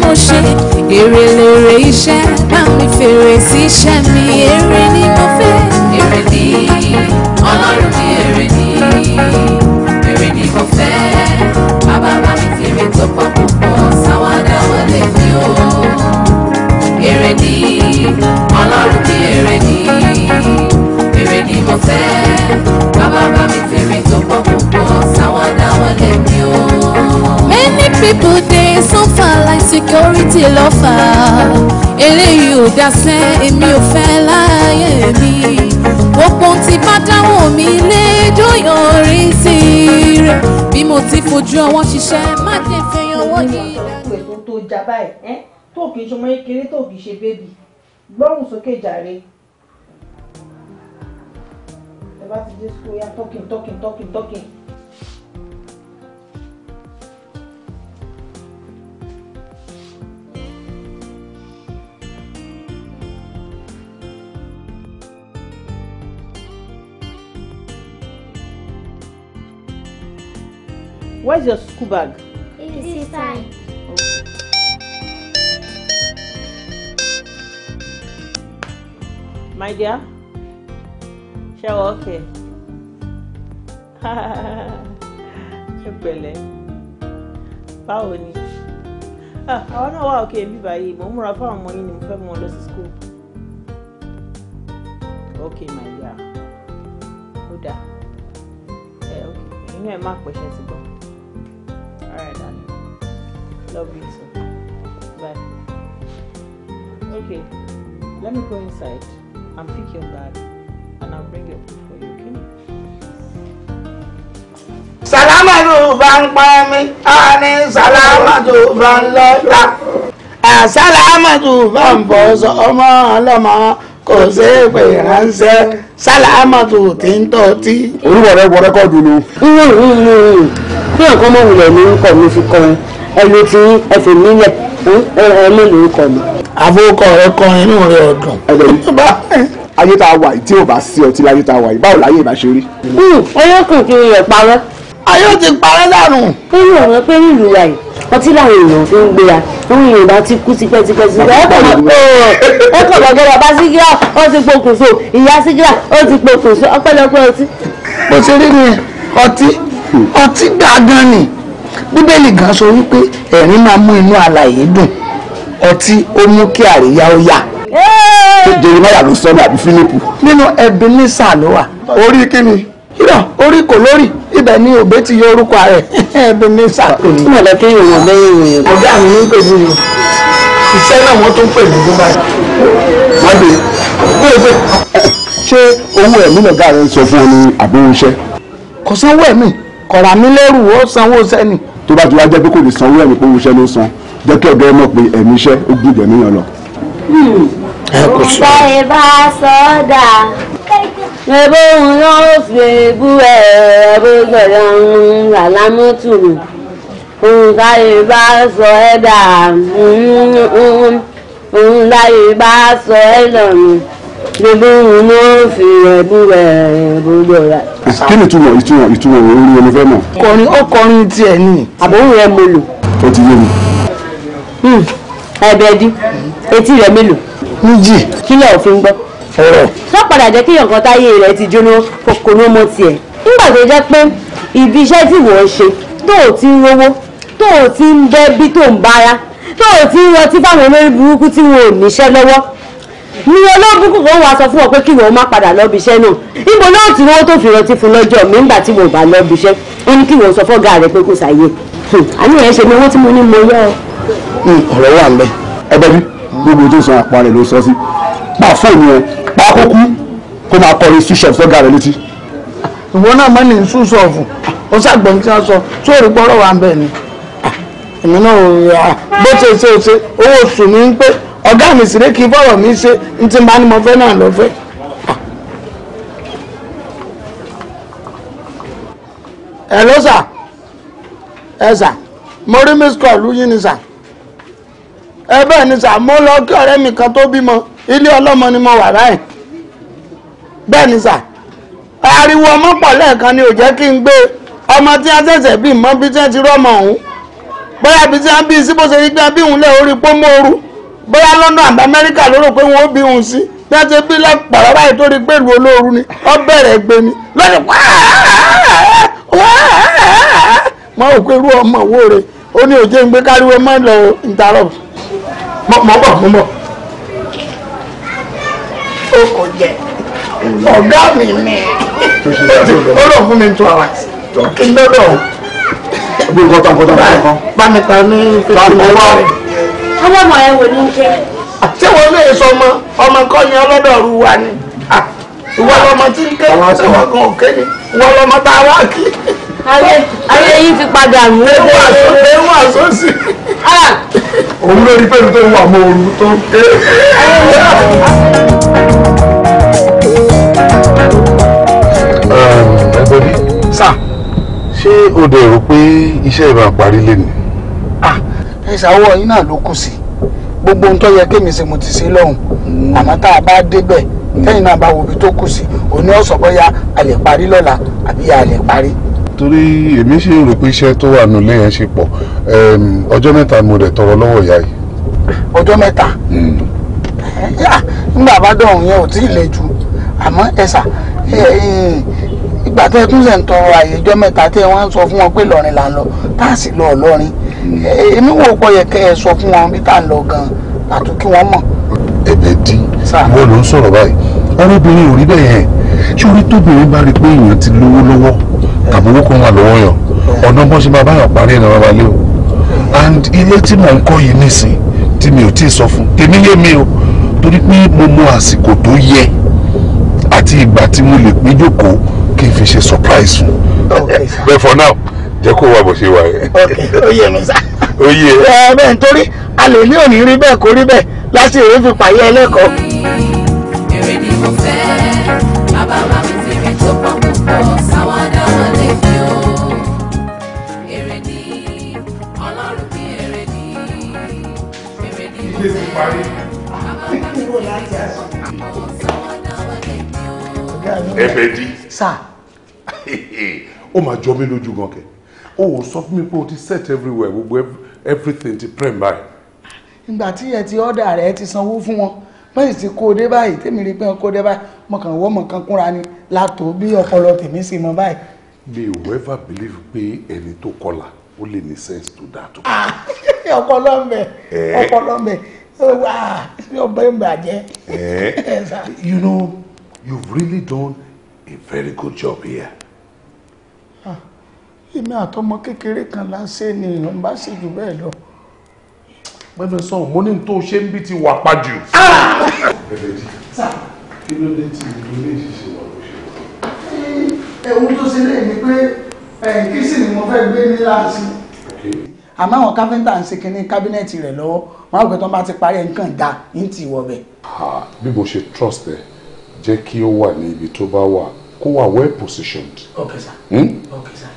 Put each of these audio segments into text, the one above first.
mo ṣe èrè lèrè iṣẹ́ bá mi fèrè sí iṣẹ́ mi èrè. títí ló fà á eléyìí ò dáṣẹ́ èmi ò fẹ́ láyé mi òpó ti bá dáwọ́ mi lẹ́jọ́ yọrí sí rẹ̀ bí mo ti fojú ọwọ́ ṣiṣẹ́ má jẹ́ fẹ́ yọwọ́ ní ìlànà. ìwé tó tó já báyìí tó kì í ṣe ọmọ kékeré tó kì í ṣe bébì gbọ́rùn sókè jàre ẹ bá ti dé sukú ya talking talking talking talking. my dear? Ṣé wọ́n okay? Ṣé pẹ̀lẹ́? Báwo ni? Ah, àwọn náà wà òkè bí báyìí, mo múra fáwọn ọmọ yìí ni mo fẹ́ mú wọn lọ sí school. Okay my dear. Ó dáa. Ẹ ok, inú ẹ̀ má pẹ̀ṣẹ̀ sí gbọ́. Love you too. Bye. Okay, let me go inside and pick your bag and I'll bring your food for you, okay? Salama do van pa mi, ani salama do van lọ́la. Salama do van bọ̀sọ̀ ọmọ ọlọ́mọ kò sí ìpè ránṣẹ́. Salama do ti ń tọ́tí. Orúkọ rẹ̀ wọ rẹ́kọ̀dù ni. Bí nǹkan mọ̀ wulẹ̀ ní mi fi kọ́ ẹni tí ẹ fi nílẹ̀ ẹ mélòó kọ̀ mi àfọwọ́kọ rẹ kọrin inú rẹ ọ̀dùn. ayé tá a wà tí ò bá sí ọtí láyé tá a wà yìí báwo láyé ìbá ṣe rí. ọyọ kò kí iyọ̀ parẹ́. ayé ti parẹ́ dànù. nínú ọ̀rọ̀ pé nílùú wa yìí ọtí làwọn èèyàn fi ń gbéra àwọn èèyàn bá ti kú tipẹ́tipẹ́ síbẹ̀ ẹ kàn mọ̀ pé ẹ kàn mọ̀ gẹ́gẹ́ bá sígíra ó ti pokùnso ìyá sígíra ó ti pokùnso ọpẹ́lọpẹ́ ọtí. mo ti rí ni ọtí ọtí gbàgán ni bíbélì gan sọ wípé ẹ̀rín máa mú inú alààyè dùn ọtí ó mú kí àríyá ó yá jeremiah ló sọ ní àbí philip nínú ebenezer ló wà orí kíni yíyọ orí kò lórí ibẹ̀ ni òbẹ ti yọ orúkọ rẹ̀ ebenezer. ìmọ̀ lọ kí yòówó lẹ́yìn ìròyìn ọ̀gá mi ń pè mí o iṣẹ́ náà wọ́n tún pè mí ní báyìí. wọ́n dé gbèrègbè. ṣé owó ẹ̀mí lọ́gá rẹ̀ ń sọ fún ọ ní àbúrò iṣẹ́. kò sanwó ẹ̀mí kọ̀ra mi lẹ́rù ó sanwó sẹ́ni. tó bá ti wá jẹ́ pé kò lè sanwó ẹ̀mí pé owó iṣẹ́ ló san jẹ́ kí ọ̀gá ẹ pé ẹ̀mí iṣẹ́ ó gùn jẹ̀ níyàn lọ. bẹ́ẹ̀ bá sọ́dà ebo ń lọ fi ebú ẹ̀ ẹ̀bú gbẹ̀dọ̀ ń rà lámútùmù ìbá sọ ẹ̀ ìbá sọ ẹ̀ lọ́nà ebo fi ebú ẹ̀ ẹ̀bú gbẹ̀dọ̀. kí ni ìtumọ̀ ìtumọ̀ ìtumọ̀ orin omi fẹ́ mọ̀. ọkọrin ọkọrin tiẹ̀ ni àbòrò rẹ̀ mo lò. ó ti yé mi. Hmm. ẹ̀bẹ̀ di etí rẹ̀ mélòó. méjì. kílẹ̀ òfin gbọ́. ọ̀rọ̀. sọ́padà jẹ́ kí nǹkan táyé rẹ̀ ti jóná kòkó ló mọ tiẹ̀. nígbà tó jẹ́ pé ibi iṣẹ́ tí wọ́n ṣe tó o ti ń rówó tó o ti ń bẹ́ bí tó ń bára tó o ti ń rọtí fáwọn olórí burúkú tí wọn ò níṣẹ́ lọ́wọ́ ní olóbùkún kan wá sọ fún ọ pé kí wọn má padà lọ́bi iṣẹ́ náà níbo náà tí wọ́n tó fi rántí fún lọ́jọ́ mi ńgbà tí wọn ò bá lọ́bi iṣẹ́ wọn ní kí wọn sọ fọ́gà rẹ pé kò sáyé hmm. àníyàn ṣe ni owó tí mo ní mo yọ ọ. Hmm, ọ̀rọ̀ wà ń bẹ ẹgbẹ́ bí gbogbo tó sọ àpò rẹ̀ ló sọ sí pa fóònù ẹ pa kókú kó máa kọrin fíṣọ̀f sọ́gà rẹ létí. ìwọ náà mọ ní sùsọ̀fù ó ṣàgbọ̀n tí wọ́n sọ sóòrù gbọ́rọ̀ wà ń bẹ ni èmi náà ò rà bó ṣe ṣe ṣe owó oṣù mi ń pé ọ̀gá mi sì rékì bọ́rọ̀ mi ṣe ti máa fẹ́ náà ẹ sà ẹ sà mo rí miss call ni sà. ẹ bẹ́ẹ̀ ni sà mo lọ kí ọ̀rẹ́ mi kan tó bímọ ilé ọlọ́mọ ni mo wà báyìí bẹ́ẹ̀ ni sà ariwo ọmọ pọ̀ lẹ́ẹ̀kan ni ò jẹ́ kí n gbé ọmọ tí a ṣẹ̀ṣẹ̀ bí mọ́ bí tí wọ́n ti rọ́mọ ọ̀hún bóyá bí tí wọ́n bí sí bó ṣe gbé bí òun lẹ̀ orí pómó bóyá lọ́nà àbá amẹ́ríkà ló pé wọ́n bí òun sí bí ti bí lẹ́pàá báyìí tó rí olóoru ni bẹ̀rẹ̀ ni mọ̀ bọ̀ mọ̀ bọ̀. o kò jẹ ọ̀gá mi ni ó lọ fún mi two hours kí n lọ́dọ̀ o. bí nǹkan tán kọjá nǹkan. bá mi ta ní fífi mi wá rẹ̀. ọmọ ẹ wò ní ṣe. àti wọn lè sọ ọmọ ọmọ kan ní ọlọ́dọ̀ ru wa ni ìwọ lọmọ tí ń ké ṣé wọn gan òkè ni ìwọ lọmọ tá a wá kí. ayé ayé yìí ti padà mú. ewu àsọsí ewu àsọsí òun ló rí pẹ̀lú tó wà mọ́ ooru tó ń ké. ẹgbẹ́ bí ṣé o dẹ̀ rò pé iṣẹ́ ìbá parí lẹ́nu. ẹ ṣàwọ̀ yín náà ló kù sí gbogbo ohun tó yẹ kémi ṣe mo ti ṣe lọ́hùn mm. àmọ́ tá a bá débẹ̀ mm. tẹ́yìn náà bá wo ibi tó kù sí òun ni ó sọ bóyá a lè parí lọ́la àbí a lè parí. torí èmi ṣe rò pé iṣẹ́ tó wà nù yẹn ṣe pọ̀ ọjọ́ mẹ́ta mo tọrọ lọ́wọ́ ìyá yìí. ọjọ́ mẹ́ta hmm. nígbà bá yẹn ò tí ì le jù àmọ́ ẹ̀sà ìgbà tẹ́ tún ṣe ń sọ fún wọn pé lọ́rin là lọ tá sì lọ hmm. èmi yẹ kẹ́ sọ fún wọn bí tá gan-an kí wọ́n mọ̀. ẹ̀bẹ̀ dí ló ń sọ̀rọ̀ báyìí ò rí bẹ́ẹ̀ yẹn ṣé orí tóbìnrin bá àbúrò kan wà lọ́wọ́ yàn ọ̀nà ṣe máa báyọ̀ parí ẹ̀nà bàbá o and ilé tí mò ń kọ́ yìí nìsín tí mi ò tí ì sọ fún tèmi yé mi o torí pé mo mọ àsìkò tó yẹ àti ìgbà tí mo lè pín jókòó kí n fi ṣe surprise fún bẹ́ẹ̀ for now jẹ́ kó wà bó ṣe wà yẹn. ó yé mi sá. ó yé. ẹ bẹ́ẹ̀ nítorí a lè ní òní rí bẹ́ẹ̀ kó rí bẹ́ẹ̀ láti èrè fi pààyẹ ẹlẹ́kọ̀ọ́. ẹ̀fẹ̀ di. sá. ó máa jọ mí lójú gan kẹ o ò sọ fún mi pé o ti set everywhere gbogbo everything ti prem báyìí. ìgbà tí ẹ ti ọ́dà rẹ̀ ti sanwó fún wọn báyìí ti kó o dé báyìí tèmi rí pé o kó o dé báyìí mọ̀kàn wọ́ mọ̀kàn kúnra ni látò bí ọpọlọ tèmi sì mọ báyìí. mi ò ever believe pé ẹni tó kọlà ó lè ní sense tó dáa tó. Ah, ọpọlọ mbẹ ọpọlọ mbẹ wá ọbẹ̀ mbàjẹ́. you know you've really done a very good job here. Ah, èmi àtọmọ kékeré kan láṣẹ ni ìyàn bá sì jù bẹ́ẹ̀ lọ. pẹ́fẹ́ sọ̀rọ̀ mo ní tó ṣe ń bí ti wà pa jù. Ah! kí ló dé tí ìlú ní ìṣiṣẹ́ wà ló ṣe wà. ewu eh, tó ṣe lè ní pé eh, kí sì ni mo fẹ́ gbé ní láàṣì àmọ́ àwọn káfíńtà ń ṣe kínní kábínẹ̀tì rẹ̀ lọ́wọ́ wọn á gbé tán bá ti parí ẹ̀ nǹkan dá ní ti ìwọ̀ bẹ̀. Ah, bí mo ṣe trust ẹ jẹ́ kí ó wà ní ibi tó bá wà kó wà well positioned. okay sir. Hmm? okay sir.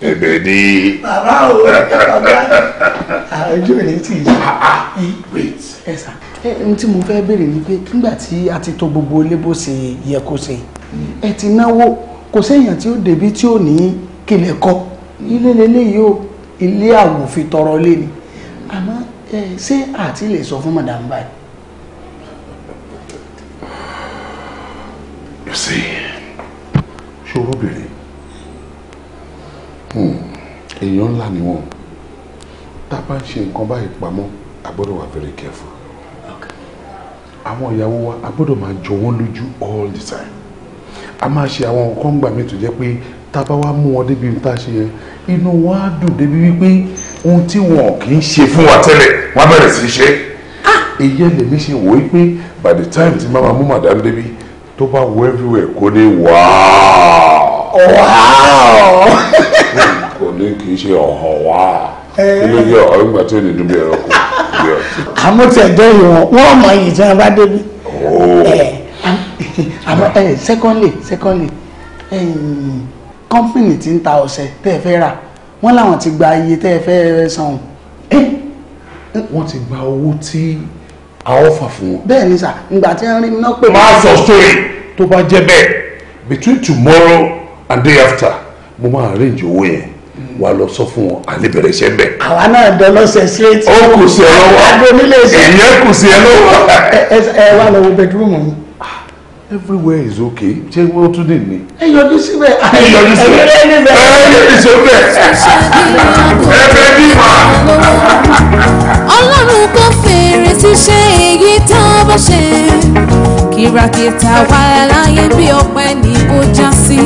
ẹ̀bẹ̀ ni. bàbá o bàbá àjọ rẹ ti yí. wait. ẹ sà ohun tí mo fẹ́ béèrè ni pé nígbà tí a ti tò gbogbo ilé bó ṣe yẹ kó ṣe ẹ ti náwó kò séèyàn tí ó débi tí ò ní kílẹ̀ kọ́ ilé leléyìí o ilé àwò fi tọrọ lé ni àmọ́ ṣé àti lè sọ fún madam báyìí. you see ṣòróbìnrin hmm, èèyàn ńlá ni wọn tá a bá ń ṣe nǹkan báyìí pamọ́ a gbọ́dọ̀ wà very careful àwọn ìyàwó wa a gbọ́dọ̀ máa jọ wọ́n lójú all the time a máa ṣe àwọn nǹkan gbà mí tó jẹ́ pé tá a bá wá mú wọn débi tá a ṣe yẹn inú wa dùn débi wípé ohun tí wọn kì í ṣe fún wa tẹ́lẹ̀ wọ́n á bẹ̀rẹ̀ sí í ṣe èyí ah! ẹ̀ lèmi ṣe wò ó pé by the time tí máa mú màdá débi tó bá wo everywhere kò ní wáá. wáá. kò ní kì í ṣe ọ̀hàn wáá. ilé yẹ ọ̀hún gbà tí ò ní dúbí ẹ̀rọ kù. àmọ́ tí ẹ̀jẹ̀ yìí wọn wọ́n mọ iyì tí wọ́n bá débi. Oh. Eh, àmọ́ eh, secondly secondly eh, company tí ń ta ọṣẹ tẹ́ ẹ fẹ́ rà wọ́n láwọn ti gba iye tẹ́ ẹ fẹ́ sanwó. wọ́n ti gba owó tí a ó fà fún wọn. bẹ́ẹ̀ ni sà ngbà tí wọ́n rí iná pè. máa sọ story tó bá jẹ́ bẹ́ẹ̀ between tomorrow and day after mo máa arrange owó yẹn wà lọ sọ fún wọn àlè bẹ̀rẹ̀ iṣẹ́ bẹ̀. àwa náà dọlọ́sẹ̀ straight. ó kù sí ẹ lọ́wọ́ ìyẹn kù sí ẹ lọ́wọ́. ẹ wá lọ wo bedroom mi. Ah, everywhere is okay ṣé wọ́n tún dè ní. ẹ yọjú síbẹ̀ ẹ yọjú síbẹ̀ ẹ yọjú síbẹ̀ ẹ yọjú síbẹ̀ ẹ bẹ bí ma. ọlọ́run kò fẹ́ ìrètí ṣe èyí tá a bá ṣe kìràkìtà wà láyé bí ọpẹ ní kó já sí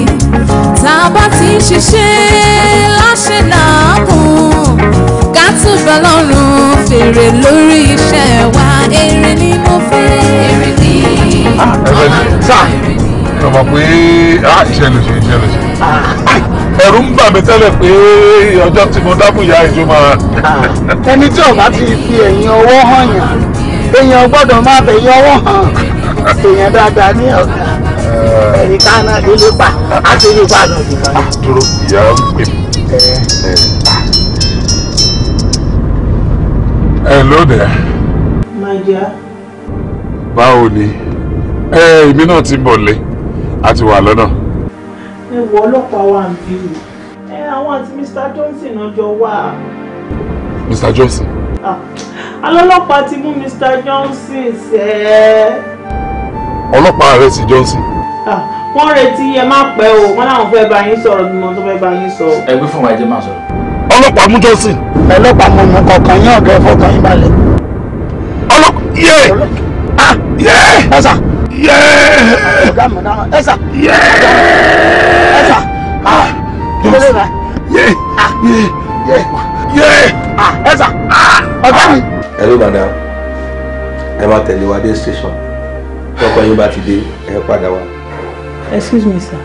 tá a bá ti ń ṣiṣẹ́ láṣẹ náà kùn ká tún bá lọ́rùn fèrè lórí iṣẹ́ wa èrè ni mo fẹ́ èrè ni ah, ọlọ́run èrè ni. sọ pé ah, iṣẹ́ ṣe iṣẹ́ ṣe. Ah ẹ̀rù ń bà mí tẹ́lẹ̀ pé ọjọ́ tí mo dákun ya ìjọ máa. Ah. ẹni tí ọba ti fi ẹ̀yìn ọwọ́ hàn yàn èèyàn gbọ́dọ̀ máa bẹ̀yìn ọwọ́ hàn èèyàn dáadáa ní ọ̀gá eh. ẹ̀yìn kaná délé pa àti ilé pa lọ. dúró ìyá ń pè mí. ẹ eh. eh, lóde. my dear. báwo ni èmi náà ti bọ̀ lé a ti wà lọ́nà ẹ wọ ọlọ́pàá wa ń bí o ẹ àwọn àti Mr Johnson náà jọ wà. Mr Johnson. alọ́lọ́pàá ti mú Mr Johnson sẹ́. ọlọ́pàá rẹ̀ sí Johnson. wọ́n retí ẹ má pẹ́ o wọ́n láwọn fẹ́ bá yín sọ̀rọ̀ bí mo tó fẹ́ bá yín sọ. ẹgbẹ́ fún wa ẹ jẹ́ máa sọ̀rọ̀. ọlọ́pàá mú Johnson. ọlọ́pàá mo mú kọ̀ọ̀kan yín ọ̀gá ẹ̀fọ́ kan yín balẹ̀. ọlọ́pàá yé. ah yé. Yeah ọ̀gá mi náà ẹ sà ẹ sà ìdílé rẹ ẹ sà hello madam ẹ máa tẹ̀lé wa dé station tọkọ yín bá ti dé ẹ padà wá. excuse me sir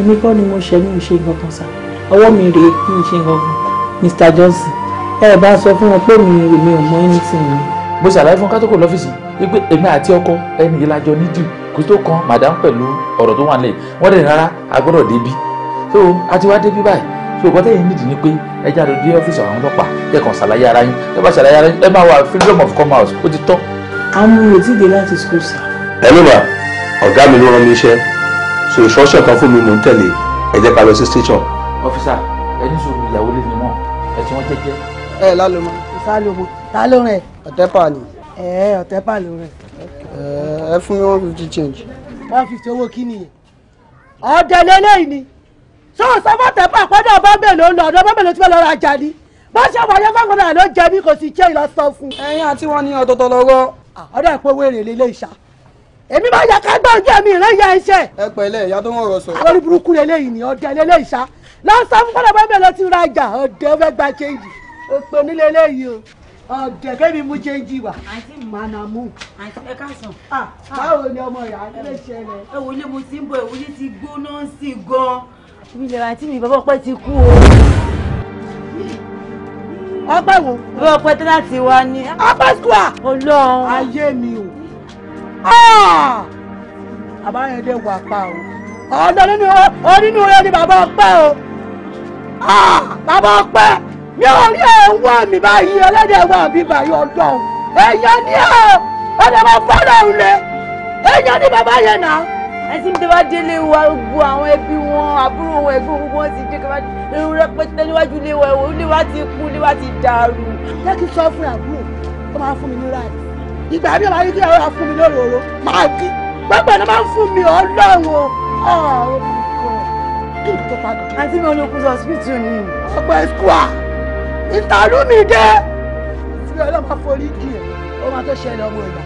èmi kọ́ ni mo ṣe mi ò ṣe nǹkan kan sir ọwọ́ mi rèé mi ò ṣe nǹkan kan Mr Johnson ẹ bá sọ fún wọn pé mi ò mọ anything ni. mo ṣàlàyé fún kátókò lọ́fíìsì wípé èmi àti ọkọ ẹni ìlàjọ nídìí kò tó kan madam pẹ̀lú ọ̀rọ̀ tó wà nílẹ̀ wọ́n dẹ̀ rárá a gbọ́dọ̀ débi so a ti wá débi báyìí so ìgbọ́n tẹ̀yìn nídìí ni pé ẹ já lọ dé ọ́fíìsì àwọn ọlọ́pàá ẹ kàn ṣàlàyé ara yín ẹ bá ṣàlàyé ara yín ẹ máa wà freedom of come out ó ti tọ́. àwọn olùtí dé láti school sir. ẹ ló mà ọ̀gá mi ló rán mi iṣẹ́ so ìṣọ́ṣọ́ kan fún mi mò ń tẹ̀lé ẹ jẹ́ ká lọ sí station. ọfíìsà ẹni sùn ìyàwó lé ni wọn ẹ ti wọn jẹ́jẹ́. ẹ lálẹ́ mọ́ ìsàlẹ̀ ọmọ ta ló rẹ̀ ọ̀tẹ́pà ni ẹ ọ̀tẹ́ pàlọ́ rẹ̀. ẹ fún one fifty change. one fifty owó kí nìyẹn. ọ̀dẹ̀ lélẹ́yìn ni ṣé o sọ fọ́tẹ̀ pa àpọ́dọ̀ bábẹ̀ ló ń lọ ọ̀dọ̀ bábẹ̀ ló ti fẹ́ lọ́ọ́ rajà ni bó ṣe wáyé fáwọn náà ló jẹ mí kò sì jẹ́ ìlọsọ fún. ẹyin àti wọn ní ọ̀tọ̀ọ̀tọ̀ lọ́wọ́. ọ̀dọ̀ ìpò wèrè lélẹ́ ìṣá èmi máa yà ká gbọ́njẹ́ mi ìrẹ́yà iṣẹ́. ẹ pẹ̀lẹ́ ìyá tó ń rọ sọ. àwọn burúkú lélẹ́yìn ni ọ̀dẹ̀ lélẹ́ ìṣá lọ́sọ̀ fún fọ́tẹ̀ bábẹ̀ ló ti rajà ọ̀dẹ̀ ó fẹ́ gba change òpè onílé lẹ́yìn o ọ̀dẹ̀ kẹ́mi mú jẹ́ńjì wá mànàmú. àǹtí ẹ káàsán. báwo ni ọmọ rẹ̀ alẹ́ ṣẹlẹ̀. ẹ wò lé mo ti ń bọ̀ ẹ wò lé ti gbóná sí i gan. mi lè rántí mi bàbá ọpẹ ti kú o. ọpẹ wo. bàbá ọpẹ tó láti wá ní. ọpẹ square. Ọlọ́run. ayé mi o. àbáyọ̀dẹ̀ wà pa o. ọ̀dọ́ nínú ọ̀rẹ́ ni bàbá ọpẹ o. bàbá ọpẹ ní orí ẹ̀wọ̀n mi báyìí ẹlẹ́dẹ̀ wà bí báyìí ọjọ́ èèyàn ní ọ ọ̀dẹ̀ máa fọ́nà òlẹ̀ èèyàn ní bàbá yẹn náà. ẹsìn tí wàá délé wa gbogbo àwọn ẹbí wọn àbúrò wọn ẹgbẹ́ òun wọn ti dé kí wọn irú rẹpẹtẹ níwájú ilé wa ẹ̀wọ̀n ilé wa ti kú ilé wa ti dàrú. jẹ́ kí sọ fún àbúrò tó máa fún mi ní ráàdì ìgbà bí wàá rí kí ọ̀rọ̀ fún mi lóròró máa kí pápá ni máa ń fún mi ọlọ́run ọ̀ọ́ àti mi olókùn sọ síbítù ni. ọgbẹ́ square ìtàlùmídé tí ọlọ́run máa forí kì í ó máa tó ṣẹlẹ̀ ọmọ ìgbà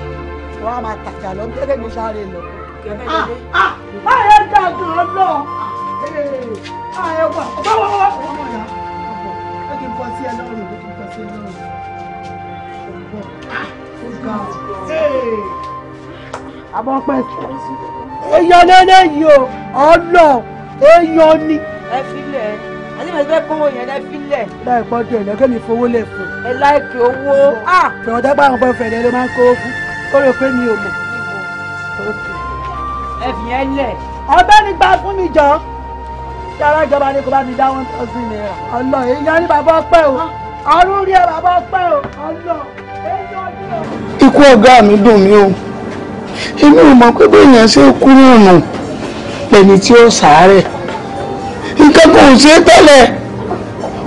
wọn á máa tàjà lọ gẹ́gẹ́ bí sáré lọ. báyọ̀ ah, ah, ah, dàgbà lọ àyẹ̀wò àbáwọ̀ ọmọ ìyá ó kì í bọ́ sí ẹ lọ́rùn ó kì í bọ́ sí ẹ lọ́rùn. àbọ̀ pẹ̀ èèyàn lélẹ́yìí o ọlọ́ọ̀ èèyàn ni. ẹ fi lẹ̀ ẹ́ àti ìmọ̀ ìfẹ́ kówó yẹn lẹ́ fi lẹ̀. láì pọ́ ju ẹ̀lẹ́ kẹ́mi fowó lẹ̀ fún. ẹ láìpẹ́ owó. fẹ̀wọ̀n dápá àwọn bọ́ fẹ̀rẹ̀ ló máa ń kówó fún ó rò pé mi ò mọ̀. ẹ fi yẹn lẹ̀. ọbẹ̀ ni gba fún mi jọ. yàrá ìjọba ni kò bá mi dá one thousand naira. ọlọ èèyàn ní bàbá ọpẹ́ o ọrùn rí ẹ bàbá ọpẹ́ o ọlọ èèyàn ní o. ikú ọ̀gá mi dùn mí o èmi ò mọ̀ pé bẹ́ẹ̀ yẹn ṣe kú ní ọ̀nà pẹ̀lú tí ó sàárẹ̀ ò ṣe tẹ́lẹ̀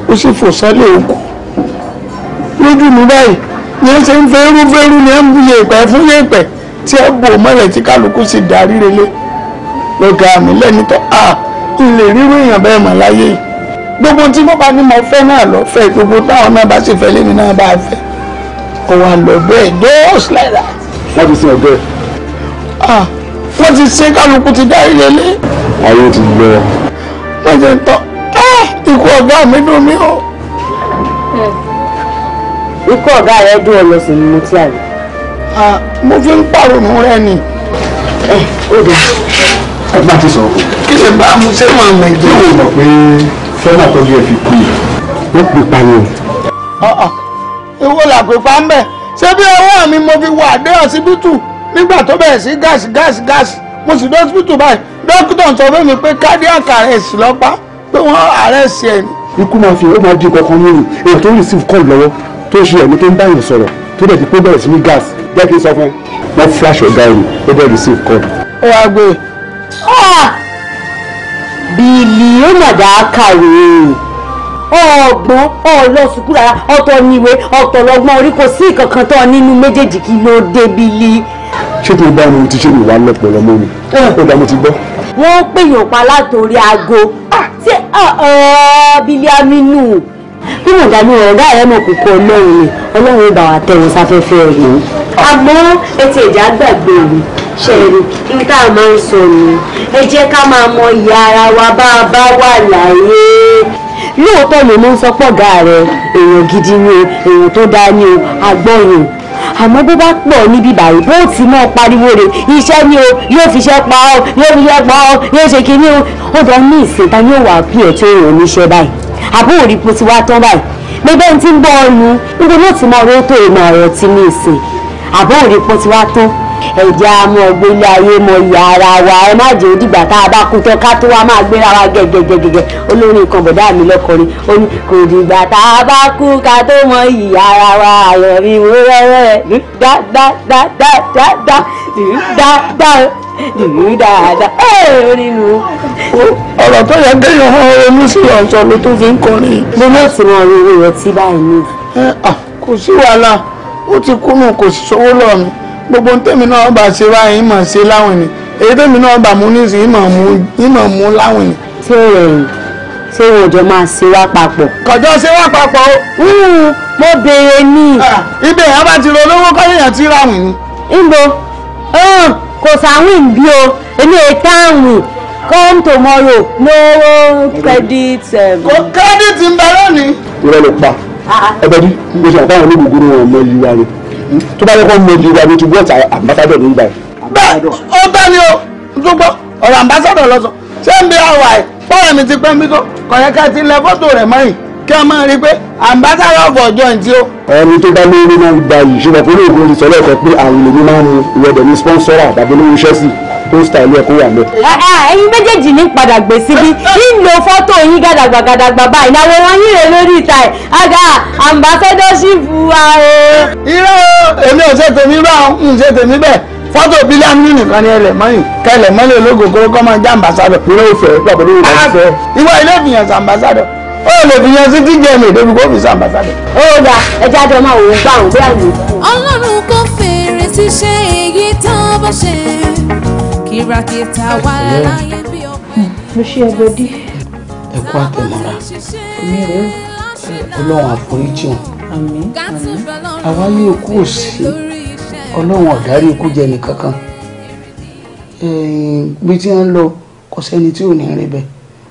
ó sì fò sálẹ̀ òkú lójú mi báyìí ni ó ṣe ń fẹ́rú fẹ́rú ni ó ń bu yèèpẹ̀ fún yèèpẹ̀ tí ó bò mọ́lẹ̀ tí kálukú sì darí relé lọ́gàá mi lẹ́ni tó à ń lè rírú èèyàn bẹ́ẹ̀ mọ̀ láyé yìí gbogbo tí mo bá ní mo fẹ́ náà lọ fẹ́ gbogbo táwọn náà bá sì fẹ́ lèmi náà bá fẹ́ kò wá lọ bẹ́ẹ̀ just like that. wọ́n ti sin ọ̀gá ẹ̀. ah wọ́n ti ṣe kálukú ti dá ilé lé. ayé ti lọ. wọ́n ti tọ́ ikú ọ̀gá mi dùn mí o. ikú ọ̀gá rẹ dùn ọ lọ sí ni mo ti àrí. mo fi ń pàrònú rẹ ni. ẹ ó dé. ẹ má ti sọ fún mi. kí lè bá mu ṣé wọn mọ ìjọ. yóò mọ̀ pé fẹ́lá tọ́jú ẹ fi kú yìí. wọ́n pè pa ni. ìwọ làpè pa ń bẹ̀ ṣé bí ọwọ́ mi mo fi wà dé ọsibítù nígbà tó bẹ̀rẹ̀ sí gáàsì gáàsì gáàsì mo sì dé báyìí dókítà sọ fún mi pé cardiac arrest ló pa pé wọ́n àrẹ́sì ẹ̀ ni. ikú máa fi ó máa di kankan lórí èèyàn tó ń receive call lọ́wọ́ tó ń ṣe ẹ̀mí tó ń bá èèyàn sọ̀rọ̀ tó dẹ̀ ti pé bẹ̀rẹ̀ sí ní gas jẹ́ kí n sọ fún ẹ wọ́n flash ọ̀gá ẹ̀rù ó dẹ̀ receive call. ẹ wá gbé e. ah! bílíọ̀nù àdákàwé ọgbọ́n ọlọ sùkúl rárá ọ̀tọ̀ níwèé ọ̀tọ̀ lọ́gbọ́n orí kò sí ìkankan tó nínú méjèèjì kí ló dé bílí. ṣé kí n bá mi ti ṣe ìwà lọ́pọ̀ lọ́mọ mi eh. ó dá mo ti gbọ́. wọ́n pèèyàn pa látòrí aago tí ah, ah, ah, bílí amínú bí mo dàbí ọ̀gá rẹ̀ mọ̀ kókó ọlọ́run ni ọlọ́run ò bá tẹ̀ wọ́n sáfẹ́fẹ́ rẹ̀ àmọ́ etí ìjà gbàgbé mi ṣẹ̀rí ní tá a máa ń sọ ni ẹ jẹ́ ká máa mọ ìyá ara wa bá a bá wà láyé lóòótọ́ ni mo ń sọ pọ̀gá rẹ̀ èèyàn gidi ni o èèyàn tó àmọ́ bó bá pọ̀ níbi báyìí bó ti mọ́ pariwo rẹ̀ iṣẹ́ ni o yóò fi iṣẹ́ pa ọ́ yóò fi iṣẹ́ pa ọ́ yóò ṣe kí ni o ó dán ní ìsìnta yóò wà pí ẹ̀ tó rò níṣẹ́ báyìí àbúrò rí po ti wá tán báyìí gbogbo ẹni tí ń bọ́ ọ nu níbo ló ti máa rí tó ìmọ̀ ọ̀rọ̀ ti ní ìsìn àbúrò rí po ti wá tán ẹ̀jẹ̀ a mọ̀ gbélé ayé mọ ìyá ara wa ẹ má jẹ́ òdìgbà tá a bá kú tán ká tó wá máa gbéra wa gẹ̀gẹ̀gẹ̀gẹ̀ olórin kan bọ̀dá mi lọ́kọrin ó ní kò dìgbà tá a bá kú ká tó mọ ìyá ara wa ayọ̀ mi wó rẹ́rẹ́ dá dá dá dá dá dá dá dá dìmú dáadáa ó nínú. ọ̀rọ̀ tó yẹ kéèyàn hàn ronú sí ọ̀sán ló tó fi ń kọrin. mo náà ti wọn rí owó rẹ tí báyìí ní. Eh, ah, kò sí wàhálà ó ti kúnnù kò sí sówó lọ́nu gbogbo tèmi náà bá ṣe báyìí mọ̀ ṣe láwìn ni èyí tèmi náà bá mú nísìnyí mọ̀ mú láwìn ni. ṣé ṣé o jọ máa ṣe wá papọ̀. kọjọ ṣe wá papọ̀ o. mo béèrè ní. Ah, ibẹ̀ yẹn bá ti rolówó kọ́yìnyàn ti ráwìn ni. ìgbò kò sáwìn bí o èmi ò táwìn come tomorrow no credit. Um, kò kẹ́díìtì ń bẹ lónìí. ìrọ̀lẹ́ pa ah. ẹgbẹ́ bí mo ṣe àtàwọn olóògùn gbogbo wọn mọ iye wa ni tó bá lẹ́kọ̀ọ́ mọ ìlú wa ni ti wọ́n ta ambassadọ̀ ní ìgbà yìí. bẹ́ẹ̀ ó tán ni o tó gbọ́ ọ̀rọ̀ ambassadọ̀ lọ́sọ̀ ṣé ń bí àwà ẹ̀ fọ́ọ̀rọ̀ mi ti pẹ́ mi tó kọ̀yẹ́ká ti lẹ fọ́tò rẹ̀ mọ́yìn kí a máa rí i pé ambassadọ̀ ọ̀fọ̀ ọjọ́ ẹ̀ tí ó. ẹni tó bá lóyún máa ń gba yìí ṣùgbọ́n kó lóògùn olùsọ̀lẹ̀ ẹ̀kọ́ pé àwọn olùdó máa ń mu ìwẹ̀dẹ̀ ní sponsor àbábọ́lówó ṣẹ́sì pósítà ilé ẹ̀kọ́ wà mẹ́. ẹ̀yin méjèèjì ní padà gbé síbí nílò fọ́tò yín gàdàgbà gàdàgbà báyìí náà wọ́n yín rè lórí ìta ẹ̀ àga àmbásẹ́dọ́ṣìpù wa o. irọ́ èmi ò ṣe tèmi bá ń ṣe tèmi bẹ́ẹ̀ fọ́tò bílíọ̀nù nìkan ni ẹlẹ̀ mọ́yìn kẹlẹ̀ mọ́lẹ̀ ológogoro kọ́ máa jẹ́ àmbásádọ̀. ìwé ìfẹ́ pàbọ̀dọ̀ ìwé lè fi yan sí tíjẹ mi débi kó fi sàmbásádọ̀. ó dà ẹja jọ máa wò ó gbà ó ọlọ́run kò fèrè ti ṣe èyí tó bá ṣe kìràkìtà wà láyé bí ọ̀pẹ. ló ṣe ẹgbẹ́ dí. ẹ kú àtẹmọ́ra èmi rèé ọlọ́run àforíjì hàn àmín àwa ní ikú òsì ọlọ́run ọ̀dárí ikú jẹ nìkankan bí tí wọ́n ń lọ kò sẹ́ni tí ò ní rí bẹ́ẹ̀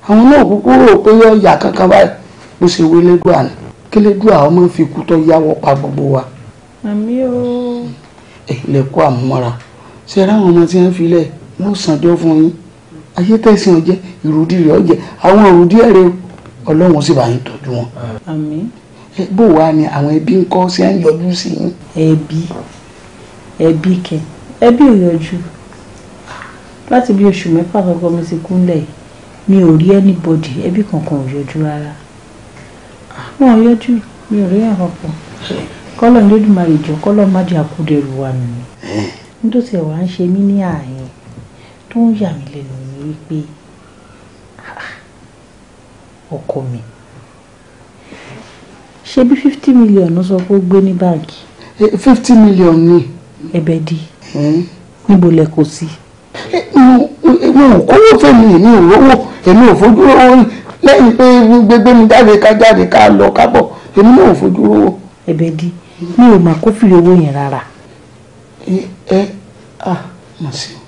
àwọn náà kúkú rò pé ọ̀yà kankan báyìí bó ṣe wé lẹ́dùá ni kí lẹ́dùá ọmọ fi kú tó yáwọ́ pa gbogbo wa. ẹ lè kó àmúmọ́ra ṣe ráwọn ọmọ tí wọ́n fi lẹ́ẹ̀ wọ́n sànjọ́ fún yín ayé tẹ̀sán ọjẹ́ ìrùdí rẹ̀ ọjẹ́ àwọn ìrùdí ẹ̀rẹ́ ọlọ́run sì bá yín tọ́jú wọn. àmín. bó wa ni àwọn ẹbí ń kọ́ sí à ń yọjú sí yín. ẹbí ẹbí kẹ ẹbí ò yọjú láti bí oṣù mẹ́fà kankan mi ti kúnlẹ̀ yìí mi ò rí anybody ẹbí kankan ò yọjú rárá wọn ò yọjú mi ò rí àkànkan kọ́lọ̀ ń lódùmarè jọ kọ́lọ̀ má jẹ́ àkúdẹ̀rù wa nù ní tó tẹ̀ wá ń ṣe mí ní ààyè tó ń yà mí lẹ́nu ni wípé ah, ọkọ mi ṣe bí fifty million ló sọ pé ó gbé ní báǹkì. Eh, fifty million ni. ẹbẹ di hmm. níbo lẹ kó sí. Eh, mo ò kówó fẹ́mi èmi ò rówó èmi ò fojú rówó lẹ́yìn pé gbégbé mi jáde ká jáde ká lọ ká bọ̀ èmi náà ò fojú rówó. ẹbẹ di mi ò mà kófìrí owó yẹn rárá. ẹ eh, ẹ ah mà sí o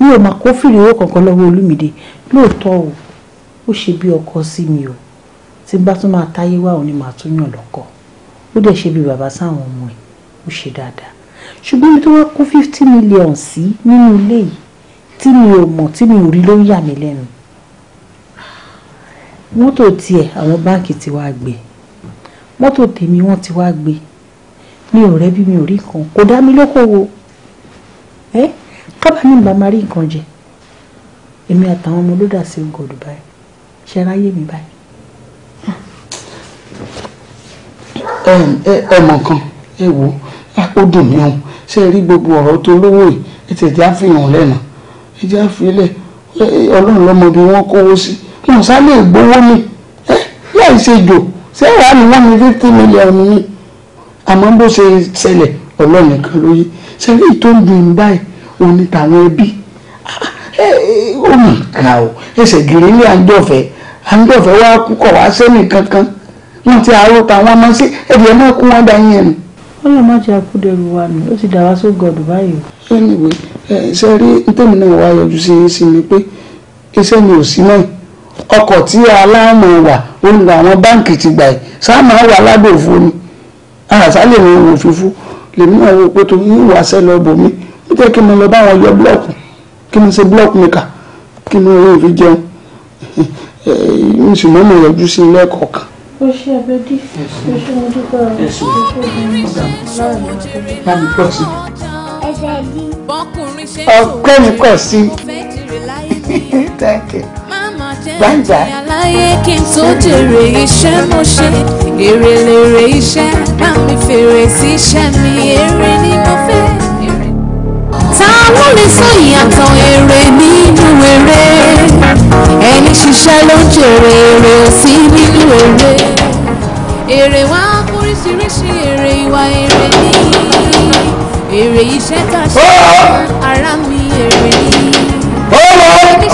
mi ò mà kó fìrí owó kankan lọ́wọ́ olúmídé lóòótọ́ o ó ṣe bí ọkọ sí mi o tí n bá tún máa táyé wá òun ni màá tún yàn lọ́kọ ó dẹ̀ ṣe bí bàbá sáwọn ọmọ ẹ̀ ó ṣe dáadáa ṣùgbọ́n ibi tó wá kó fifty million sí nínú ilé yìí tí mi ò mọ̀ tí mi ò rí ló ń yà mí lẹ́nu mọ́tò tiẹ̀ àwọn báǹkì ti wá gbé mọ́tò tèmi wọ́n ti wá gbé mi ò rẹ́bí mi ò rí kan kò dá mi lókòwò ẹ́ eh? tọ́ba ní bá máa rí nǹkan jẹ èmi àtàwọn ọmọ ló dà sí ngọdù báyìí ṣe ráyè mi báyìí. ẹ mọ nǹkan ẹ wo ó dùn mí o ṣe rí gbogbo ọ̀rọ̀ tó lówó yìí ẹ tẹ̀já fihàn lẹ́nu ẹ já filẹ̀ ọlọ́run lọ́mọ bí wọ́n kówó sí wọn sá lè gbowó ni ẹ láì ṣe jò ṣé ẹ̀rá ni wọ́n mi fifty million ni àmọ́ bó ṣe ṣẹlẹ̀ ọlọ́run nìkan ló yí ṣe rí ìtòǹdùn báyìí òun ni tàwọn ẹbí eh, eh, ó mà ga o ẹsẹ̀ gèrè ní àjọfẹ́ wa kúkọ̀ wá kankan wọn ti àárọ̀ tàwọn ọmọ sí ẹbí ẹ máa kú wọn dá má wa nù ó ti dà wá só gọ̀dù o. ṣe rí ntẹ́mi náà wá yọjú sí sí mi pé iṣẹ́ mi ò sí náà ọkọ̀ tí aláàmù wà ó ń lo àwọn báǹkì ti gbà yìí sáà wà ládòfo ni àṣà lè ó jẹ́ kí n lọ bá wọn yọ búlọ́ọ̀kù kí n ṣe búlọ́ọ̀kù mi kà kí n lọ rí òfin jẹun n eh, sì mọ́ mi yọjú sí ilé ẹ̀kọ́ kan. ó mi pọ̀ sí gbàǹjà. aláyé kí n tó jèrè iṣẹ́ mo ṣe èrè lèrè iṣẹ́ bá mi fèrè sí iṣẹ́ mi èrè ni mo fẹ́ ta ló lè sọ ìyàtọ̀ èrè nínú èrè ẹni ṣiṣẹ́ ló ń jèrè èrè ò sí nínú èrè èrè wá oríṣiríṣi èrè ìwà èrè ní èrè iṣẹ́ tá a ṣe ara mi èrè ní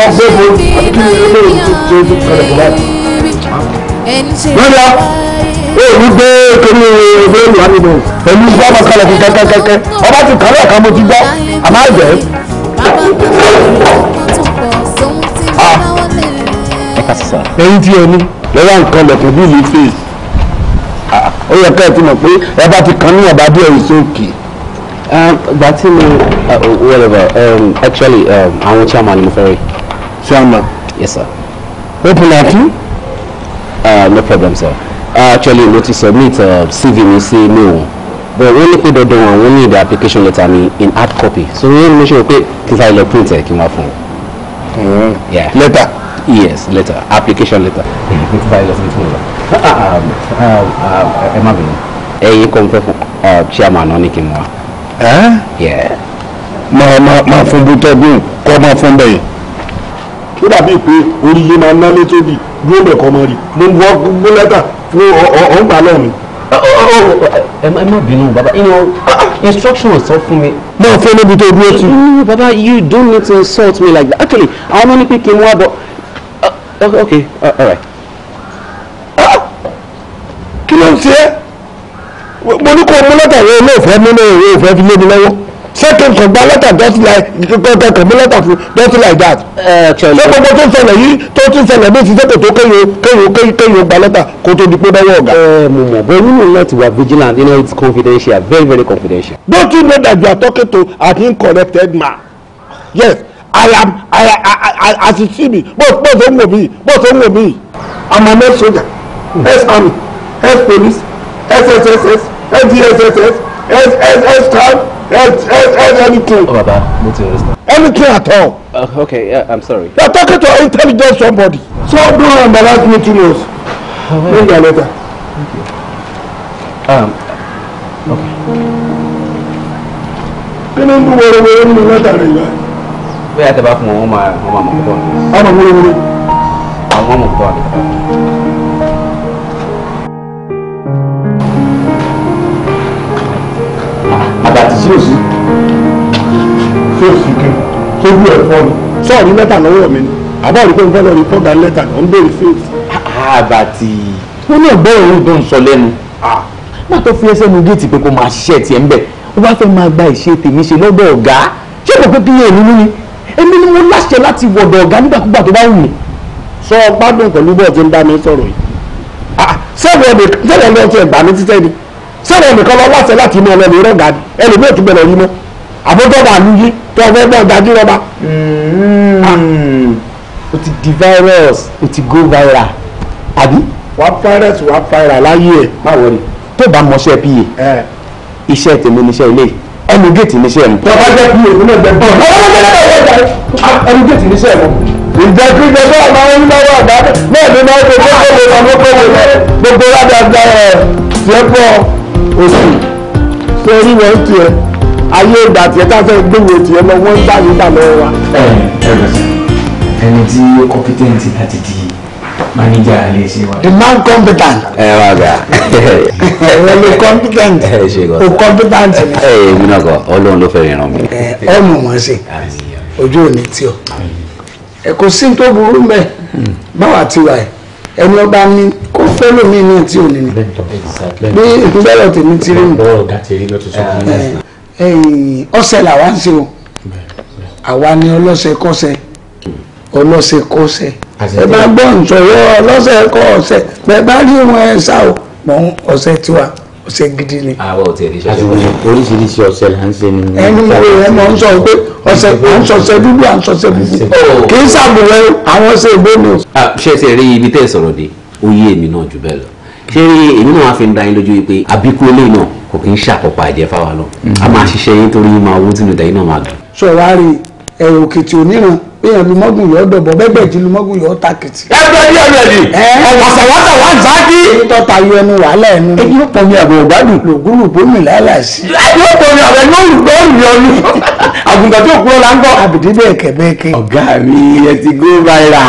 ọgbẹ́ mo kí ló lè ẹni ṣe é èyí gbé kékeré ìgbéyàwó wa nínú pẹ̀lú iṣẹ́ ọmọkànlẹ̀ kí kẹ́kẹ́kẹ́kẹ́ ọba ti kàn lẹ́ẹ̀kan mo ti gbọ́ àmọ́ àjẹ́. Ah. ẹyin tí ẹ ní lọ́wọ́ nǹkan lẹ̀kùn bí mi fè ah, ó yẹ ká ẹ ti mọ̀ pé ẹ ti kàn ní ọba díẹ̀ ìsókè. Ah, gba tí mo whatever um, actually um, àwọn um, chairman mo fẹ́ rí. chairman. yes sir. open up. Uh, no problem sir actually mo ti submit uh, cv mi sí ilé òun but wọ́n ní pé dandan àwọn ní ìdá application letter mi in hard copy so wọ́n ní ṣe pé kí n sáré lọ print ẹ̀ kí n wá fún un. Mm-hmm. letter. yes letter application letter. kí n sáré lọ sí fún un. Ah, ah, ah, ẹ má bínú. ẹyin kò ń fẹ́ fún uh, chairman náà ní kí n wá. Eh? máa máa máa fún bùtẹ́gùn kọ́ máa fún bẹ́yìn ó dàbí pé oríyé máa ná létóbi dúró bẹ̀ kọ́ mọ́ rí mo ń wọ́ lẹ́tà ní ọ̀ ń gbà náà ni. ẹ má bínú bàbá you know instruction sọ fún mi. náà fẹ́ níbi tó dúró tì. bàbá you don't need to insult me like that actually àwọn ọmọ ní pé kí n wá bọ̀ uh, uh, okay uh, all right. Ah! kí ló ń ṣe é mo ní kó o mú lọ́tà yẹn ilé ìfẹ́ mi náà ìwé ìfẹ́ fi lé mi lọ́wọ́ second kan gba lẹ́tà just like kẹ̀kẹ́ kan mú lẹ́tà fún just like that. ṣé gbogbo tó ń ṣẹlẹ̀ yìí tó ti ń ṣẹlẹ̀ bí ìṣiṣẹ́ kò tó kéyo kéyo kéyo gba lẹ́tà kó tó di pé báwọ̀ ọ̀gá. ẹ mo mọ we will not wà vigilant you know it's confidential very very confidential. don't you know that you are talking to an incorrected man yes i am i i i as you see me bó bó ṣe ń wò mí bó ṣe ń wò mí i'm an ex soldier ex army ex police ex sss ex dss ex ex ex crime anything. Oh, Baba, what's your understand? Anything at all. Uh, okay, yeah, I'm sorry. You're talking to an intelligent somebody. So don't embarrass me too much. Bring your Thank you. Um, okay. Kí ni ń dúró wẹ́rẹ́ wẹ́rẹ́ nínú lẹ́tà rẹ̀ yá? Bẹ́ẹ̀ àtẹ̀bá fún wọn, wọ́n máa mọ̀ ọ́. Wọ́n máa mọ̀ ọ́. Àwọn ọmọ mọ̀ ọ́. sí òsì tó sì kí tójú ẹ̀ fọ́ ni. sọ́ọ̀rì lẹ́tà lọ́wọ́ mi ni àbá rí pé n fẹ́ẹ́ lọ rí fọ́gà lẹ́tà ọ̀ ń béèrè faith. Ah, àbàtì ó ní ẹ̀gbọ́n òun dùn sọ lẹ́nu má ah. tó fi ẹsẹ̀ nu géètì pé kó máa ṣiṣẹ́ tiẹ̀ ń bẹ̀ ó bá fẹ́ máa gba ìṣe tèmi ṣe lọ́dọ̀ ọ̀gá ṣé kò pé kí yẹn nínú ni èmi ni mo láṣẹ láti wọ̀dọ̀ ọ̀gá nígbàkúgbà tó bá wù mí. sọ gbádùn pẹ̀lú bọ́ọ̀ tí ń bá mi sọ̀rọ̀ yìí sẹ́wọ̀n ah, ọ̀dẹ̀ sẹ́wọ̀n ọ̀dẹ̀ ọ̀tí ẹ̀gbá mi títẹ́ ni sẹ́wọ̀n nìkan lọ láṣẹ láti inú ọlọ́ọ̀lù rẹ̀ gàdí ẹlòmíì tún bẹ̀rẹ̀ rí mọ́ àbótọ́dà àlùyí tó ọgbẹ́ gbọ́n dájú rọba. Hmm. o ti di virus o ti go viral àbí. wà á virus wà á viral láyé ẹ̀. má wọrí tó bá mọṣẹ́ pa iṣẹ́ tèmi níṣẹ́ ilé ẹnu géètì níṣẹ́ mi. tọ́ba jẹ́ pa òun náà bẹ́ẹ̀ bọ́ọ̀ ọ̀rọ̀ mi náà wọ̀ jáde ẹnu géètì níṣẹ́ mi. ìjẹ́kí gbogbo ọ̀nà ọ̀hún náà wà dáadáa náà ní náà gbogbo ọ̀nà ọ̀hún gbogbo ọ̀nà gbogbo ọ̀nà gbogbo ọ̀nà òsì sórí wọn tiẹ̀ ayé ìgbà tiẹ̀ káfẹ́ gbéwèé tiẹ̀ lọ wọ́n ń gbà nígbà lọ́wọ́ wa. ẹ ẹ bẹ̀rẹ̀ sọ ẹni tí ó kọ́pítẹ́ǹtì láti di mánéjà ilé iṣẹ́ wa. the man competent. ẹ wá gbà. ẹ lè competent. ẹ ṣe kọ. o competent ni. ẹ ẹ mi náà kọ Ọlọ́run ló fẹ́ẹ́ ràn mí. ẹ ọmọ wọn ṣe ojú ò ní tí o ẹ kò sí tó burú mẹ hmm. báwa ti wà ẹ ẹni ọba ní kó fẹ́lò mi ní tí ò ní ní bí ìpínlẹ̀ tèmi ti rí mi ọ̀sẹ̀ làwa ń ṣe o àwa ni ọlọ́sẹ̀ kọ́sẹ̀ ọlọ́sẹ̀ kọ́sẹ̀ ẹ bá gbọ́ nsọ̀rọ̀ ọlọ́sẹ̀ kọ́ ọ̀sẹ̀ bẹ́ẹ̀ bá rí wọn ẹ sá o mọ̀ ọ̀sẹ̀ tiwa ọ̀sẹ̀ gidi ni. àwọn ọ̀tẹ̀ ìrìnsẹ̀ oríṣiríṣi ọ̀sẹ̀ là ń ṣe ni. ẹnu mo rò ẹ mọ n sọ pé ọ̀sẹ̀ à ń sọ̀sẹ̀ dúdú à ń sọ̀sẹ̀ dúdú kì í sàbùwẹ̀ àwọn ọ̀sẹ̀ ìgbóni. ṣé ẹ ti rí ibi tẹ́ ẹ sọ̀rọ̀ dé ó yé èmi náà jù bẹ́ẹ̀ lọ ṣé èmi náà wá fi ń da yín lójú wípé àbíkú ilé náà kò kí ń ṣàkópa ẹ̀jẹ̀ fáwa lọ a máa ṣiṣẹ́ yín torí máa owó tìǹda yín náà máa dùn. sọ wá rí ẹ̀rọ òkìtì oníran èèyàn lu mọ́gùn yọ̀ dọ̀bọ̀ bẹ́gbẹ̀jì lu mọ́gùn yọ̀ takìtì. ẹ bẹ ní ọ̀rẹ́ mi ọ̀wọ̀ sàwátà wà jáde. tó ta yọ ẹnu wàhálà ẹnu. èyí ló pọnmi àbẹ̀ ògbádùn. lògùnrù bómi lálà sí. ló pọnmi àbẹ̀ lóòrù lóòrù yọ ni. àgùntàn tó kúrò la ń gbọ́. àbìdí bẹ́ẹ̀ kẹ́ bẹ́ẹ̀ kẹ́. ọ̀gá mi ẹ ti go viral.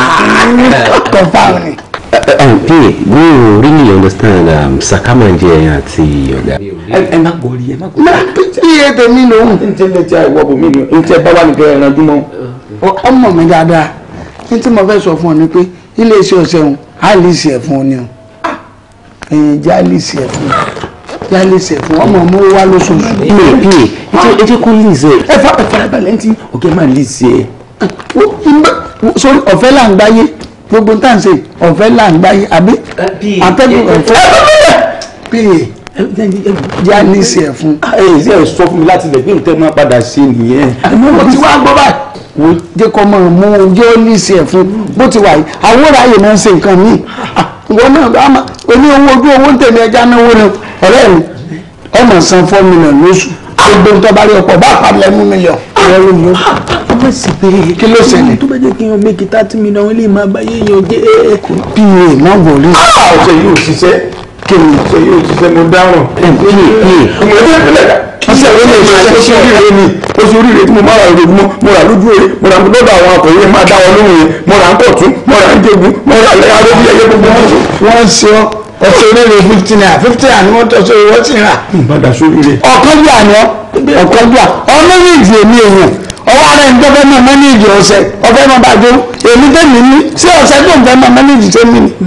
tọ́fà rẹ̀. Ah, pa mi ò really understand um, sakamanjẹ àti ọ̀gá. ẹ má gbọ́ rí ẹ má gbọ́ rí. iye tèmi ló ń tẹ́lẹ̀ tí àìwọ́ bò mí ni ntẹ́ bá wà ní kẹrẹ́ ẹ̀rọ dúmọ́. ọmọ mi dáadáa ní tí mo fẹ́ sọ fún ọ ni pé ilé iṣẹ́ ọ̀sẹ̀ òun á lè ṣe ẹ̀ fún ọ ni o ẹ̀yìn já lè ṣe ẹ̀ fún ọ lálẹ́ sẹ̀ fún ọmọ ọmọ wa lóṣooṣù. pè pè ẹ jẹ́ kó lè ṣe. ẹ fara balẹ̀ ntí ọ̀gá máa lè ṣe. sori ọ̀fẹ́ là ń gbáyé gbogbo tá à ń ṣe ọ̀fẹ́ là ń gbáyé àbí àtẹ́gùn ọ̀fẹ́ pa yá ní ìsì ẹ̀ fún. Ah, ẹ ṣe ẹ sọ fún mi láti lè bí nǹkan máa padà ṣe nìyẹn. mo ti wá gbọ́ báyìí. wo jẹ́ kọ́ mọ̀ mú un yóò ní ìsì ẹ̀ fún bó ti wà yìí àwòrán ayè máa ń ṣe nǹkan míì. Ah, ìwọ náà bá ma oní owó ojú owó ń tèmi ẹja náwó ni ọ̀rẹ́ mi ọmọ san four million lóṣù gbogbo nǹkan bá rí ọkọ̀ bá pa lẹ́mú mílíọ̀nù lọ́rọ̀ mi ọmọ sì pé kí ló ṣẹlẹ̀ tó bá jẹ́ kí n mi kí thirty million lè máa bá yé yan jẹ́. pa má wọlé. ọ̀sẹ̀ yóò ṣiṣẹ́ kí ni ọ̀sẹ̀ yóò ṣiṣẹ́ mo dáràn. ọ̀sẹ̀ yóò lè máa ṣe ṣe oríire mi oṣù oríire tí mo máa ra ìròyìn mo rà lójú ere mo rà lọ́dọ̀ àwọn akọ̀wé máa dá wọn lóhùn mo rà ń pọ̀ tún mo rà ń jẹ̀gún mo rà lẹ́yà lóbi ẹyẹ gbogbo wọn. wọ́n ń ṣe ọ́ ọtí oríire fifty naira fifty naira ni wọ́n tọ́ sórí wọ́n ti rà. ìbàdàn sórí rẹ̀. ọ̀kan bí àná ọ̀kan bí àná ọmọ méjì èmi èèyàn ọwọ́ ara ẹni mẹ́nẹ́jì ọ̀sẹ̀ ọ̀fẹ́ èmi ní sí ọ̀sẹ̀ tó ń fẹ́ mẹ́nẹ́jì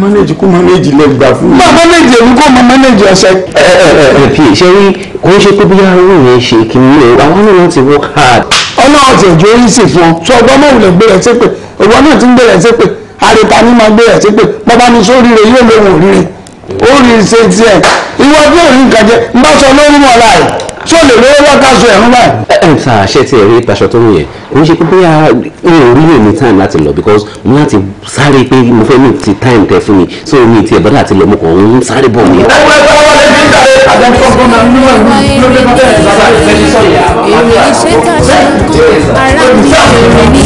mẹ́nẹ́jì kó mẹ́nẹ́jì gbà fún mi. mẹ́nẹ́jì èmi kó mẹ́nẹ́jì ọ̀sẹ̀. ẹ ẹ ẹ ṣe kò ń ṣe pé bóyá ọ sọ ọgbọ́n náà ó rí ṣe tiẹ̀ ìwọ bí òní nǹkan jẹ ń bá sọ lórí mọ́ láì ṣó lè lówó wákàtí ẹ̀rún báyìí. ẹ ẹ sà ṣe tiẹ̀ rí aṣọ tó ń yẹ kò ń ṣe pé bóyá mi ò rí èmi time láti lọ because mo láti sáré pé mo fẹ́ mi ti time tẹ fún mi so mi ti ẹ̀ bọ́dà àti lọ mo kàn ń sáré bọ̀ mi. ẹgbẹ́ tó wọlé bí èrè iṣẹ́ tàṣà ara mi èrè mi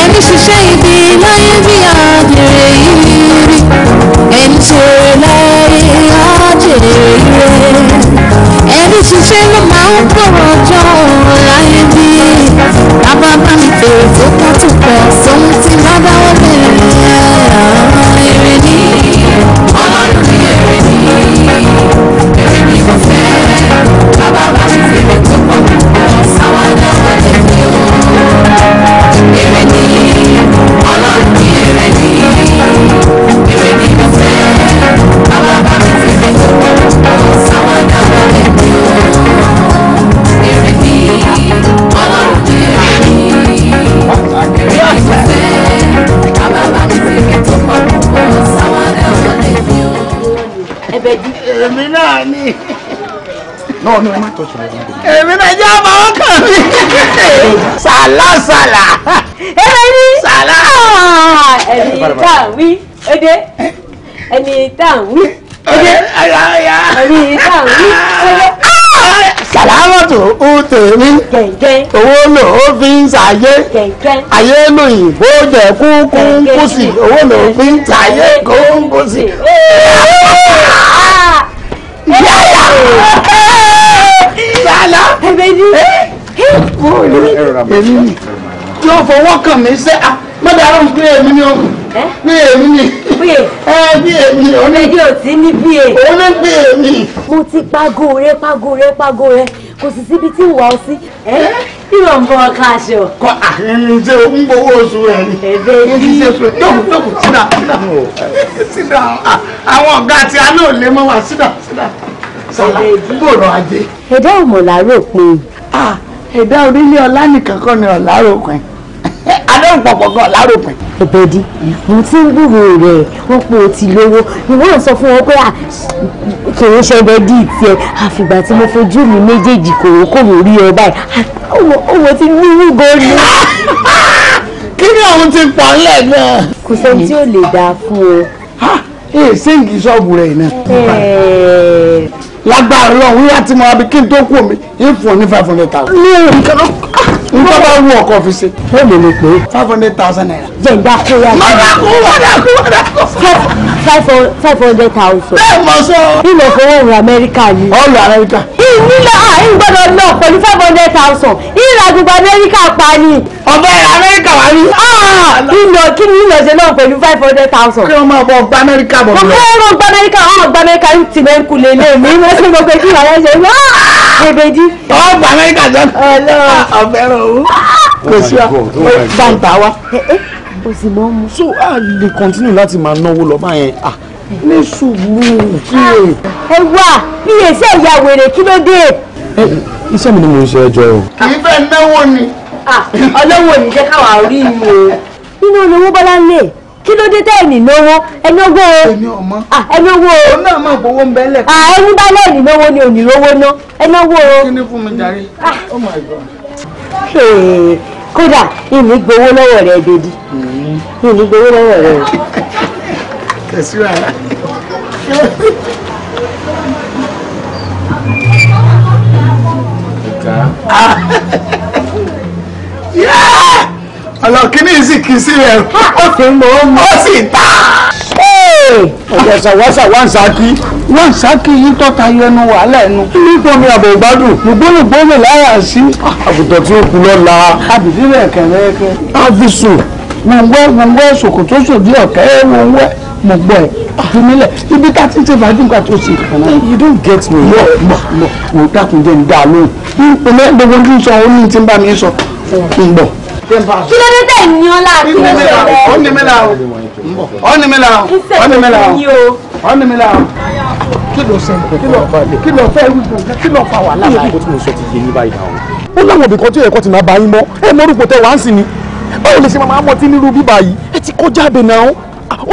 ẹni ṣiṣẹ́ ibi láyé bí àjèrè ìrírí ẹni ṣeré láyé àjèrè ire ẹni ṣiṣẹ́ ló máa ń pọ̀rọ̀ ọjọ́ láyé bí bàbá mi fèrè tó kọ́ tó pọ̀ sóhun tí bàbá wọlé rẹ̀ yára. ọ̀nà ẹ̀. èmi náà jẹ́ ọmọ ọkàn mi. sàlásàlà. ẹni sàlá. ẹni tá à ń wí èdè ẹni tá à ń wí èdè ẹni tá à ń wí èdè sàlámọ̀tò ó tèmi owó lò ó fi ń sàyé ayé lòyìnbó jẹ kúnkúnkúsì owó lò ó fi ń sàyé kúnkúsì. yàrá bàálà èmi ni yóò fọwọ́ kàn mí sẹ́ ah, mọ́dàrá ń pé èmi ni ọkùn pé èmi ni bí èmi ò ní bí òtí ní bí è ò ní bí èmi. mo ti pago rẹ pago rẹ pago rẹ kò sì síbi tí wà ó sí ìwọ̀n bọ̀ ọ̀ka aṣọ. kọ àhìnrìn ṣe ń gbowó oṣù rẹ ni. ẹbẹ yìí dókù dókù sídà sídà sídà àwọn ọ̀gá àti àná ò lè mọ wá sídà sídà sọlá bòrò ajé. ẹ̀dá òmò làárò pin. ẹ̀dá orílẹ̀ ọlá nìkan kọ́ ni ọ̀làárò pin adéhùn pọ̀pọ̀ gan lárò pin. ọ̀bẹ̀dì mo ti ń gbúrò rẹ̀ wọ́n pé o ti lówó ìwọ sọ fún wọn pé kòun ṣẹlẹ̀ dì tiẹ̀ àfìgbà tí mo fojú mi méjèèjì kòun kò mú rí ẹ báyìí òun ti wúwú gan ni kí ni òun ti pọ̀ ńlẹ̀ náà. kò sẹ́ni tí ò lè dáa fún ọ. ha ẹ ṣéǹkì ṣọ́ọ̀bù rẹ̀ náà lágbára Ọlọ́run yóò ti mọ abikí tó kù mí yóò fún ọ ní five hundred thousand. mi ò n tó bá wú ọkọ fi ṣe. ó lè lè pé. five hundred thousand naira. jẹ̀ǹdà kó wa. má bá kú wàdà kú wàdà kú. five hundred thousand. bẹ́ẹ̀ mọ̀ sọ. ilẹ̀ fowó ra amẹ́ríkà yìí. ó lọ amẹ́ríkà. ìnílò àárín gbọ́dọ̀ lọ pẹ̀lú five hundred thousand. ìlà gbogbo amẹ́ríkà pa ni. ọ̀bẹ ra amẹ́ríkà wá rí. ìlọ kí ni ìlọ ṣe náà pẹ̀lú five hundred thousand. kí wọ́n máa bọ̀ gba amẹ́ríkà bọ̀ lọ. mo fẹ́ràn gba amẹ́ríkà ọ̀ gba amẹ́ríkà ń tì mẹ́kù lé lé mi. mo sì mọ̀ pé kí wàá yẹn ṣe. bèbè ọ̀ o oh kò sí wa bàǹtà wa o sì mọ mu. so a lè continue láti máa náwó lọ bá yẹn à ah, ní sùúrù kí ẹ. ẹ wá bí èsì wèrè kí ló dé. Eh, iṣẹ́ mi ni mo ń ṣe ẹjọ́ o. kì í fẹ́ náwó ni. Ah, ọlọ́wọ́ ò ní jẹ́ káwa rí i o. nínú olówó bọ́lá ń lè kí ló dé tẹ́ẹ̀nì lówó ẹni owó o ẹni ọmọ ah, ẹni owó o òun náà máa gbowó ń bẹ́lẹ̀. ẹni bá lẹ́ẹ̀nì lówó ni òní lówó ná ẹni owó o. kí ni fún mi jàre. oh my god kódà ìní gbowó lọ́wọ́ rẹ̀ dèdí ìní gbowó lọ́wọ́ rẹ̀. kẹsí wàhálà. ọlọ́kíní sì kì í sí rẹ̀ ó sì ń mọ̀ ó sì ta. ọ̀jọ̀ sọ̀wọ́sọ̀ wọ́n ń sá kí wọ́n sákì yìí tọ́ta yẹnu wàhálà ẹnu. nípa mi àbọ̀ ìgbádùn ògbólógbòmè láyà sí ah, àgùntàn tí ó kú lọ́la. àbìbí rẹ̀ kẹ̀rẹ́kẹ́. àfisù. mo ń wẹ́ mo ń wẹ́ ṣòkòtò sòdí ọ̀kẹ́ mo ń wẹ́ mo gbọ́ ẹ̀ ìfimilẹ̀ ah, ibi tá a ti ń ṣe fàájì nǹkan tó ṣe kan náà. you don't get me. lọ lọ lọ wò ó dákun jẹ́ ń dá lóhùn. ìpínlẹ̀ gbogbo ní sọ ó ní ti ń bá mi sọ ń bọ̀. kí ló dé tẹ̀ ní ọ́ láàbí mẹ́sàn-án. ó ní mi là ó ó ní mi là ó ó ní mi là ó ó ní mi là ó kí ló ṣẹlẹ̀ kí ló kí ló fẹ́ wí fún kí ló fa wàhálà báyìí. kó tí mo sọ ti yé yín báyìí náà. ó láwọn òbí kan tí ẹ̀kọ́ ti máa bá yín mọ́ ẹ mọ́rùkù tẹ wá ń sìn ni báwo lè ṣe máa mọ tí nírú bíbá yìí ẹ ti kọjá àbẹ̀ náà ó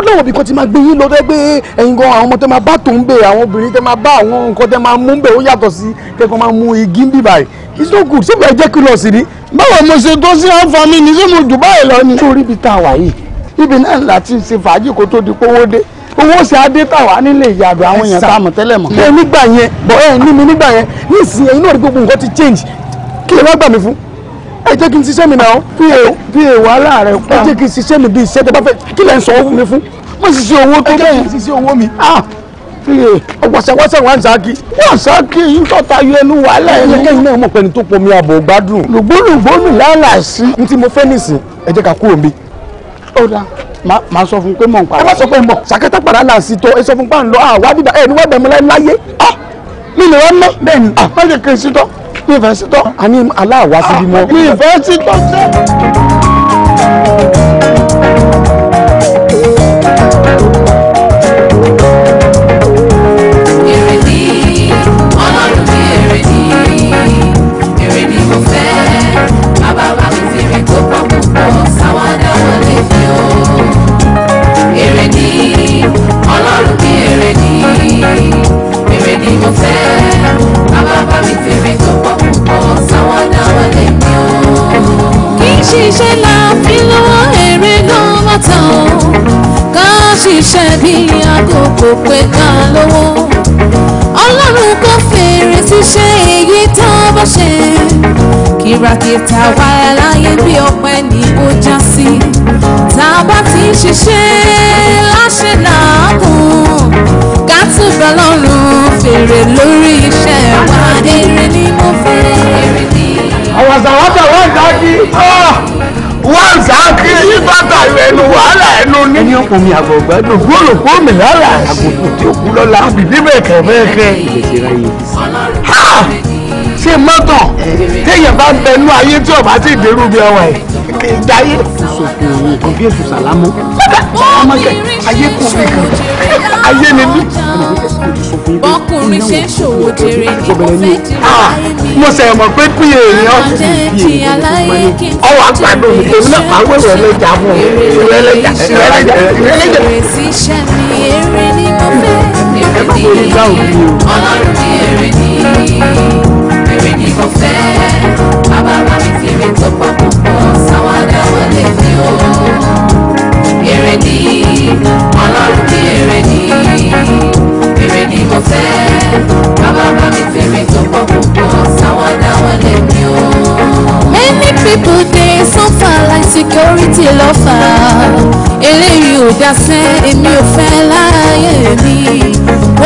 láwọn òbí kan ti máa gbé yín lọ dẹ́gbẹ́ ẹ̀yin gan àwọn ọmọ tẹ máa bá tó ń bè àwọn obìnrin tẹ máa bá àwọn nǹkan tẹ máa mú ń bè ó yàtọ̀ sí kẹ́kọ̀ọ́ máa mú igi ń bíbá yìí it's no good síbẹ̀ ẹ jẹ́ kí lọ sí ni. báwo mo ṣe tó sí àǹfààní ni ṣé mo jù báyìí lọ ni. sórí ibi tá a wà yìí ibi náà láti ṣe fàájì kó tó di kówó dé owó ṣe adé tàwa nílé ìyàdọ̀ àwọn èèyàn tá a mọ̀ tẹ́lẹ̀ mọ̀. ẹ nígbà yẹn bọ̀ ẹ ní mi nígbà yẹn ní ìsìn ẹ̀yin náà rí gbogbo nǹkan ti change kí lè wá gbà mí fún. ẹ jẹ́ kí n ṣiṣẹ́ mi náà bí ẹ wàhálà rẹ pa ẹ jẹ́ kí n ṣiṣẹ́ mi bí iṣẹ́ tó bá fẹ́ kí lẹ́ ń sọ fún mi fún. mo sì ṣe owó tó bẹ́ẹ̀ sì ṣe owó mi. Ah, wàṣàwàṣà wà ń ṣáàkì wà yìí tọ́ta yọ ẹnu wàhálà ẹ̀ lẹ́kẹ́yìn náà mọ̀ pẹ́ni tó pọ̀ mi àbọ̀ gbádùn. lùgbólùgbólù lálàá sí. n tí mo fẹ́ nìsín ẹ jẹ́ ká kúrò mi. ó dáa ma sọ fún pé mò ń padà. ẹ má sọ pé ń bọ̀ sàkẹ́tà padà là ń sitọ́ ẹ sọ fún pé à ń lọ àwa dídà ẹ ní wọ́n bẹ̀ mọ́ láyé mi lè wọ́n ná bẹ́ẹ̀ ni má jẹ́ kí n mi ìfẹ́ sitọ́. a ní aláàwá síbi mọ́. mi ìfẹ́ sitọ́ sẹ́ẹ̀. ṣiṣẹ́ la fi lówó èrè náà látà ká ṣiṣẹ́ bí àkókò pé ká lówó ọlọ́run kò fèrè ṣiṣẹ́ èyí tá a bá ṣe kìràkìtà wà láyé bí ọpẹ́ ni ó já sí tá a bá ti ṣiṣẹ́ láṣẹ làákùn ká tún bá lọ́rùn fèrè lórí iṣẹ́ wa èrè ni mo fẹ́ èrè ni. àwọn sàwátà wà ń dájú wọ́n sàkí yí bàtà ẹnu wàhálà ẹnu ní. ẹni ọkùnrin mi àgbọ̀gbẹ́ dùn. gbólógbó mi lọ́la. àgùntàn tí ó kú lọ́la. bìbí bẹ̀kẹ̀ bẹ́ẹ̀kẹ́. ṣé mọ́tò téèyàn bá ń bẹnu ayé tí ọba ti dérú bí ọwọ́ ẹ̀ lè jáyé. sọ̀tò òun kan bí èsù sàlámọ́ sàlámọ́ kẹ ayé kò fi kàn ayé ni bí. bọ́kùnrin ṣe ń ṣòwò jèrè ni mo fẹ́ di ah, láyé mo ṣe mọ̀ pé kú èèyàn ọwọ́ àgbàdo èmi náà máa wẹ̀wẹ̀ ẹlẹ́jà mọ́ ẹlẹ́jà ẹlẹ́jà ẹlẹ́jà. èrèsí ṣẹ́ mi èrè ni mo fẹ́ èrè ni ọlọ́run ni èrè ni èrè ni mo fẹ́ bàbá wa mi fi èrè tó pọ̀ pọ̀ tèmi o èrè ni ọlọ́run ní èrè ni èrè ni mo fẹ́ bàbá bá mi fèrè tó pọ̀ pọ̀. people dey suffer like security lover eléyìí ò dasẹ́ èmi ò fẹ́ láàyè mi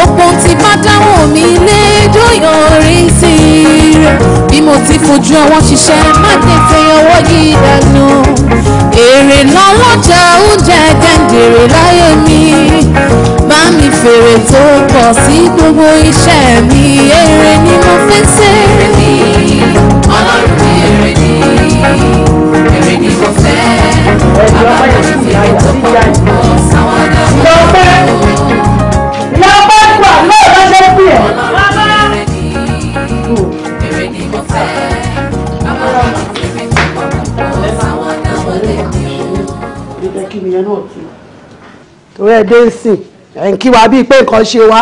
òpó ti bá dáwọ́ mi lé dóyọ̀ rí sí rẹ̀ bí mo ti fojú ọwọ́ ṣiṣẹ́ má tẹ̀sẹ̀ ọwọ́ yìí dànù èrè lọ́lọ́jà oúnjẹ jẹ́ǹdèrè láyé mi bá mi fèrè tó pọ̀ sí gbogbo iṣẹ́ mi èrè ni mo fẹ́ ṣe. mo fẹ́ bàbá mi fi ètò pọ̀ sáwọn kí wa bíi pé nǹkan ṣe wa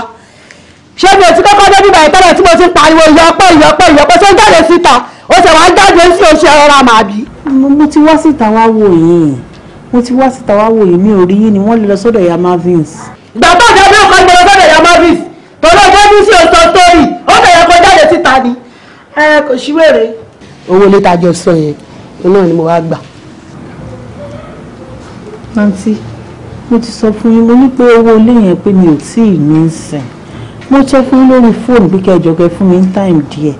ṣé mi ò ti kọ́kọ́ débi bàyẹ̀ tẹ́lẹ̀ tí mo ti pariwo ìyọpẹ́ ìyọpẹ́ ìyọpẹ́ tó ń jáde síta ó ṣe wàá jáde sí oṣù ẹ̀rọ ra màbí mo ti wá síta wá wò yín mo ti wá síta wá wò yín mi ò rí yín ni wọ́n lè lọ sọ́dọ̀ ìyá Marvins. bàbá ọ̀dà bí ọkọ gbọ́dọ̀ sọ́dọ̀ ìyá Marvins tọ́lá ọjọ́ bí sí ọ̀sán sórí ó bẹ̀rẹ̀ kó jáde síta ni ẹ kò sí wèrè. owó lẹ́tà jọ sọ yẹn iná ni mo wá gbà. àǹtí mo ti sọ fún yín mo ní pé owó ilé yẹn pé mi ò tí ní sìn mo sọ fún yín lórí fóònù bí kẹjọ kẹ fún mi ní táìmù díẹ̀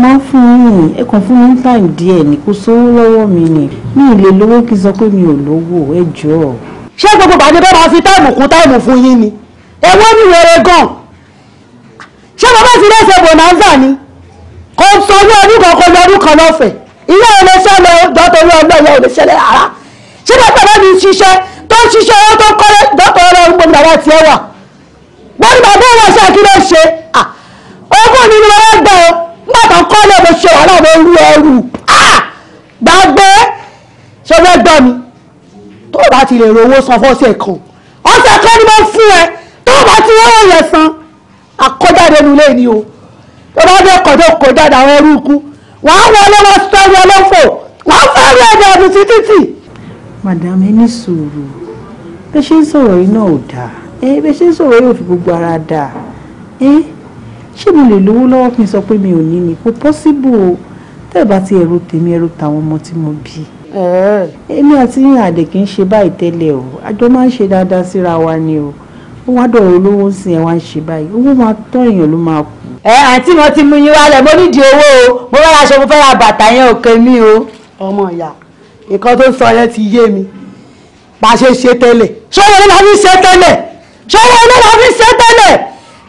máa ń fún yín ní ẹ kàn fún mi ní time díẹ̀ ní kò sówó lọ́wọ́ mi ni mi ì lè lówó kí n sọ pé mi ò lówó ẹ jọ̀ọ́. ṣé gbogbo bàdé bẹ́ẹ̀ máa fi táìmù kún táìmù fún yín ni èwo ni wèrè gan ṣé bàbá ti lẹ́sẹ̀ bonanza ni kò sọ ní ọdún kan kò lọ ọdún kan lọ́fẹ̀ẹ́ ìyá ò lè ṣe lọ dọ́tọ̀rí ọgbẹ́ ìyá ò lè ṣe rárá ṣé dọ́tọ̀ bá mi ṣiṣẹ́ tó ń ṣiṣẹ́ tó kọ́ dọ́tọ̀ ọ̀rọ̀ ń gbọ́dọ̀ bàbá tiẹ̀ wà ni wọ́n gbà nígbà tó ń kọ́ lé mo ṣe wàhálà mo rú ẹrù ah! gbàgbé ṣé fẹ́ gbọ́ mi tó o bá ti lè rówó san fọ́sẹ̀ kan ọ̀sẹ̀ kan ni mo fún ẹ tó o bá ti rówó yẹn san àkójáde nulẹ̀ ni o tó bá dé kọ̀dọ̀ kò dáadáa àwọn orúkú wọ́n á wọlé wọn sọ́ọ́rì ọlọ́fọ̀ wọ́n fẹ́ẹ́ rí ẹ̀dẹ̀ ọdún sí títì. madam ẹ ní sùúrù bẹ́ẹ̀ ṣe ń sọ̀rọ̀ yìí náà ò dáa ẹ bẹ́ẹ̀ ṣe ń sọ̀rọ̀ yìí ò fi gbogbo ara dáa ẹ. Eh? ṣé mo lè lówó lọ́wọ́ kí sọ pé mi ò ní ni kò pọ́síbù o tẹ́ ẹ̀ bá ti ẹ̀rù tèmi ẹ̀rù tàwọn ọmọ tí mo bí. èmi àti yín àdè kì í ṣe báyìí tẹ́lẹ̀ o àjọ máa ń ṣe dáadáa síra wa ni o ó wá dọ̀rọ̀ olówó ń sin ẹ̀ wá ń ṣe báyìí owó máa tọ́ èèyàn ló máa kú. ẹ àǹtí mo ti mú yín wálẹ̀ mo nídìí owó o mo fẹ́ ra aṣọ mo fẹ́ ra bàtà yẹn òkè mi o. ọmọ ìyá nǹkan tó sọ yẹn ti yé mi bá a ṣe ṣe tẹ́lẹ̀ ṣọ́wọ́ ló la fi ṣe tẹ́lẹ̀ ṣọ́wọ́ ló la fi ṣe tẹ́lẹ̀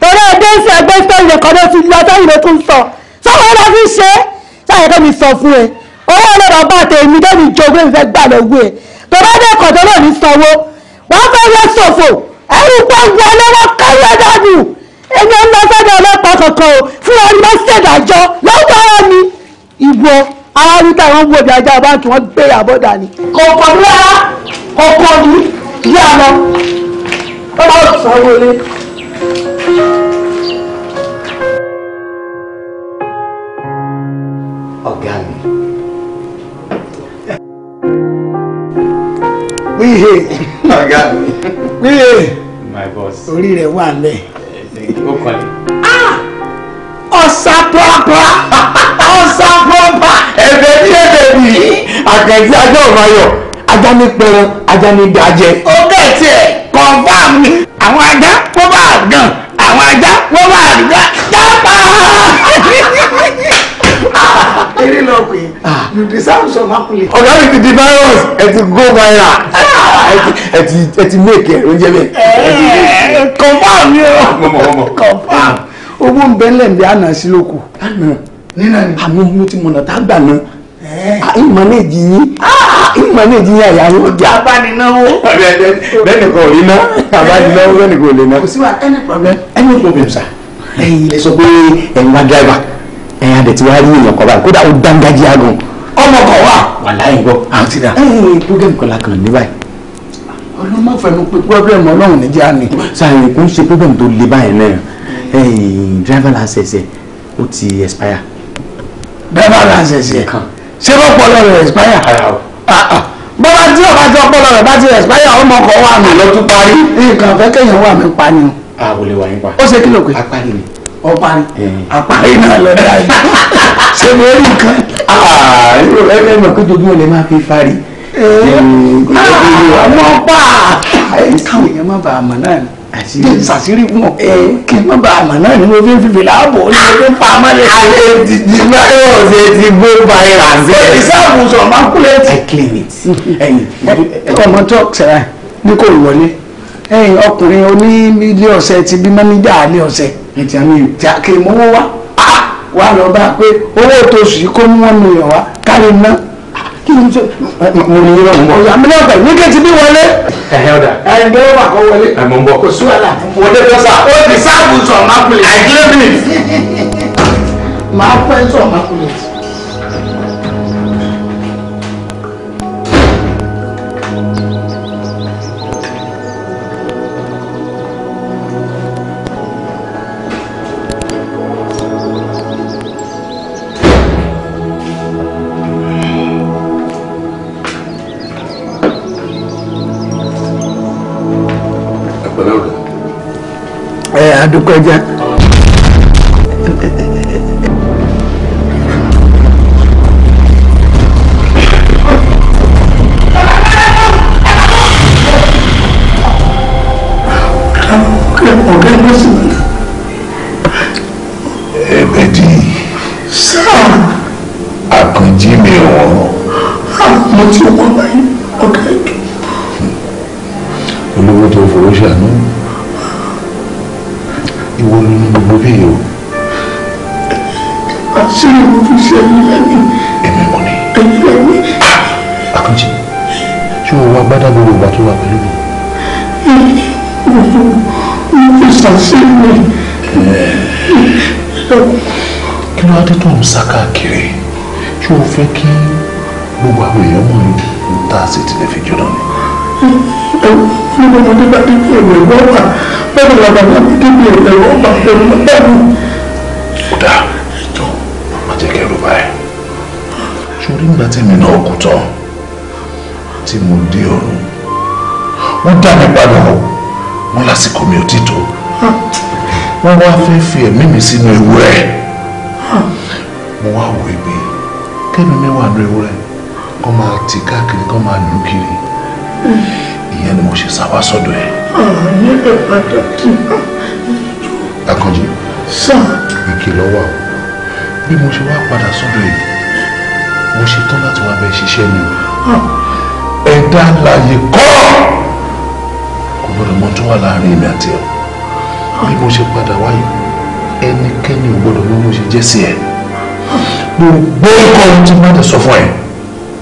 torí ẹgbẹ́ sí ẹgbẹ́ sọ́yìn nìkan ló ti lọ sọ́yìn ló tún sọ sọ́wọ́n ló fi ṣe sáyẹn tó mi sọ fún ẹ owó ọlọ́rọ̀ bá tèmi débi jogún ìfẹ́ gbà lọ́wọ́ ẹ tó bá dé ẹ̀kọ́ tó lò ní sanwó wọ́n fẹ́ yẹ ṣòfò ẹ̀rù gbọ́ngbọ́n lọ́wọ́ kárí ẹ̀dánù èmi ń lọ sọ́dọ̀ ọlọ́pàá kankan o fún wọn lọ sí ìdájọ́ lọ́wọ́ mi ìwọ ara ní táwọn wo ìdájọ́ àbá kí wọ́n gbé ìyàbọ̀ dání. kọ̀ọ̀kan ní ara kọ̀ọ̀kan ní ìyá lọ ó bá sọ̀rọ̀ lé ọ̀gá mi. wíhe ọ̀gá my boss orí rẹ̀ wà le. ó kọ́ni. Ah! ọ̀sà pọ́pọ́ ọ̀sà pọ́pọ́ ẹ̀bẹ̀ ní ẹ̀bẹ̀ ní àkàntì ajá òmayọ̀ ajá ní pẹran ajá ní dajẹ. ó bẹ̀ tiẹ̀ kọ̀ọ̀bá mi àwọn ajá kó bá a gan àwọn ajá wọ́n wà nígbà jápa. eré lọ pé ah. you deserve some accolades. ọ̀gá mi ti di virus ẹ ti go viral ẹ ti ẹ ti make ẹ̀rọ jẹ́ bẹ́ẹ̀. Eh. confam mi o confam owó ń bẹ lẹ́ǹdẹ̀ àná sí lóko. àná nínà ni. àmọ́ mo ti mọ̀nà tá a gbà náà. àyìnbọn méjì yín ìmọ̀ ní ìjìyà ìyá wọn jà. abánináwó. bẹ́ẹ̀ni kò rí ná abánináwó bẹ́ẹ̀ni kò lè ná. kò sí wa any problem. any problem sir. ẹ̀yin ilé sọ pé ẹ̀yin wá driver ẹ̀yin adẹ̀ tí wàá rí èèyàn kọ́ báyìí kódà ó dángájí agun ọmọ kan wà. wàhálà yìí gbọ́ àwọn ti dà. ẹ̀yin program kan la kàn ní báyìí. ọlọ́mọ fẹnu pé problem ọlọ́run ní jẹ́ àná. sàyẹn kò ń ṣe problem tó le báyìí náà ẹ̀yin driver license ẹ̀ ó ti expire. driver license ẹ̀ kan ṣé bọ́ pọ̀ lọ́rọ̀ expire. Ah, ah. bọ́lá tí ọba tí ọpọlọ rẹ̀ bá ti ẹ̀sìpáyà ọmọ ọkọ̀ wà mí. àlọ́ tún parí. nǹkan fẹ́ kéèyàn wà mí pa ni. àwòlè wà yín pa. ó ṣe kí ló pé. apárí ni. ọparí. apárí náà lọ dáa yìí. ṣé mo rí nǹkan. Ah, ẹ ẹ mọ̀ kó jogún olè máa fi farí. ọmọ pa. káwọn èèyàn má bàa mọ̀ náà ni sàṣírí fún ọ kí n má ba àmà náà ni mo fi ń fi fìlà ààbò ni mo fi ń pa àmà lẹ. Ah, ayé ti di báyọ̀ ṣe ti gbó báyìí àṣẹ. ẹ ìsáàbù sọ̀rọ̀ máa kú lẹ́yìn. I clean it. ẹ̀yìn ọmọ tó ṣẹlẹ̀ ní kò wọlé ẹ̀yìn ọkùnrin oní ilé ọ̀sẹ̀ ti bí mọ́níjà ilé ọ̀sẹ̀ ètò àmì ìtàkì mọ́wọ́ wá ah! wá lọ bá a pé owó tó sùn kó mú wọn nìyẹn wá kárí náà kí ni ṣe. Eh, mo ní yín lọ́wọ́ mọ́. ọ̀yà mi náà bẹ̀ ní kejì bí wọlé. Eh, ẹ̀hẹ́ ọ̀dà. Eh, ẹ̀hìn tó wà kó wọlé. ẹ̀ mọ̀ ń bọ̀. kò sí wàhálà. wọlé tó sà ó ti sáàbù sọ̀ mákùlẹ̀. àìkílẹ̀ mi. màá pẹ́ sọ̀ mákùlẹ̀. àdúkọjá fẹ́ kí gbogbo àwọn èèyàn mọ̀ ní tá a sì tilẹ̀ fi jóná ni. ní ọmọdé bá dé bí ẹ̀rọ ẹ̀rọ ọ̀pá bẹ́ẹ̀ ni bàbá mi dé bí ẹ̀rọ ọ̀pá ẹ̀rọ ọ̀pá mi. kódà ìjọ má jẹ́ kẹ́rù báyìí. sórí ńgbà tí mi náà kú tán tí mo dé ọ̀run wọ́n dá mi padà o wọ́n lásìkò mi ò tí tó wọ́n wá fẹ́ fi ẹ̀mí mi sínú ewúrẹ́ mo wá wò ó kẹ́mi mi wà lórí ewúrẹ́ kọ́ máa tì káàkiri kọ́ máa lù kiri ìyẹn ni mo ṣe sá wá sọ́dọ̀ ẹ̀. ọ̀rẹ́ ẹ̀ pàtàkì. akànjí. sọ. ìkìlọ̀ wà o bí mo ṣe wá padà sọ́dọ̀ yìí mo ṣe tán láti wá bẹ ṣiṣẹ́ mi o ẹ̀dá láàyè kọ́ kò gbọ́dọ̀ mọ tó wà láàrin èmi àti ẹ̀ bí mo ṣe padà wáyé ẹnikẹ́ni ò gbọ́dọ̀ mọ mo ṣe jẹ́ sí ẹ̀ gbogbo nǹkan tí wọ́n ti sọ fún ẹ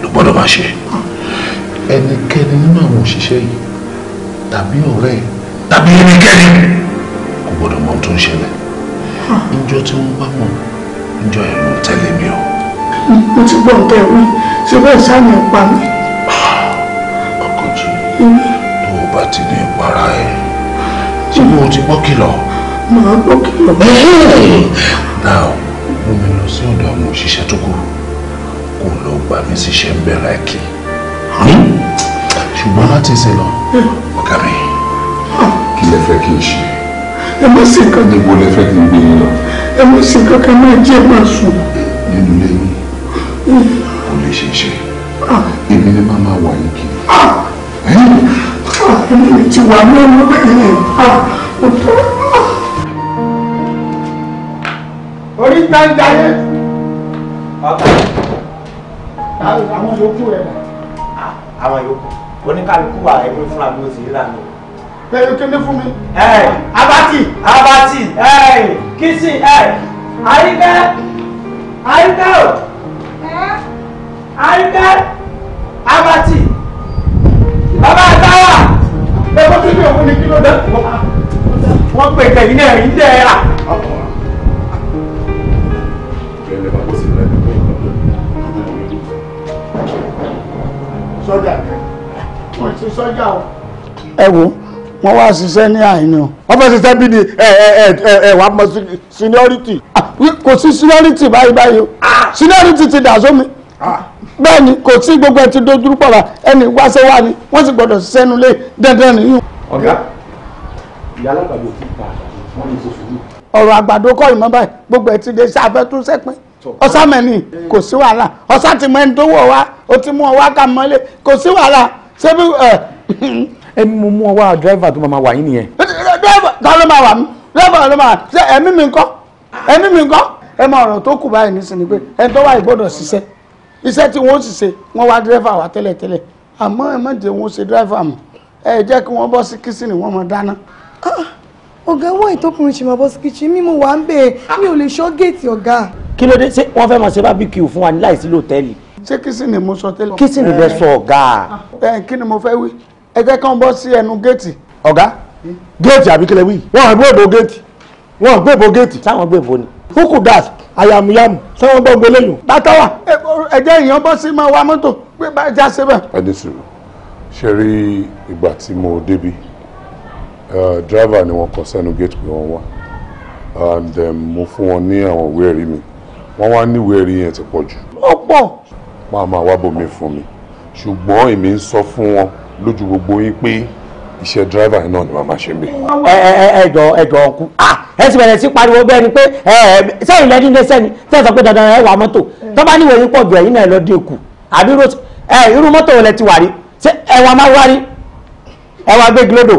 ló gbọ́dọ̀ máa ṣe ẹnikẹ́ni nínú àwọn òṣìṣẹ́ yìí tàbí ọ̀rẹ́ ẹ̀ tàbí ẹnikẹ́ni kò gbọ́dọ̀ mọ ohun tó ń ṣẹlẹ̀ níjọ tí wọ́n bá mọ̀ níjọ ẹ̀ ló tẹ̀lé mi o. mo ti gbọ́ ọ̀tẹ̀ wí ṣé bẹ́ẹ̀ sáàmì pa mi. Ah, ọkọ̀jì tó o bá ti ní ìpara ẹ̀ tí mo ti gbọ́ kìlọ̀. màá gbọ́ kìlọ̀. now òṣìṣẹ́ tó kù kò lọ gbà mí síṣẹ́ ń bẹ̀rẹ̀ kí ṣùgbọ́n láti ṣe lọ ọ̀gá mi kí lẹ fẹ́ kí n ṣe ẹ má ṣe nǹkan níbo lẹ fẹ́ kí n gbé yín lọ ẹ má ṣe nǹkan kan máa jẹ́ máa sùn nínú ilé yín kò lè ṣe ṣe èmi ni máa máa wà yín kiri èmi ni ti wà ní ọmọ bẹ́ẹ̀ ni ọ̀tọ̀. orí gbàǹdà yẹn àwọn yòókù rẹ̀ mọ̀. àwọn yòókù oníkàlùkù wa ẹgbẹ́ fúnra mi ò sì rí lànà. pẹ̀lú kí ni fún mi. abati abati kìsì àyíká àyíká o àyíká abati bàbá àtàwà. ẹ bó ti ní òun ni kí ló dé. wọ́n pè tẹ̀yìn náà ń dẹ́ ẹ rà. sọ́jà wọ́n ṣe sọ́jà o. ẹ wo wọ́n wá ṣiṣẹ́ ní àìní o wọ́n fẹ́ ṣiṣẹ́ bí ni ẹ ẹ ẹ ẹ wàá mọ seniority ah, kò sí seniority báyìí báyìí o ah! seniority ti dà sómi ah! bẹ́ẹ̀ ni kò sí gbogbo ẹ ti dojú pọ̀ rà ẹni wáṣẹ́ wá ni wọ́n sì gbọ́dọ̀ ṣiṣẹ́ nulẹ̀ dandan nìyí. ọ̀gá ìyá alágbàdo ti pa àgbàdo wọ́n ní ìṣòfò ọ̀rọ̀ àgbàdo kọ́ ìmọ̀ báyìí gbogbo ẹ ti dé sáfẹ́ tún sẹ́pin ọsá mẹ́ni kò sí wàhálà ọsá ti mọ ẹni tó wọ̀ wá ó ti mú ọ wá ká mọ́lé kò sí wàhálà ṣebí ẹ. ẹni mo mú ọ wá dírẹ́fà tó máa wà yín nìyẹn. dírẹ́fà kan ló máa wà mí dírẹ́fà ló máa ṣe ẹ̀mí mi ńkọ́ ẹ̀mí mi ńkọ́ ẹ mọ ọ̀rọ̀ tó kù báyìí nísìnyí pé ẹni tó wà ìgbọ́dọ̀ ṣiṣẹ́ iṣẹ́ tí wọ́n sì wọ́n wá dírẹ́fà wá tẹ́lẹ̀tẹ́lẹ̀ àmọ́ ẹ má jẹ́ wọ́n ṣe dírẹ́fà mọ́ ẹ jẹ́ kí wọ́n bọ́ sí kìsìnì wọ́n mọ dáná. Ah, ọ̀gá wọ́n ìtọ́kùnrin ṣe máa bọ́ sí kìchì mi mo wà ń bẹ̀ mi ò lè ṣọ́ géètì ọ̀gá. kí ló dé ṣé wọ́n fẹ́ máa ṣe bábíkì fún wa láìsí lòtẹ́ẹ̀lì. ṣé kìsì ni mo sọ tẹ́lẹ̀. kìsì ni bẹ sọ ọ̀gá. ẹ kí ni mo fẹ́ wí ẹ jẹ́ kán bọ́ sí ẹnu géètì. ọ̀gá géètì àbí kílẹ̀ wí. wọ́n gbé ìbò géètì wọ́n gbé ìbò géètì. sáwọn gbé ìbò ni. kókò gas ayamuyamu sáwọn gbọ́ gbélé yòó. látàwà ẹ jẹ́ èèyàn bọ́ sí máa wa mọ́tò gbé bá já síbẹ̀. ẹ ní sùúrù ṣe rí ìgbà tí mo débi Eh, driver ni wọ́n kọ sẹ́nu gate pé wọ́n wá and eh, mo fún wọn ní àwọn ìwé ẹ̀rí mi wọ́n wá ní ìwé ẹ̀rí yẹn ti pọ̀ jù. ó pọ̀. máa máa wá bòmí fún mi ṣùgbọ́n èmi ń sọ fún wọn lójú gbogbo yín pé iṣẹ́ dráìvà yìí náà ni màmá ṣe ń bẹ. ẹ ẹ ẹjọ ẹjọ ọkùn ah ẹ sì bẹ̀rẹ̀ sí pariwo bẹ́ẹ̀ ni pé ẹ ẹ sẹ́yìn lẹ́ni ní sẹ́ni tẹ́ ẹ sọ pé dandan ẹ wà mọ́tò tó bá níwèé yín pọ̀ jù ẹ̀yìn náà lọ dín kù àbí irú mọ́tò wo lẹ ti wà rí ẹ wà má wá rí ẹ wà gbé gílódò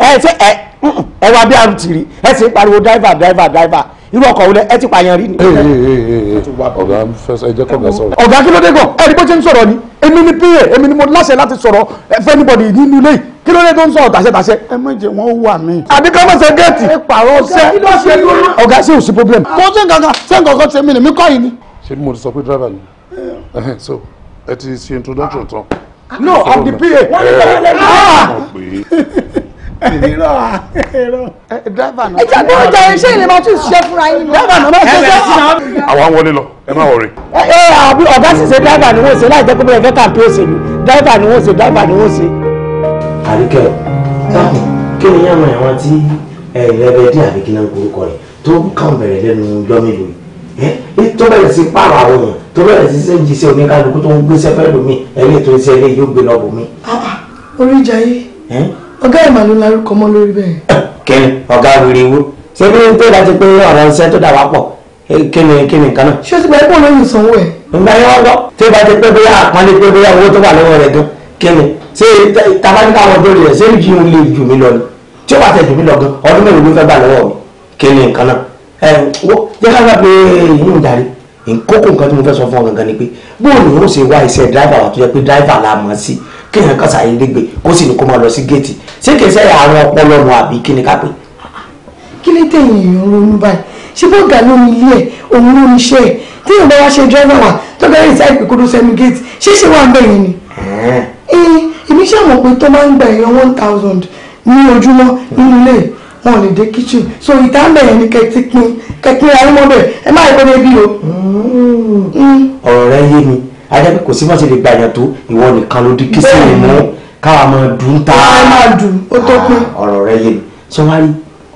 ẹ ṣe ẹ mm, mm, ẹ wá bí àrùn tìrì ẹ sì ń pariwo driver driver driver irú ọkọ̀ wọlé ẹ ti pààyàn rí ni. ọ̀gá ẹ jẹ́ kọ̀gá sọ̀rọ̀. ọ̀gá kí ló dé gan ẹni bó ṣe ń sọ̀rọ̀ ni èmi ni pa èmi ni mo láṣẹ láti sọ̀rọ̀ fẹ́nibọ̀dì nínú ilé yìí kí ló dé tó ń sọ̀rọ̀ tàṣẹ́tàṣẹ́. ẹ má jẹ wọn wà mí. àdìgbà mọ̀ sẹ́ gẹ̀ẹ́tì. ẹ pààrọ̀ sẹ́ ọ̀gá ṣé ò sí problem. kò sí nǹkan ṣé nǹkan kan ṣe mí ni mí kọ́ yìí ni. ṣé mo ti sọ pé driver ni eh. so ẹ ti ṣe introduction tán. no i'm the pa. Eh. Ah! irọ́ irọ́. dábàá náà. ìjà bí ọjà ìṣe ìlẹ̀ máa tún ṣiṣẹ́ fúnra yín lọ. dábàá náà máa ṣe ṣe ṣe. àwa ń wọlé lọ ẹ má wọrí. ẹ ẹ àbí ọ̀gá sì ṣe dábàá ni wọ́n ṣe láì jẹ́ pé bẹ́ẹ̀ fẹ́ kàmpé òṣèlú dábàá ni wọ́n ṣe dábàá ni wọ́n ṣe. àríkẹ́ dáhùn kí ni yàrá àwọn tí ẹ̀rẹ́bẹ̀dì àbí kí náà korúkọ rẹ̀ tó kàn bẹ̀rẹ̀ lẹ́nu lọ́mìlú tó bẹ̀rẹ̀ sí pààrọ̀ àwọn èèyàn tó bẹ̀rẹ̀ sí sẹ́yìn sí oníkálukú tó ń gbé sẹ́fẹ́ lómi ẹ̀rí ètò iṣẹ́ ilé yóò gbé lọ́bùnmi. Ah, ah, orí jẹ́ yìí ọgá ìmọ̀ ló larúkọ mọ́ lórí bẹ́ẹ̀. kẹ́ni ọ̀gá rere wo ṣé bí n pé láti pé ọ̀rọ̀ iṣẹ́ tó dà wá pọ̀ kí ni kí ni nǹkan náà. ṣé o ti gbà pé olóyún sanwó ẹ̀. nígbà yẹn wọ́n gbọ́ tí o bá ti pé bóyá àpọ́nlé pé bóyá owó tó wà lọ́wọ́ rẹ̀ gan kí ni ṣé tabaníkà wọn tó rí rẹ̀ ṣé yìí ń lè jù mí lọ ni tí o bá tẹ̀ jù mí lọ gan ọdún mélòó ló fẹ́ kí ni nǹkan náà. wo jẹ́ ká gbà pé yìí ń darí nkókò nǹkan tí mo fẹ́ sọ fún ọ gangan ni pé bóòlù la mọ̀ sí kéèyàn kan ṣàyè dégbè kó sì ní kó máa lọ sí géètì ṣé kìí sẹ́yà àwọn ọpọlọ nù àbí kí ni ká pè. kí ló tẹ̀yìn èèyàn ronú báyìí ṣé bọ́ọ̀gà ló ní ilé ẹ̀ òun ló ní iṣẹ́ ẹ̀ tí ìyẹn bá wá ṣe dírẹ́fà wà tó bẹ̀rẹ̀ ìsáyẹ̀ pé kó sẹ́nu géètì ṣé ṣé wà ń bẹ̀yìn ni. èmi ṣàmọ̀ pé tó máa ń gba èèyàn one thousand ní ojúmọ́ nínú ilé wọn ò lè dé kitchen so ìta ń bẹ̀yẹn ni kẹ́tí pin kẹ́tí ayé mọ́ bẹ̀ ẹ má ìgbọ́dọ̀ ebi o. Mm. Mm. ọ̀rọ̀ rẹ yé mi ajá pé kò káwa máa dùn ta káwa máa dùn ó tó pé ah, ọ̀rọ̀ rẹ yé mi ṣé wàá rí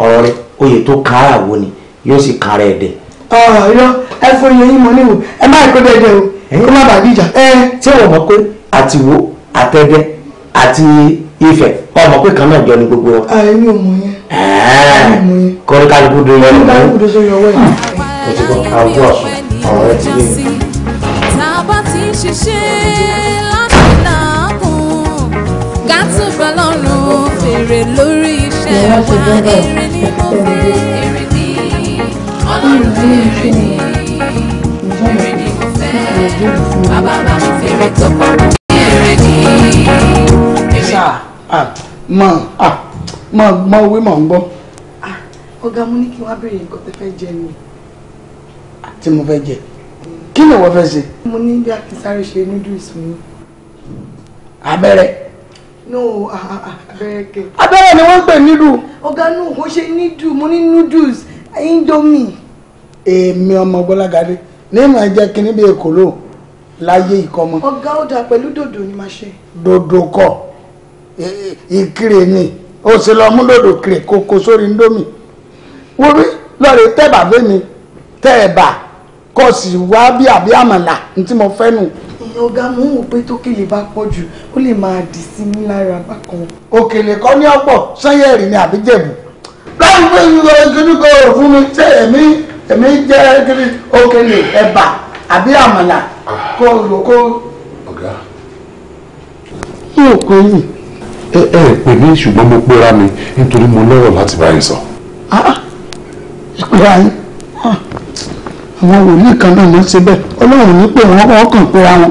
ọ̀rọ̀ rẹ oyè tó kára wo ni yóò sì kára ẹ̀ dẹ̀. ọ̀rọ̀ ẹ fún iye yín mọ níwò ẹ má kó dẹ́dẹ́ o kó má bàbí ìjà. ṣé wọ́n mọ̀ pé àtiwó àtẹ́dẹ́ àti ifẹ̀ ọmọ pé kan náà jọ ni gbogbo wọn. Ah, èmi ò mọ yẹn. kọ́ńtàlùkù dùn yẹn. kọ́ńtàlùkù dùn yẹn wẹ̀. Ah, o ti kọ́ àwùjọ ọ̀rọ̀ ẹ ti yé mi. lórí iṣẹ́ wa èrè ni mo rí èrè ni ọlọ́run ní èrè ni èrè ni mo fẹ́ bàbá bá mi fèrè tó pọ̀ ní èrè ni. ṣá mọ mọ mọ òwe mọ ń gbọ́. ọ̀gá mo ní kí wọ́n á béèrè nǹkan tẹ́ fẹ́ jẹ ni. tí mo fẹ́ jẹ mm. kí ni ìwọ fẹ́ ṣe. mo ní bí a kì í sáré ṣe noodles mi. abẹ́rẹ́. no abẹ́rẹ́ ah. ah, ah abẹ́rẹ́ ni wọ́n ń pè nílùú. ọ̀gá nù mo ṣe nídùú mo ní noodles indomie. èmi ọmọ gbọ́lágadé ní ìmọ̀ ẹ̀jẹ̀ kínní bíi èkó láyé ìkọ́mọ. ọ̀gá ó pẹ̀lú dòdò ni màá ṣe. dòdò kọ ìkirè ni o sì lọ mú dòdò kiri koko sórí indomie wúrí lọ́ọ̀rẹ́ tẹ́bà fẹ́mi tẹ́ẹ̀bà kọ́ sì wá bí àbí àmàlà ní tí mo fẹ́ nù. ọ̀gá mò ń wò pé tókèlè bá pọ̀ jù ó lè máa dì sí mi lára bákan. òkèlè kọ́ ní ọ̀pọ̀ sẹ́yẹ̀rì ni àbíjẹ̀bù láti fún mi lọ gírígò fún mi ṣé èmi èmi jẹ́ gírí òkèlè ẹ̀bà àbí àmàlà kó lò kó. ọ̀gá mi ò pè yìí. ẹ ẹ pè mí ṣùgbọ́n mo pera mi nítorí mo lọ́rọ̀ láti bá yín sọ. ìpera ah, ah, yín ah, àwọn wòlíì kan náà ló ṣe bẹ́ẹ̀ ọlọ́run ní pé wọ́n kàn pera wọn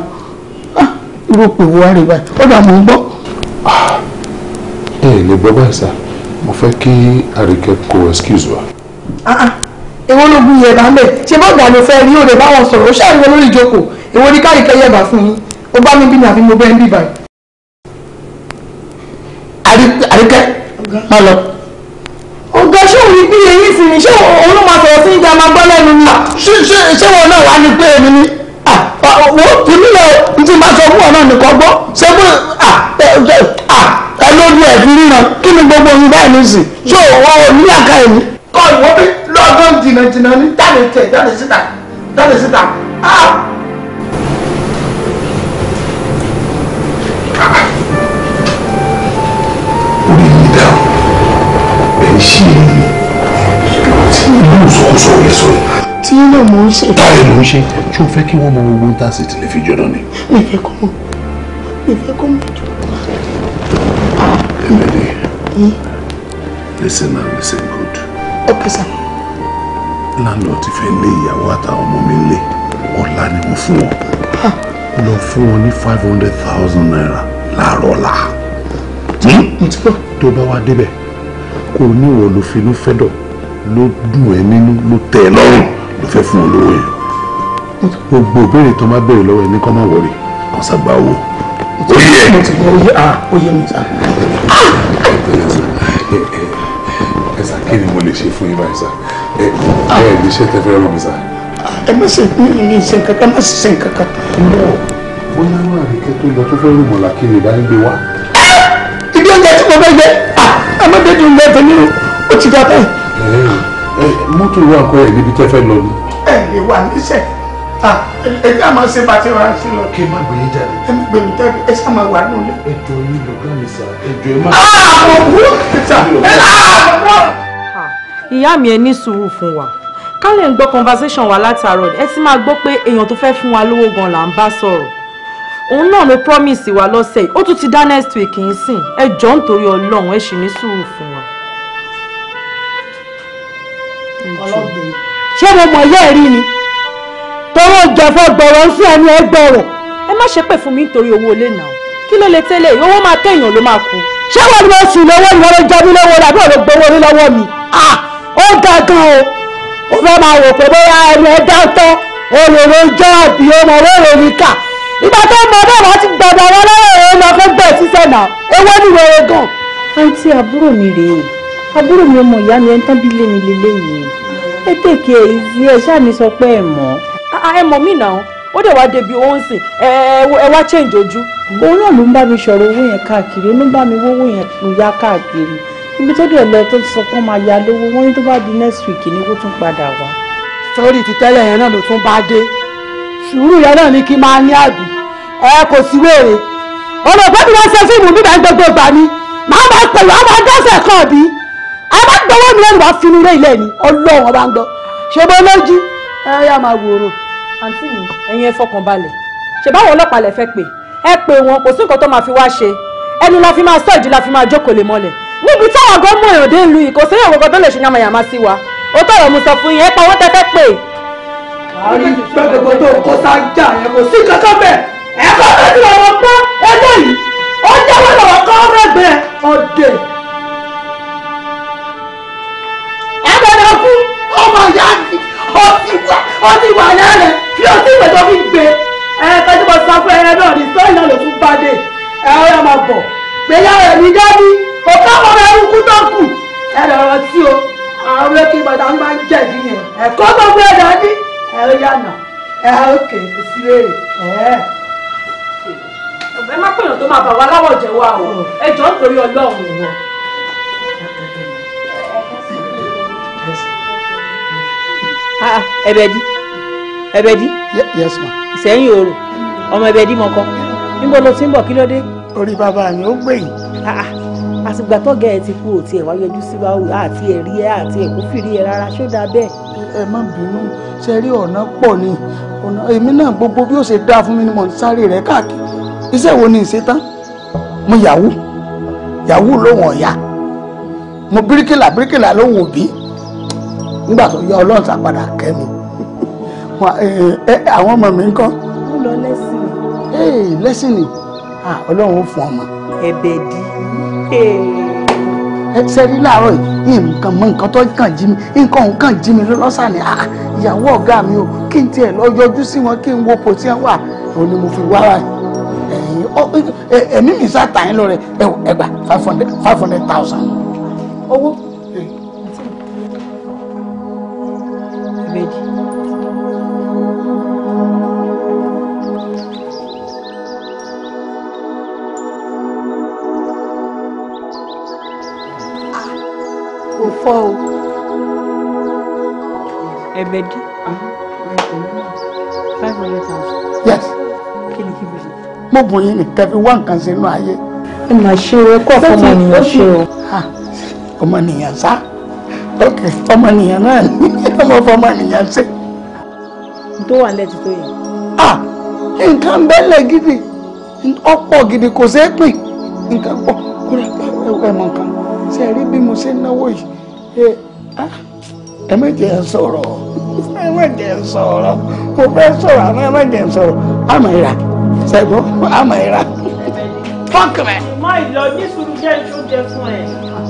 rò pé wọ́n á rí báyìí ó dà mọ́ ń gbọ́. ẹ ẹ lè gbọ́ báyìí sá mo fẹ́ kí àríkẹ́ kó excuse wa. Ah, ah. èwo ló gun yẹ̀bà mẹ́ ṣé bá ọ̀gá ló fẹ́ rí òde báwọn sọ̀rọ̀ ó ṣàríwọ́ lórí ìjókòó èwo ni káríkẹ́ yẹ̀bà fún yín ó bá mi bí ni àbí mo bẹ́ẹ̀ ń bì báyìí. àríkẹ́ má lọ ọ̀gá ṣé òun ní bí eyín sí ni ṣé òun ló máa sọ̀rọ̀ sí ìjà máa gbọ́ lẹ́nu ni. Ah, ṣé ṣé ṣé wọn náà wá ní pé èmi ni wo tìmílẹ̀ ntí máa sọ fún ọ náà nìkan gbọ́ ṣé bó à ẹ lójú ẹ̀ fi ríran kí ni gbogbo yín báyìí ní sìn ṣé òwò níyàká ẹ̀ ní. kọ́ ìwọ bí lọ́gán jìnnàjìnnà ní dáre tẹ̀ dáre síta dáre síta. orí mi dá o ẹ̀ ń ṣí èyí tí ìlú ìsọkúsọ yẹn sọ yìí tí ló mò ń ṣe. báyìí ló ń ṣe ṣé o fẹ́ kí wọ́n mọ owó ń tà sí tilẹ̀ fi jọ́dọ̀ ni. mi fẹ́ kọ́ mọ̀ mi fẹ́ kọ́ mọ̀ jù. Emily, hmm? listen and listen good. Okay, sir. Landlord ti fẹ́ lé ìyàwó àtàwọn ọmọ mi lé ọ̀la ni mo fún wọn. Lọ fún wọn ní five hundred thousand naira láàárọ̀ ọ̀la. Hmm? Tó bá wá débẹ̀, kò ní ìwọ ló finú fẹ́dọ̀ ló dùn ẹ́ nínú ló tẹ̀ ẹ́ lọ́rùn ló fẹ́ fún olówó yẹn gbogbo ìbéèrè tó máa béèrè lọ́wọ́ ẹ ní kó má wọrí kan sàgbà owó. ó yẹ mo ti gbọ́ ó ah ó yẹ mi ta. ẹ sà kí ni mo lè ṣe fún yín báyìí sà ẹ ẹ lè ṣe tẹfẹ rán mi sà. ẹ má ṣe ní ilé iṣẹ́ kankan má ṣe kankan. ǹjẹ́ bóyá wọn àríkẹ́ tó lọ tó fẹ́ rúmọ̀ làkì ni ìbáyé gbé ibi oúnjẹ tí mo fẹ́ jẹ àmọ́ dédú ń lọ tẹ̀lé o ti dá bẹ́ẹ̀ mọ́tò wa kọ́ ẹ̀ níbi tẹ́fẹ́ lọ ni. ẹ lè wà níṣẹ́ ẹbí a máa ṣe bá ti wá sí lọ. kí ẹ má gbèyìn jáde. ẹ má gbèyìn jáde ẹ sá máa wà nílé. ẹjọ́ yìí ló bá mi sà ẹjọ́ ẹ má. àwọn òwú pẹ̀tà ẹ láàárọ̀. ìyá mi ẹ ní sùúrù fún wa ká lè gbọ́ conversation wa látàárọ̀ ẹ ti máa gbọ́ pé èèyàn tó fẹ́ fún wa lówó gan là ń bá sọ̀rọ̀ òun náà ló promise wa lọ́sẹ̀ ó tún ti dá next week ń sìn ẹ jọ̀ọ́ nítorí Ọlọ́run ẹ ṣì ní sùúrù fún wa ṣé mo mọ̀ yẹ́ ẹ̀rí ni tọrọ ìjọba gbọ̀rọ̀ ń fún ẹni ẹgbẹ́ rẹ̀. ẹ má ṣe pè fún mi nítorí owó ilé náà kí ló lè tẹ́lẹ̀ owó máa tẹ̀yàn ló máa kú. ṣé wọn ni wọn sùn lọ́wọ́ ìwọ ló jẹ mí lọ́wọ́ rẹ àbí wọn ló gbowó rí lọ́wọ́ mi. ó ga gan o ó fẹ́ máa wò pé bóyá ẹni ẹ dá tọ́ olóró jẹ́ àbí ọmọ wẹ́rẹ́ orí kà ìgbà tó mọ bẹ́ẹ̀ wá ti gbàgbà wọn lọ́wọ́ ẹ̀rọ lọ fẹ́ bẹ̀ sísẹ̀ náà ewé ni wẹ́rẹ́ gan. àǹtí àbúrò mi rèé àbúrò mi ọmọ ìyá mi ẹ̀ ń tán bí lé mi lélẹ́yìn ẹ tèké ìsí ẹ ṣáà ní sọ pé ẹ mọ̀. ẹ mọ̀ mí náà ó dẹ̀ wá débi òun sìn ẹ wá change ojú. òun náà ló ń bá mi sọ̀rọ̀ owó yẹn káàkiri ó ń bá mi wówó yẹn ya káàkiri ibi tó dẹ̀ lọ tó sọ pé wọ́n máa ya lówó wọ́n ní tó bá di next week ni kó tún padà wá. sọ́rí ti tẹ́lẹ̀ yẹn náà ló tún bá dé sùúrù yẹn náà ni kí n máa ní àbí ẹ kò sí wéèrè ọ̀nà òpópónà ṣe fíìmù bíbá gbogbo ìgbà ni màá máa pẹ̀lú àwọn adásẹ̀ kan bíi a bá gbọ́wọ́ mi lẹ́nu wá finú rẹ̀ ilé ni ọlọ́run ọba ń gbọ́ ṣe bó lójú ẹ yá máa wòrò. àǹtí mi ẹ̀yin ẹ fọkàn balẹ̀ ṣe báwọn ọlọ́pàá lẹ fẹ́ pè ẹ pè wọn kò sí nǹkan tó máa fi wá ṣe ẹnu la fi máa sọ ìdí la fi máa jókòó lè mọ́lẹ̀ níbi táwọn àgọ́ mú èèyàn dé ìlú yìí kò sí èèyàn kankan lè ṣe yamayama sí wa ó tọrọ mu sọ fún yín ẹ pa owó tẹ́tẹ́ pè. àárín ìgbẹ́ gbogbo tó kọ́ sájà yẹn kò sí kankan bẹ́ẹ̀ ẹ̀kọ́ tó ti lọ́wọ́ pọ́ ẹgbẹ́ yìí ó jẹ́wọ́ ẹgbẹ̀rún fún ọmọ ìyá mi ọtí wà lẹ́rẹ̀ kí ọtí ìwé tó fi gbé ẹ tọ́jú bọ́ sọ fún ẹ náà ní sọ́yìn náà ló tún bá dé ẹ ọ̀rẹ́ máa bọ̀ gbéyàwó ẹ̀mí dání òkè ọmọ rẹ̀ ń kú tó kù ẹ lọ́rọ̀ tí o àwọn olókè ìbàdàn ń bá ń jẹ̀bi yẹn ẹ̀kọ́ tó gbé ẹ̀dá ní ẹ ó yànà ẹ òkè kò sí léèrè ẹ̀ ẹ má pèèyàn tó máa bà wá láwọ̀ jẹ́ wa o ẹ jọ ń torí ọlọ́run wọn. Ah, ah ẹbẹdí ẹbẹdí. yes ma. ìsẹ́yìn oòrùn ọmọ ẹbẹdí mọ̀kọ́ níbo ló ti ń bọ̀ kí ló dé. orí bàbá mi ó gbẹ̀yìn. Ah, ah. àsìgbà tọ́gẹ̀ ẹ ti kú òtí ẹ̀ wá yọjú sí wa wò àti ẹ̀ rí ẹ àti ẹ̀ kó fìrí ẹ rárá ṣó dáa bẹ́ẹ̀. ẹ má bínú ṣe rí ọ̀nà pọ̀ ni ọ̀nà èmi náà gbogbo bí ó ṣe dáa fún mi ni mò ń sáré rẹ̀ káàkiri iṣẹ́ wo ni ìṣe tán mo yahoo yahoo lóhùn ọ̀yà mo bíríkìlà bíríkìlà lóhùn òbí nígbà tó yá ọlọ́run sàpadà kẹ́mi àwọn ọmọ mi ń kọ́. ó lọ lẹ́sìn. lẹ́sìn ni ọlọ́run ó fún ọmọ. ẹ̀bẹ̀ di. ṣẹ́rí láàárọ̀ yìí nǹkan mọ nǹkan tó kàn jí mi nǹkan òun kàn jí mi lọ́sàn ni ìyàwó ọ̀gá mi o kí n tiẹ̀ lọ yọjú sí wọn kí n wo kò tí ẹ wà òun ni mo fi wá wáyé ẹ̀mí mi sá tà lọ rẹ̀ ẹ̀gbà five hundred thousand. owó bẹ́ẹ̀dì. kò fọ́ o ẹ̀bẹ̀dì five hundred thousand. yes. kí ni kí n mo bùn yín ní kẹfí wá nǹkan sínú ayé. ẹ máa ṣe é kọ́ ọ̀fọ́ ọmọ nìyẹn ṣe o. ọmọ sá ok ọmọnìyàn náà ni ọmọ ọmọnìyàn ṣe. tó wà nílẹ̀ títọ́ yẹn. ah nǹkan bẹ́lẹ̀ gidi ọ̀pọ̀ gidi kò ṣeé pín nǹkan pọ̀ kó lè pa ẹ̀wọ̀ ẹ̀mọ̀ kan ṣe rí bí mo ṣe ń náwó yìí ẹ ah ẹ méje ẹ sọ̀rọ̀ ẹ méje ẹ sọ̀rọ̀ mo fẹ́ sọ̀rọ̀ àmọ́ ẹ méje ẹ sọ̀rọ̀ àmọ́ ìrà ṣẹ́gun àmọ́ ìrà. fọ́ọ̀kì mẹ́. má ìlọ ní sùúrù jẹ́ ìṣó jẹ fún ẹ.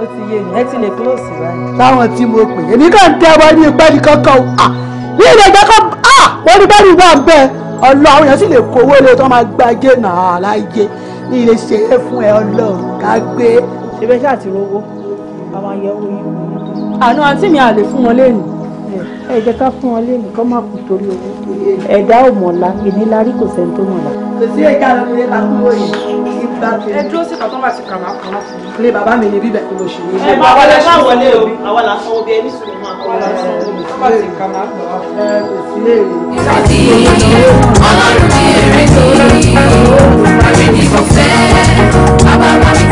ó ti yé mi ẹ ti lè close báyìí. táwọn tí mo pè èmi kàn ń tẹ ọmọ ní ìpẹ́ ní kankan o ah, ní ilé ìgbẹ́ kan ah, wọ́n ní bẹ́ẹ̀ ni wọ́n bẹ́ ọlọ àwọn èèyàn sì lè kó owó lé tó máa gbájé náà láyé ní ilé ṣe é fún ẹ ọlọ́run ká gbé. ṣebí ṣáà ti rówó àwọn ayẹ owó yìí. àná àǹtí mi à lè fún wọn lẹ́nu ẹ jẹ́ ká fún wọn lẹ́nu kọ́ máa kú torí owó ẹ̀dá ò mọ̀ọ́lá ìnílárí kò sẹ́ni tó mọ̀ọ́lá. kò sí ẹ̀ka lóore ta fún òye dá kiri. ẹ dúró sí ìkàtọ́ bá ti kà máa kọ́ náà fún mi. ilé bàbá mi ni bíbẹ̀ kí mo ṣì ní. ẹ bá wọlé o àwa là sanwó bí ẹni sùn mọ́ àkọ́wé là sanwó. ti kà máa kọ́ ọlọ́run ti rẹ̀ tó bàbá mi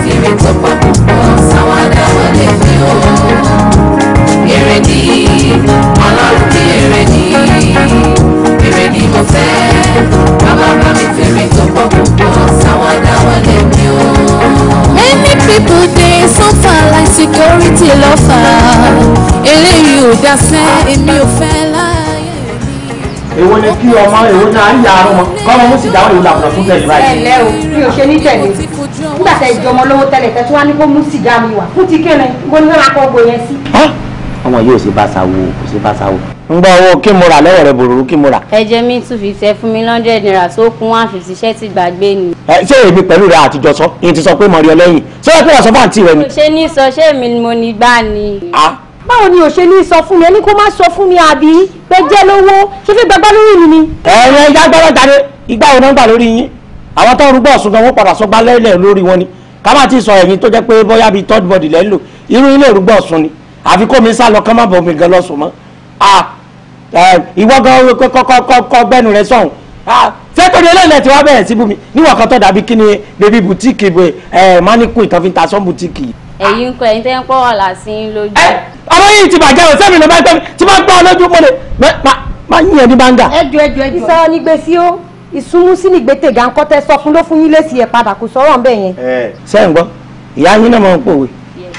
ti rẹ̀ tó sáwọn adáwọ̀ lè fi ó èrè ọlọ́run ti èrè ní èrè fẹ́. people dey suffer like security lover eléyìí ò dá sẹ́ èmi ò fẹ́ láàyè mi. èwo ni kí ọmọ èwo náà ń ya ọmọ kọ́mọ mo sì dáhùn èwo làbùnà fún tẹ̀lé báyìí. ẹ ǹlẹ́ o mi ò ṣe ní tẹ̀lé nígbà tẹ̀ jọ ọmọ lọ́wọ́ tẹ́lẹ̀ tẹ́tí wá ní kó mú sìgá mi wá fún ti kéne bó ní wọn akọ gbòyẹn sí. àwọn yóò ṣe bá sa wo kò ṣe bá sa wo ń gbọ́ owó kí mo lọ́wọ́ rẹ bòròrò kí mo ẹ jẹ́ mi two fifty ẹ fún mi hundred naira tó kún one fifty ti gbàgbé ni. ẹ ṣé èmi pẹ̀lú rẹ àtijọ́ sọ èyí ti sọ pé mo rí ọ lẹ́yìn ṣé ẹ pé ọ̀sán bá ń tì rẹ ni. ṣé ní sọ ṣé èmi ni mo ní gbá ni. báwo ni o ṣe ní sọ fún mi ẹni kó má sọ fún mi àbí pé jẹ́ lówó ṣé fi gbàgbá lórí mi ni. ẹ̀rẹ̀ ìyá gbọ́dọ̀ jáde ìgbà wo náà lórí yín àwọn tó ń rúgbọ́ ọ̀sùn gan wọ́n padà sọ gbálẹ́lẹ̀ lórí wọn ni ká má ti sọ ẹ̀yin tó jẹ́ pé bóyá bíi third body lẹ́ ń lò irú ilé ìrúgbọ́ ọ̀sùn ni àfi kó mi sá lọ kán má bọ̀ mi gan lọ́sùn mọ́ ìwọ gan kọ́kọ́ gbẹ́nu rẹ sọ̀hún sẹ́tọ̀dì ah, eléyìí tí wọ́n bẹ̀rẹ̀ sí bùnmi níwọ̀n kan tó dàbí kí ni bèbí bùtíìkì máníkù ìtàn fi ń ta sọ́n bùtíìkì. Ah. ẹ̀yin ń kọ ẹ̀yin tẹ́ ń pọ̀ wà lásì ń lójú. ẹ ọmọ yìí ti bàjẹ́ o sẹ́mi ló bá tẹ́mi tí máa gbọ́ lójú mọ́lẹ̀ máa ń yàn ní báńgà. ẹjọ ẹjọ ẹjọ ìsọ̀rọ̀ ní gbèsè o ìsúnmú sí ní gbètègà ńkọ́tẹ́ sọ fún ló fún yín lé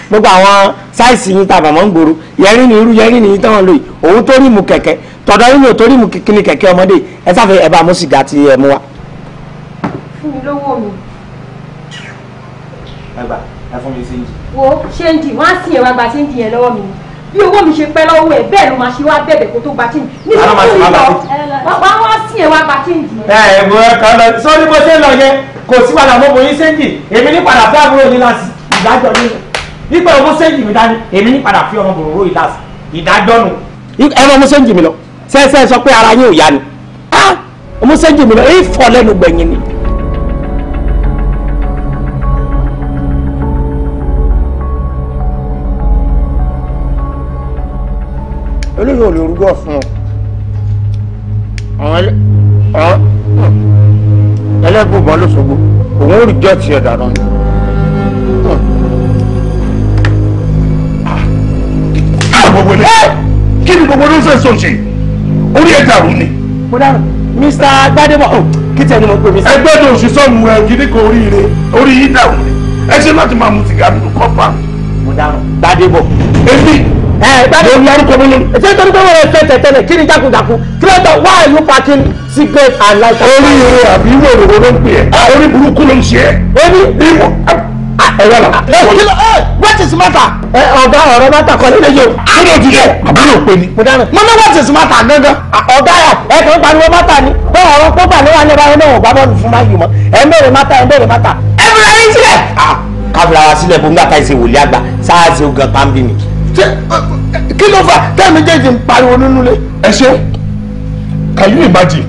gbogbo àwọn sáìsì yìí tàbà mọ́ ń gbòòrò yẹrin ní irú yẹrin ní tọ́wọ́n lóyè òun tó rí mu kẹ̀kẹ́ tọ̀dọ̀ yìí ní ò tó rí mu kíni kẹ̀kẹ́ ọmọdé ẹ sáfẹ́ ẹ bá mú sìgá ti ẹ mú wa. fún mi lówó mi. ẹ gbà ẹ fún mi ṣéǹjì. wo ṣéǹjì wọn á sìn ẹ wá gba ṣéǹjì yẹn lọ́wọ́ mi ni bí owó mi ṣe pẹ́ lọ́wọ́ ẹ̀ bẹ́ẹ̀ ló máa ṣe wá bẹ̀bẹ̀ kó tó gba change nítorí kó lè lọ wá wá sí ẹ̀ wá gba change. ẹ ẹ mo ẹ kàn lọ sọ ní bó ṣe lọ yẹ kò sí padà mo bò yín ṣéǹjì èmi ní padà fẹ́ àbúrò yín láti ìdájọ́ yín nígbà ọmọ sẹ́ńjì mi dání èmi ní padà fi ọmọ bòròró yìí láti ìdájọ́ nù. ẹnu ọmọ sẹ́ńjì mi lọ sẹ́sẹ́ sọ pé ara yín ò yá ni ọmọ sẹ́ńjì mi lọ èyí fọ́ lẹ́nu gbẹ̀yìn ni. olóyè olórúkọ fún ọ ẹlẹ́gbọ̀n bọ́ lọ́sọ̀gbọ̀ òun ò rí jọ́ọ̀tì ẹ̀dá náà. ní gbogbo ló ń sèso ṣe orí ẹ̀ dàrú ni. mo dáhùn Mr. Gbadebo ọ oh, kí tẹ ni mo pè mí. ẹgbẹ́ ní oṣù sọ́mu ẹ̀ gidi kan oríire orí yìí dàrú ni ẹ ṣe láti máa mu sìgá nínú kọ́pà. mo dáhùn Gbadebo. èmi mo ń lárúkọ mi lónìí. ṣé torí pé wọ́n rẹ̀ fẹ́ tẹ̀tẹ̀lẹ̀ kí ni jákujàku kí ló dọ̀ why you parking cigarette and light. oríire àbí ìwé òròwò ló ń pè ẹ́ orí burúkú ló ń ṣe ẹ́. ó ní ìwọ ah, ẹ̀rọ what is matter. ẹ ọ̀gá ọ̀rọ̀ mata kọ́ lélẹ́ yìí o. kíni o ti yẹ àbúrò pé ni. mo dáná mo what is matter gangan. ọ̀gá yà ẹ kàn ń pariwo mata ni pé ọ̀rọ̀ pọ́pà ló wà ní ẹ̀rọ náà ọ̀gbá bọ́ọ̀lù fún báyìí mọ́ ẹ ń bèrè mata ẹ ń bèrè mata. ẹ fi láyé sílẹ̀. káfíńlá wa sílẹ̀ fún gbàtà ìṣe wòlíì àgbà sáàsì ogun pàmbí ni. kí ló fà tẹ́mi jẹ́jì ń pariwo nínú ilé. ẹ ṣe can you imagine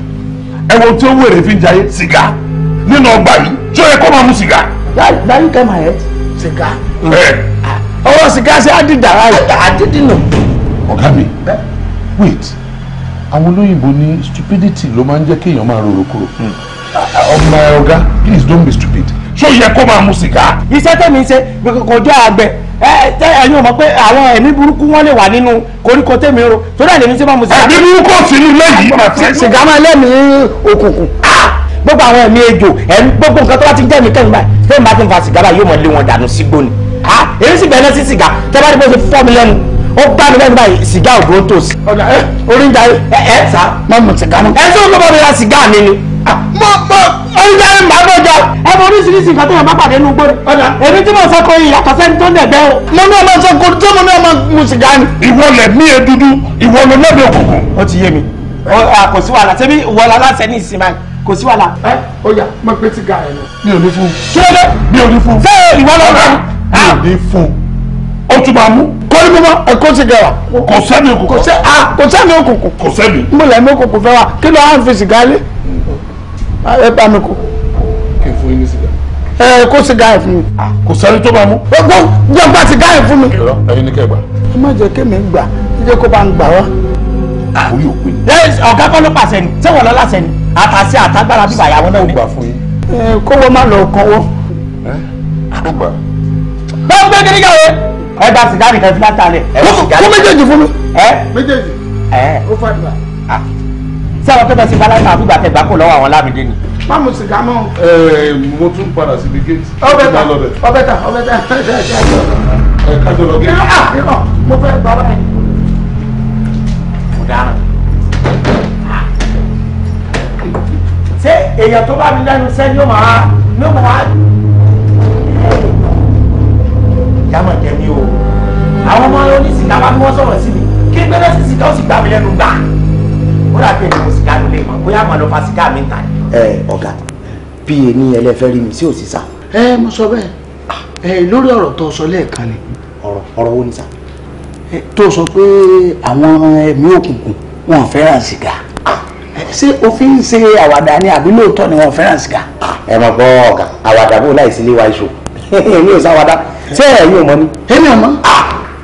ẹ wo tí ó wèrè fi ń jayé sìgá nínú ọgbà yìí tí ó yẹ kó máa mu sìgá. láyé kẹ́ máa yẹ ti. Siga! Ah, ọwọ́ Siga! ṣe àdìdàrà rẹ̀. àdìdìnà. ọ̀gá mi wait àwọn olóyìnbó ní stupidity ló máa ń jẹ́ kéèyàn máa rorò kúrò hmm. ah, ọmọ ọ̀gá please don't be stupid ṣó yẹ kó máa mu sìgá. iṣẹ́ tẹ̀mí ṣe kò jẹ́ àgbẹ̀ ẹ ẹ̀yin ò mọ̀ pé àwọn ẹ̀mí burúkú wọn lè wà nínú koríko tẹ̀mí ro torí ẹ̀ lèmi ṣe máa mu sìgá. àbí burúkú ò sí ní ilé yìí. sìgá máa lẹ́mìí òkùnkùn. Ah! gbogbo àwọn ẹ̀mí ejò ẹ̀mí gbogbo nǹkan tó bá ti ń jẹ́mi kẹ́mi báyìí tó ń bá ti ń fa sìgá báyìí yóò mọ̀ lé wọn dànù sígbó ni. a èyí sì bẹ̀rẹ̀ sí sìgá tẹ́ bá rí bó ṣe fọ́ mi lẹ́nu ó gbá mi lẹ́nu báyìí sìgá ò dúró tòsí. orí ń darí ẹ ẹ sá má mú sìgá mú. ẹ sọ́wọ́n bá mi ra sìgá mi ni. mo mo orí darí màá bọ̀ jọ. ẹ mọ oríṣiríṣi nǹkan tó yàn bá pàdé nu gbó ni. èmi tí mo sọ kò yìí yàtọ̀ sẹ́ni tó ń dẹ̀ bẹ́ẹ̀ o. mo ní ọmọ sọ kò tó mo ní ọmọ mu sìgá ni. ìwọ lẹ̀ mí e dúdú ìwọ lọ lọ́dọ̀ òkùnkùn. ó ti yé mi kò sí wàhálà ṣebí ìwọ la láṣẹ ní ìsinmi kò sí wàhálà. ẹ ó yá mo gbé tí ga ẹ lọ. mi ò ní fún un. kí ló dé. mi ò ní fún un. ṣé ìwọ lọ rà. mi ò ah! ní fún un. o tún máa mú. kọ́rí mímọ́ ẹ̀kọ́ ti gẹ̀rà. kò sẹ́mi òkùnkùn. kò sẹ́ a ah, kò sẹ́mi òkùnkùn. kò sẹ́mi. mo lẹ́nu òkùnkùn fẹ́ wa kí ló hàn fi sìgá lé. Mm. Ah, ẹ bá mi kú. kí n fún yín ní sìgá. ẹ kó sìgá ẹ fún mi. kò sẹ́ni tó máa mú. gbogbo jọba sìgá ẹ fún mi. ẹyin ni kẹ gbà àtàsí àtàgbára bíbà ìyàwó náà ni. kówó má lọ kọ́wọ́. báwo gbé kiri gàwé. ẹ gba sìgá nìkan fi láta rẹ. kó méjèèjì fún mi. méjèèjì. ó fàdùrà. sí ah. àwọn tó bẹ sí balẹ̀ náà àbúgbà tẹ̀gbá kò lọ́wọ́ àwọn lámìdé ni. má mo sìgá mọ́. mo tún padà síbi géètì. ọbẹ̀ ta ọbẹ̀ ta ọbẹ̀ ta ẹ kájọ lọ géètì. Ah, mo fẹ́ gbọ́ báyìí. mo dáná. ṣé èèyàn tó bá mi lẹ́nu sẹ́ ni ó máa ni ó máa jámọ̀ jẹ mí o àwọn ọmọ onísìkà wa ni wọ́n sọ̀rọ̀ sí mi kí n gbẹ́dọ̀ sí sìkà ó sì gbà mí lẹ́nu gbà ó dà pé ènìyàn sìkà ló lè mọ̀ bóyá màá lọ fa sìkà mi ta. ẹ ọ̀gá pa ní ẹlẹ́fẹ́ rí mi sí òsì sá. ẹ mo sọ bẹ́ẹ̀ ẹ lórí ọ̀rọ̀ tó sọ lẹ́ẹ̀kan ni. ọ̀rọ̀ ọ̀rọ̀ wo ni sá. tó sọ pé àwọn ẹ̀mí òkùnkùn wọn fẹ́ràn sìgá ṣé òfin ń ṣe àwàdà ni àbí lóòótọ́ ni wọ́n fẹ́ràn sìgá. ẹ mọ̀ gbọ́ ọ̀gá àwàdà bò láì sí ilé wa iṣu èmi ò sáwàdà ṣé ẹ̀yin ò mọ̀ ni. èmi ò mọ̀.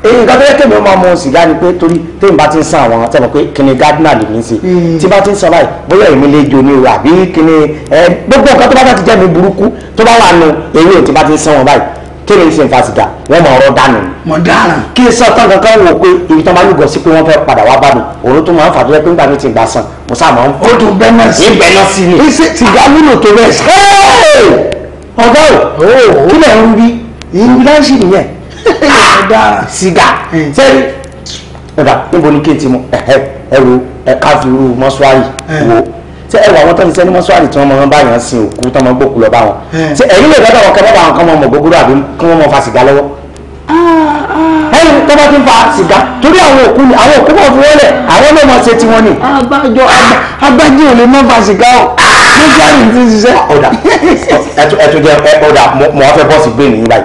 èyí nǹkan tó yẹ kémi ó máa mu sìgá ni pé torí téèmù bá ti ń san àwọn tẹ̀mọ̀ pé kíni gardner lè mí sí hmm. tí bá ti ń san báyìí bóyá èmi lè jo ni o àbí kíni gbogbo nǹkan tó bá ti jẹ́ mi burúkú tó bá wà nù èmi ò ti bá ti ń san wọn báyìí kéde ń ṣe nǹkan sìgá wọn mọ ọ̀rọ̀ dànù. mọ dànù. kí n sọ tán kankan wò pé ibi tán bá lúgọ sí pé wọn fẹ́ padà wá bá mi òun tó máa ń fàdúrà pé nígbà mi ti gbà san mo sábà ń. o tún bẹ́ẹ̀ náà sí. ìbẹ̀ náà sí ni. ìṣe tìjà nílò tó bẹ́ẹ̀ sí. ọ̀gá o oh. kí lẹ̀ ń wí ìrìnláṣì nìyẹn. sìgá sẹ́ni ọ̀dà níbo ni kéèntì mu ẹ̀rù ẹ̀ka fi ru mọ́ṣúárì wo ṣé ẹ wà wọn tán ní sẹ́ni mọ́ṣúárì tí wọ́n mọ bá yàn sin òkú tán mọ gbókù lọ bá wọn ṣé ẹ̀yin lè gbọ́dọ̀ wọn kẹ́ bá wọn kán mọ́ mọ̀ gbógúrò àbí kán mọ́ fa sìgá lọ́wọ́. Ah, ah. ẹni tó bá ti ń fa sìgá torí àwọn òkú ni àwọn òkú bọ̀ fi wọlé àwọn náà máa ṣe tiwọn ni agbájọ agbájé ò lè má fa sìgá o ló ah, jẹ́ àrùn tí ọ̀dà ẹ̀tù jẹ́ ọ̀dà mo wá fẹ́ bọ́ọ̀sì gbé nìyí báyìí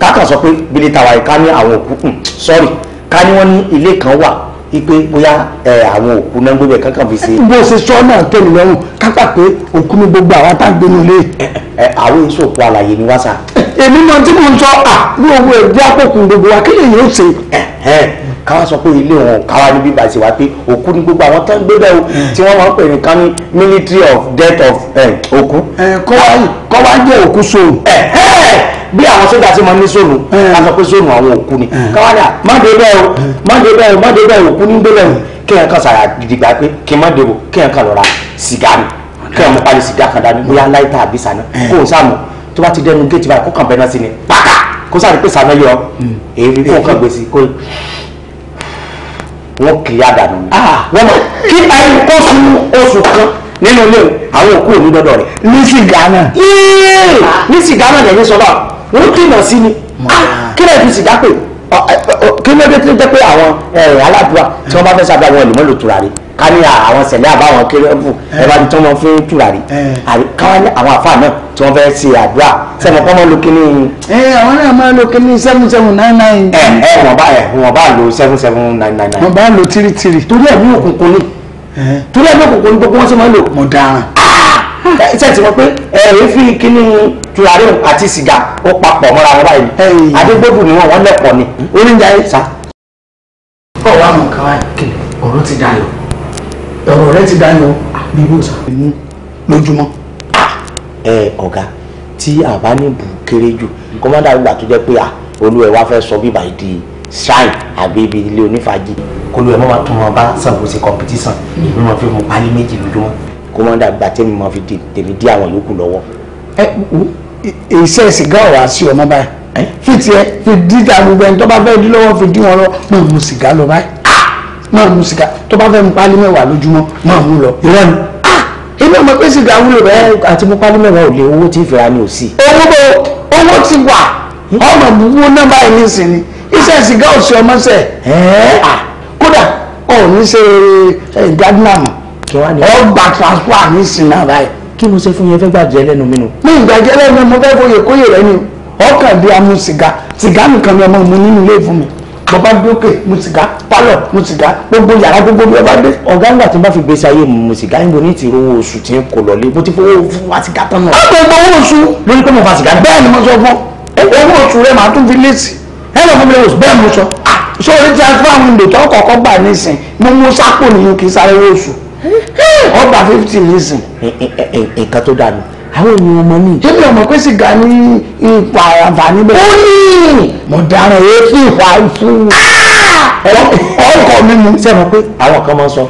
kákan sọ pé bílí tàwa yìí ká ní àwọn òkú hmm, sọ́ọ̀rì ká ní wọ́n ní ilé kan wà ipe bóyá àwọn òkú náà gbé bẹ̀ kankan fi ṣe. bó ṣe sọ náà tẹ̀lé lọ́rùn kápá pé òkú ní gbogbo àwọn tá èmi náà tí mò ń sọ à ní owó ẹ̀jẹ̀ àpòkùn gbogbo wa kílè yóò ṣe. káwa sọ pé ilé òun káwa níbí bá ṣe wá pé òkú ni gbogbo àwọn tó ń gbé bẹ́ẹ̀ o tí wọ́n máa ń pè nìkan ní military of death of òkú. Eh, kọ́ wá jẹ́ òkú sóòrùn. bí àwọn sójà ṣe máa ń ní sóòrùn ká sọ pé sóòrùn àwọn òkú ni káwa ní à má dé bẹ́ẹ̀ o má dé bẹ́ẹ̀ o má dé bẹ́ẹ̀ òkú ní gbé bẹ́ẹ̀ o kí ẹ̀ kan sàrà dìgbà pé kí n má dèbò kí ẹ̀ kan lọ ra sìgá mi kí ẹ̀ mú pálí sìgá kan dání bóyá láìta àbí sànà kó tó bá ti dẹnu géètì báyìí kó kàn bẹ́ẹ̀ náà sí ni pátá kó sáré pèsè àná yọ èmi kó kàn gbèsè kó wọn kì í àdànù mi. Ah! wọn kí ayé kó sun oṣù kan nínú ilé àwọn òkú òní dọdọ rẹ. ní sìgá náà. ní sìgá náà lẹ́yìn sọ́dọ̀ wọ́n kìnà sí ni ah! kí lè fi sìgá pè kí ló dé tó jẹ́ pé àwọn aládùúgbà tí wọ́n bá fẹ́ sábà wọn lè mọ́ lò tùràrí ká ní àwọn sẹ̀lẹ̀ àbáwọn kéré ẹ̀bù ẹ̀bá tí wọ́n fún tùràrí àbí káwọn ní àwọn àfáà náà tí wọ́n fẹ́ ṣe àdúrà sẹ́mi kọ́ máa lo kíní. ẹ àwọn náà máa lo kíní seven seven nine nine. ẹ ẹ wọ́n bá ẹ wọ́n bá lo seven seven nine nine. wọ́n bá lo tiritiri. torí ẹ̀mí òkùnkùn ni torí ẹ̀mí òkùnkùn ni gbogbo wọn ṣe máa lo. mo dára. Ah! ṣe ti mọ̀ pé ẹ̀rí fi kíní turare àti sìgá ó papọ̀ mọ́ra wọn báyìí adégbòdù ni wọn wọn lẹ́pọ̀ ni oríjà yìí sá. kọ́ wa mọ̀ ká wáyé kí ọ̀rọ̀ ti dayọ̀ ọ̀rọ̀ rẹ ti dayọ̀ lójúmọ́ ẹ ọ̀gá tí àbá níbù kéré jù kọ́mọ́dà gbà tó jẹ́ pé olúwẹ̀ wá fẹ́ sọ bíbà ìdí shrine àbí ibi ilé onífàájì kólúwẹ̀ mọ́ máa tún wọn bá Ṣàngó ṣe competition èmi mm. máa fi mu pálí méjì lójúmọ́. kọ́mọ́dà gbà tẹ́mi máa fi tèmi dí àwọn yòókù lọ́wọ́. ẹ iṣẹ́ sìgá ọ̀rọ̀ àti ọmọ báyìí fi tiẹ̀ fi dídá gbogbo ẹni tó bá fẹ́ dí lọ́wọ́ fi dí wọn lọ máa mu sìgá lọ báyìí ah! máa mu sìgá tó bá fẹ́ mu pálí mẹ́wàá lójúmọ́ máa mu lọ ìrọ́ni èmi ọmọ pé sìgá wúlò bẹ́ẹ̀ àti mo pálí mẹ́wàá ò lè owó tí ìfẹ́ ra ni ò sí. owó bò owó ti wà hm? ọmọ buwó nọ́mbà yìí nísìn ni iṣẹ́ sìgá ò sí ọmọ sẹ̀ kódà ò ní ṣe gádínàmù ọgbà transfer nísìn náà báyìí. kí mo ṣe fún yẹn fẹ́ gbàjẹ́ lẹ́nu mi nù. mi ìgbàjẹ́ lẹ́nu mo fẹ́ fòye kóyè rẹ ni ọkàn bí amú sìgá sìgá nìkan ni ọmọ mi nínú ilé ìfún mi bàbá gbé òkè mu sìgá pálọ̀ mu sìgá gbogbo yàrá gbogbo bí ọba dé. ọ̀gá ńgbà tí n bá fi gbèsè ayé mu mu sìgá níbo ní ti rówó oṣù tí ń kò lọ́lé bó ti fowó fún wa sìgá tán náà. ọ̀pọ̀ ìgbà owó oṣù lórí pé mo fa sìgá bẹ́ẹ̀ ni mo sọ fún ọ owó oṣù rẹ màá tún fi léèsì ẹ lọ fún mi lọ́wọ́ bẹ́ẹ̀ mo sọ sórí tí a fún àwọn ìlò tó kọ̀ọ̀kan gbà nísìn mo mú sápò nìyẹn kì í sáré owó oṣù ọgbà fifty nísìn. nǹkan tó dànù àwọn èèyàn ọmọ ni. ṣé mi ò mọ̀ pé sìgá ní ipò àǹfààní bẹ́ẹ̀. ó ní mo dára èéfì ìwà ìfún. Ah! ọkọ mi mu. ṣé mo pé àwọn kan máa ń sọ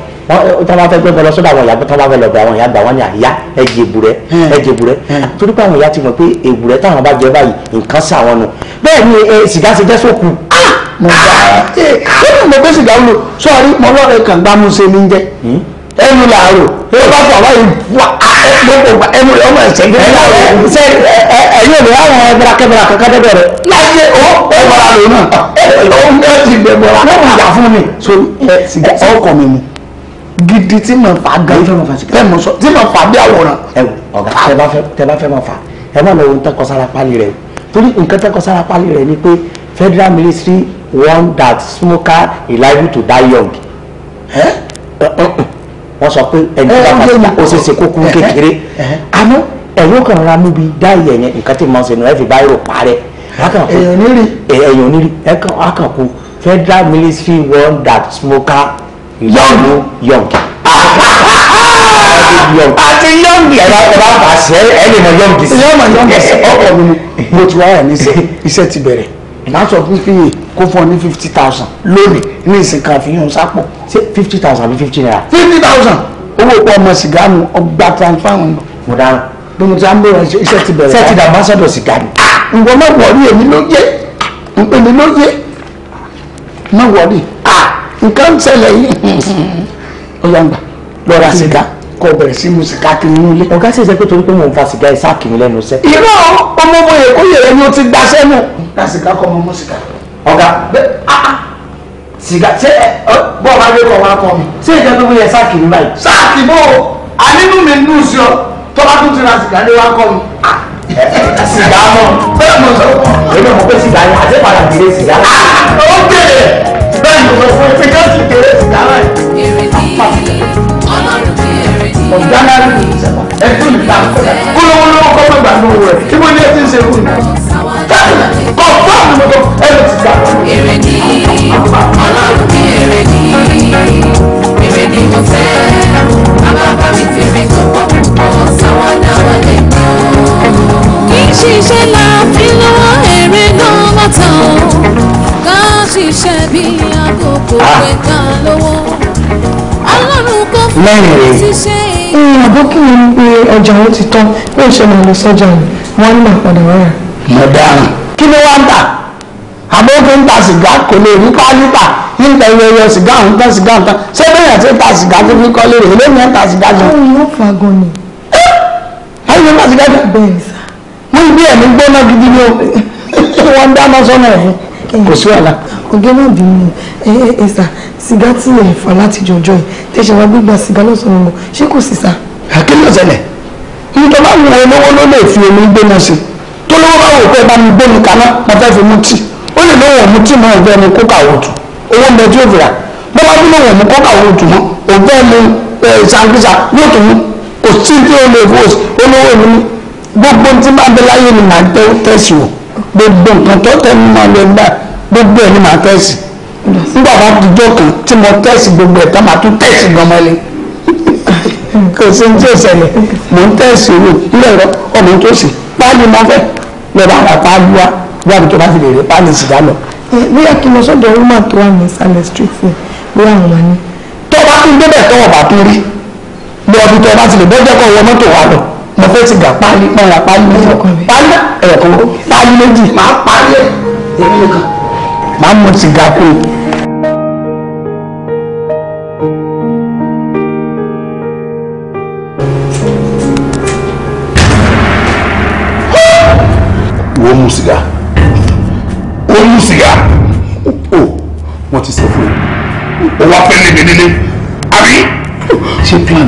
tó bá fẹ́ gbé bọ́lọ́ sọ́dọ̀ àwọn ìyá tó bá fẹ́ lọ bẹ àwọn ìyá gbà wọ́n ní àyà ẹ̀jẹ̀ èbúrẹ́ ẹ̀jẹ̀ èbúrẹ́ torí pé àwọn ìyá ti mọ̀ pé èbúrẹ́ táwọn bá jẹ báyìí nǹkan sà wọn nù bẹ́ẹ̀ ni sìgá ṣe jẹ́ sókun. Ah! mo gbà ẹ ẹ mo gbé sìgá wúlò sọ́ọ́rí mo lọ́ọ̀rẹ́ kàn gbámúṣe mi ń ẹnu hmm? làárọ̀ pé bá fọ àwọn ìwà gbogbo ìgbà ẹmu rẹ ọmọ ẹsẹ gbé nígbà rẹ ṣe ẹyẹ rẹ àwọn ẹgbẹrakẹbẹra kankan dẹbẹ rẹ láyé ó ẹgbẹra lòun náà ó ń bẹ ti gbẹgbẹra wọn kò yà fún mi so ọkọ mi ni gidi tí mo fà gan fẹ mo sọ tí mo fà bí àwòrán. ẹ wò ọ̀gá tẹ bá fẹ́ tẹ fà ẹ má lọ ohun tẹ́ kọ pálí rẹ torí nǹkan tẹ́ kọ pálí rẹ ni pé federal ministry. warn that smoker is liable to die young. Eh? uh, uh wọ́n sọ pé ẹni tó bá fà eh, eh, eh, ó ṣe ṣe kókó kékeré àmọ́ ẹ̀yìn kan ra níbi dáì ẹ̀yẹn nǹkan tí mo ṣe nù ẹ báyìí rò parẹ́ ẹ̀yìn onírì ẹ̀yìn onírì ẹ̀kan akàkù federal Ministry warn that smoker young young àti yọngi ẹ bá ẹ bá lè mọ yọngi sí ọkọ mi mo ti wá ẹ ní iṣẹ́ ti bẹ̀rẹ̀ ìbá sọ fún fíyè kó fún ọ ní fifty thousand lónìí ní ìsìnká àfihàn sápò ṣé fifty thousand àbí fifty naira fifty thousand owó pọ̀ ọmọ sìgá mu ọgbà transfer mu mo dára bí mo ti ń bẹ̀rẹ̀ iṣẹ́ ti bẹ̀rẹ̀ iṣẹ́ ti dàgbà sọ̀dọ̀ sìgá mi. Ah! ǹgbọ́ má wọ̀rí èmi ló yé èmi ló yé má wọ̀rí nǹkan ah! ń ṣẹlẹ̀ yìí ọ̀yàǹgbà lọ́ra sìgá kọ bẹ̀rẹ̀ sí mu sìgá kiri inú ilé. ọ̀gá sì ṣe pé torí pé mò ń fa sìgá ẹ̀ sáà kiri lẹ́nu iṣẹ́. irọ́ ọmọ ọmọ yẹn kó yẹ ẹni o ti gba sẹ́nu. na sìgá kọ́ ọmọ mú sìgá. ọ̀gá bẹ́ẹ̀ ah, ah sìgá ṣé bọ́ọ̀ bá gbé kọ́ wá kọ́ mi. ṣé ìjọba tó yẹ sáà kiri báyìí. sáà kì bó o ànínú mi nù sí ọ tó bá tún ti ra sìgá lé wá kọ́ mi. Ah, sìgá mọ bẹ́ẹ̀ mo sọ. èmi mọ̀ pé sìgá yẹn àti padà kéré sìgá. Ah, ó kéré bẹ́ẹ̀ ni mo sọ fún ẹ pé kí ó ọ̀dánárì ẹ̀tún ìta kólówó lọ́wọ́ kọ́ fẹ́ gbà lówó rẹ̀ kí wọ́n ní ẹtí ń ṣe irú ìta kọ́ fún àwọn ọmọdé ẹ̀rọ ti gbà. èrè ni ọlọ́run ní èrè ni èrè ni mo fẹ́ bàbá bá lọ́wọ́ èrè náà látàn ká ṣiṣẹ́ bí àkókò ẹ̀ka lọ́wọ́ ọlọ́run kò fún mi ṣiṣẹ́ àbókìrì ń pe ọjà wọn ti tán bí ìṣẹ̀lẹ̀ lọ sọ́jà ni wọ́n ní àpàdà wáyà. mo dáràn kí ló wá ń tà àbókìrì ń ta sìgá kò lè rí pálítà ní nta ìwé ẹyọ sìgá òun tán sìgá òun tán ṣé bẹ́ẹ̀ ti ta sìgá tó fi kọ́ lérè olóògùn ẹ̀ ta sìgá jù. àwọn èèyàn fa gan ni. ayé ló ta sìgá jù. bẹ́ẹ̀ sà. mo ń gbé ẹ̀mí gbóná gidi ni o wọ́n dáná sọ́nà ẹ̀yìn kò sí wàhálà. ọ̀gá náà bínú ẹ ẹ ẹ sà sìgá tí ẹ fà láti jọjọ yìí tẹ̀sán wa gbígba sìgá lọ́sàn-án wọn ṣé kò sí sà. àkínní ọ̀sẹ̀lẹ̀ nítorí bá wù ẹ lówó ló lè fi omi gbé náà sí tó lówó bá wò pé bá mi gbé mi kaná mo fẹ́ fi mú tíì ó lè lówó ọ̀mú tíì mọ́ ọ̀gbẹ́ mi kókà òtù owó ń bẹ tí ó fi rà bó bá dúró wọ̀ mú kókà òtù mọ́ ọ̀gbẹ́ mi ṣàǹkìṣà yóò tún mú kò sí gbogbo nǹkan tó tẹnu mọ́ lè gbà gbogbo ẹ̀ ni màá tẹ̀sí nígbà bá dùjọ́ kan tí mo tẹ̀sí gbogbo ẹ̀ tán màá tún tẹ̀sí gan-an kò sí ní tí ò ṣẹlẹ̀ mò ń tẹ̀sí owó nílẹ̀ rẹ ọmọ tó sì páálí máa fẹ́ lọ́ba àwọn páálí wa wábi tó bá fi lè rí páálí sìgá lọ. bóyá kí mo sọ́dọ̀ woman tó wà ní sálẹ̀ street ni bóyá àwọn wà ní. tó bá tún débẹ̀ tọ́wọ̀ bá tún rí bí ọdún mo fẹ́ ti gà pálí pọ́nra pálí méjì pálí ẹ̀kọ́ pálí méjì máa pálí ẹ̀ èmi nìkan máa mú ti gà kú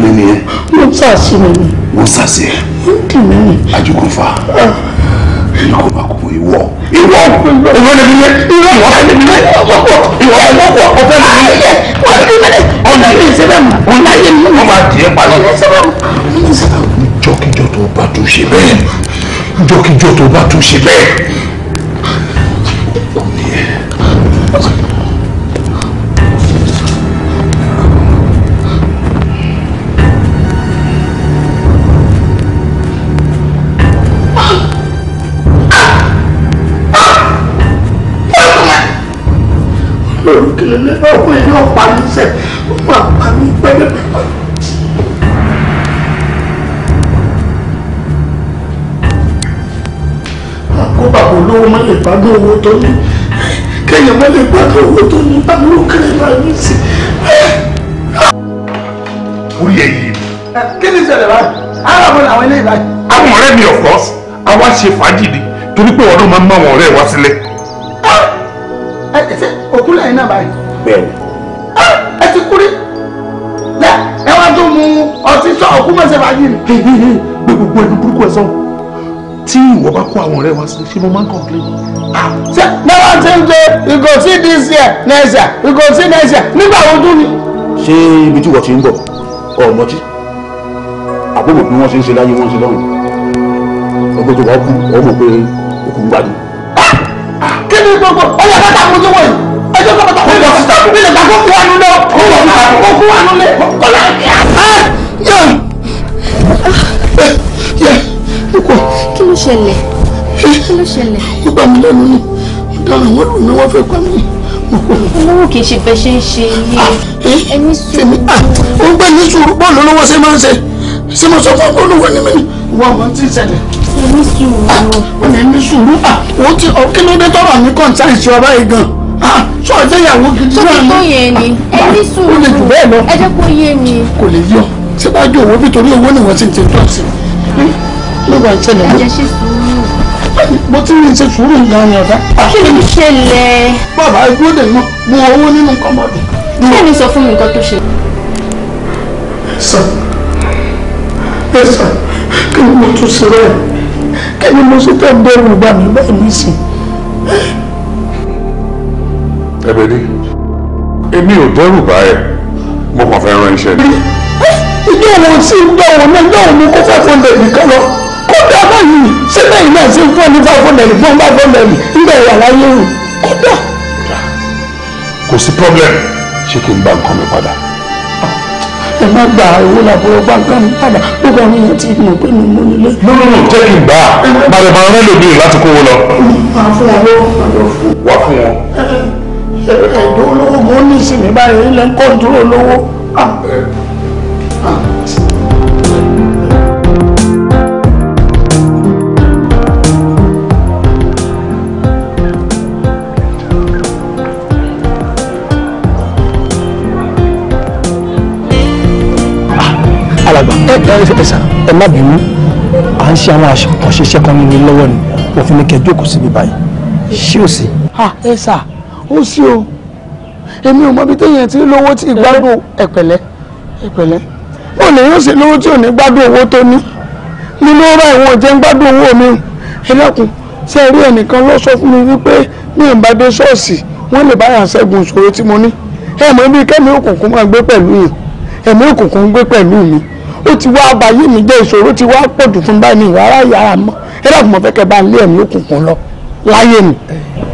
mi nìyẹn. wọ́n sàṣì mi ni. wọ́n sàṣì ẹ̀. wọ́n dì mí ni. ajukunfa ajukunfa kò mọ ìwọ. ìwọ ìwọ lè mi lé ìwọ ìwọ lè mi lé ìwọ lè wọ ọ̀fẹ́ mi lé. ọ̀nà yìí sẹ́fẹ̀ mọ̀ ọ̀nà yìí mọ̀. wọ́n máa tiẹ̀ pa lọ. jọkijọ tó bá tún ṣe bẹ́ẹ̀ jọkijọ tó bá tún ṣe bẹ́ẹ̀. òní kìlọ̀ lẹ́nu ọkùnrin yóò pa mí sẹ́ ó máa pa mí pẹ́ẹ́pẹ́ẹ́. àkó bàbá olówó má lè gbádùn owó tó ní kéèyàn má lè gbádùn owó tó ní báwo ló kéré máa ní sí. orí ẹ kí ni ìṣẹ̀lẹ̀ báyìí ara mo làwọn eléyìí báyìí. àwọn ọ̀rẹ́ mi of course àwa ṣe fàájì ni torí pé ọdún máa ń mọ àwọn ọ̀rẹ́ wa sílẹ̀ ẹ̀yin náà báyìí. bẹ́ẹ̀ni. Ah, ẹ ti kúrí lẹ ẹ wá tó mu ọtí sọ ọkú mọ̀sẹ̀ bá yìí. gbé gbogbo ẹni burúkú ẹ sọ́wọ́ tí ìwọ bá kó àwọn ọ̀rẹ́ wa sí ṣé mo máa ń kọ̀ọ̀kì. Ah, ṣé náà ti ń pe ìgò sí this year next year ìgò sí next year nígbà wo dún ni. ṣé ibi tí wọ́n ti ń bọ̀ ọ̀mọ́tí àbúrò bí wọ́n ṣe ń ṣe láyé wọ́n ṣe lọ́rùn ọgbẹ́ tó wọ́n kú ọmọ pé òkú ń ah, kí ni gbogbo ọyọ kẹta mo tó wọ̀nyí ẹjọ́ kọ́ bàtà fún mi lọ mi lè gbàgbọ́ fún wa nù lọ kó wà nù kó fún wa nù lẹ kó lọ. kí ló ṣẹlẹ̀ kí ló ṣẹlẹ̀. ó gbà mí lẹ́nu ni mo dára wọn lù mí wọ́n fẹ́ pa mí olówó kì í ṣe bẹ́ẹ̀ ṣe ń ṣe ní ẹni sùúrù. ó ń gbé ní sùúrù bọ́ọ̀lù olówó ṣe máa ń ṣe ṣe mo sọ fún ọkọ olówó ní mímí. wọ́n mọ̀ tí ń ṣẹlẹ̀. ẹni sùúrù. ó ní sùúrù. ó ti ọ̀kí dé tọrọ mi kàn ṣáà ṣe sọ jẹ́ ìyàwó gidi náà ni. sọ tó yẹ ni ah, ẹ ó lè jù bẹ́ẹ̀ lọ ẹ jẹ́ kó yé mi. Hmm? Ah, mo ti ah, ní ṣe sùúrù nǹkan ni ọ̀dá. kí ni ìṣẹ̀lẹ̀. bàbá ẹgbẹ́ òde náà owó nínú kọ́mọ́dù. kí ni sọ fún mi nǹkan tó ṣe. sọ ẹ sọ kí ni mo tún ṣe rẹ kí ni mo ṣe tẹ̀ ń bẹ̀rù bá mi bá mi sìn. Ẹ̀bẹ̀dé èmi ò dẹ́rù bá ẹ mo kàn fẹ́ ran iṣẹ́ ni. ìjọ wo sí ìgbà wo náà ìjọ wo ni kó five hundred nìkan lọ kódà báyìí síbẹ̀ yìí náà sí fún ẹni five hundred fún five hundred nígbà ìwà láyé rù kódà. kò sí problem ṣé kí n bá nǹkan mi padà. ẹ má gba owó làbúrò bá nǹkan mi padà gbogbo àwọn èèyàn ti mọ̀ pé mi mú nílé. lónìí jẹ́ kí n gbà á balẹ̀ balẹ̀ lóbi láti kówó lọ. wà á fún wọn ẹ̀dọ́ olówó mo ní ìsinmi báyìí ilẹ̀ ń kọ́ ìdúró olówó. Ah. Ah. ẹsà ẹ má bínú à ń ṣe àwọn àṣọ kan ṣiṣẹ́ kan nínú lọ́wọ́ ni òfin ni kẹjọ́ kò síbi báyìí ṣé ò sí. Ah, ẹ sà ó sí o èmi ò mọbi téèyàn ti lówó tí gbádùn ẹ̀pẹ̀lẹ́ ẹ̀pẹ̀lẹ́ ó lè yóò ṣe lówó tí ò ní gbádùn owó tó ní nínú ọ̀rọ̀ ìwọ̀n jẹ́ ń gbádùn owó mi ẹlẹ́kùn ṣe rí ẹnìkan lọ sọ fún mi wípé mi ò bá dé ṣọ́ọ̀ṣì wọ́n lè bá yàn ṣẹ́gun ìṣòro tí mo ní ẹ̀mọ́ ibi kẹ́mi òkùnkùn máa gbé pẹ̀lú yìí ẹ̀mí òkùnkùn ń gbé pẹ̀lú mi ó ti wá abayé mi jẹ́ ìṣòro ti wá pọ̀jù fún báyìí ní ìwárá yàrá mọ́ ẹ̀rọ àpòmọ̀fẹ́kẹ́ bá ń lé ẹ̀mí òkùnkùn lọ láyé mi.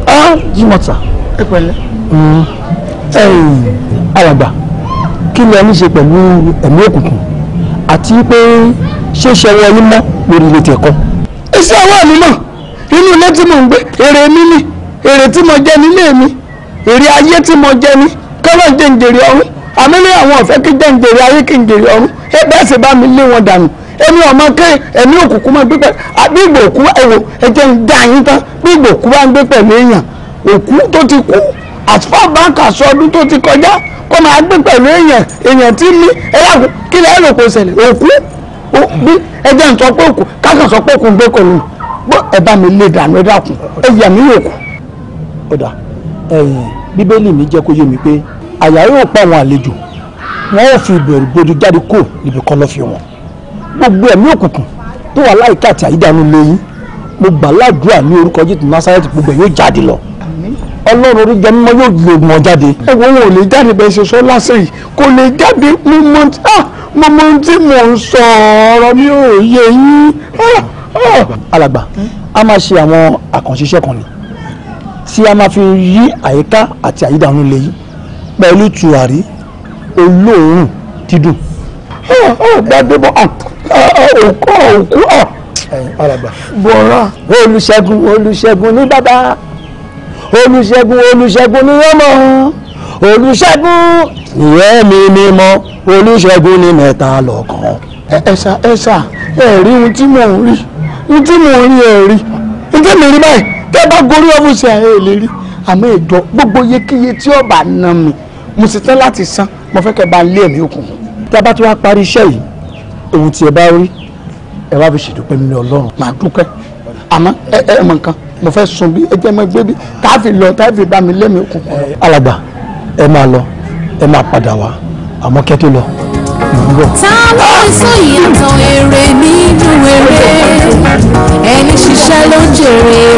ẹ jí mọ̀tà ẹ pẹ̀lẹ́. Mm. alàgbà kí ni a ní ṣe pẹ̀lú ẹ̀mí òkùnkùn àti pé ṣé ṣe wọn ní mọ́ lórí ilé tẹ̀kọ́. iṣẹ́ ọwọ́ mi mọ̀ inú ilé tí mò ń gbé èrè mi ni èrè tí mo jẹ nílé mi èrè ayé tí mo jẹ ní kọ́lọ́ jẹ́ ń jèrè ọ̀run àmì ní àwọn ọ̀fẹ́ kí jẹ́ ń jèrè ayé kí ń jèrè ọ̀run ẹ bẹ́ẹ̀ sì bá mi lé wọn dànù èmi ọmọ ké ẹ̀mí òkùnkùn máa gbé pẹ̀lú àbí ìgbòkú ẹ̀wò ẹ̀jẹ̀ ń dá yín tán bí ìgbòkú bá ń gbé pẹ̀lú èèyàn òkú tó ti kú as far back as ọdún tó ti kọjá kó máa gbé pẹ̀lú èèyàn èèyàn tí ń mí ẹ̀yà kí lẹ́yìn ló kò ṣẹlẹ̀ òkú bí ẹjẹ́ ń sọ pé òkú kákan sọ pé òkú gbé kò lù bó ẹ bá mi lè dànù ẹ dákun ẹ yà mí òkú. ọ̀dà ẹ̀yìn bíbélì mi jẹ́ kó yé mi pé àyà yóò pa àwọn àlejò wọn ò fi ìbẹ̀rù gbòdì jáde kó níbi kan lọ́ fi wọn gbogbo ẹ̀mí òkùnkùn tó wà láìka àti àyídànù mo gbà ládùúrà ní orúkọ jésù násàrẹ́tì gbogbo ẹ̀ yóò jáde ọlọ́run orí jẹmọ́ yóò lè mọ̀ jáde ẹ̀wọ̀n wọn ò lè jáde bẹ́ẹ̀ ṣe sọ lásán yìí kò lè jáde mo mọ ah, mo mọ tí mò ń sọ ọ̀rọ̀ mi ò yé yín. Ah, ah. alàgbà a máa ṣe àwọn àkànṣiṣẹ́ kan ni tí a máa fi yí àyíká àti àyídàrún lè yí pẹ̀lú tùwárí olóòórùn dídùn. gbàdébọ̀ òkú òkú alàgbà. bọ̀rọ̀ olùṣègùn olùṣègùn ní bàbá olùṣègùn olùṣègùn ni yóò mọ̀ ọ́n olùṣègùn ìyẹn mi mímọ́ olùṣègùn ni mẹ́ta lọ́kàn. ẹ̀sà ẹ̀sà ẹ̀ rí ohun tí mò ń rí ohun tí mò ń rí ẹ̀ rí ohun tí mi rí báyìí tẹ́ bá gorí ọ́fíìsì ẹ̀ ẹ̀ lè rí àmọ́ ìjọ gbogbo yékéyé tí ọba nà mí mo sì tán láti san mo fẹ́ kẹ́ bá ń lé ẹ̀mí òkun tí a bá ti wá parí iṣẹ́ yìí ohun tí ẹ bá rí ẹ wá fi ṣètò pẹ̀lú ọlọ́run màá dúpẹ́ àmọ́ ẹ ẹ mọ nǹkan mo fẹ́ sùn bí ẹ jẹ́ mọ́ gbé bí káfí lọ táfí bá mi lẹ́mìí òkùnkùn. alàgbà ẹ máa lọ ẹ máa padà wá àmọ́ kẹ́ lọ ta ló ń sọ ìyàtọ̀ èrè nínú èrè ẹni ṣiṣẹ́ ló ń jèrè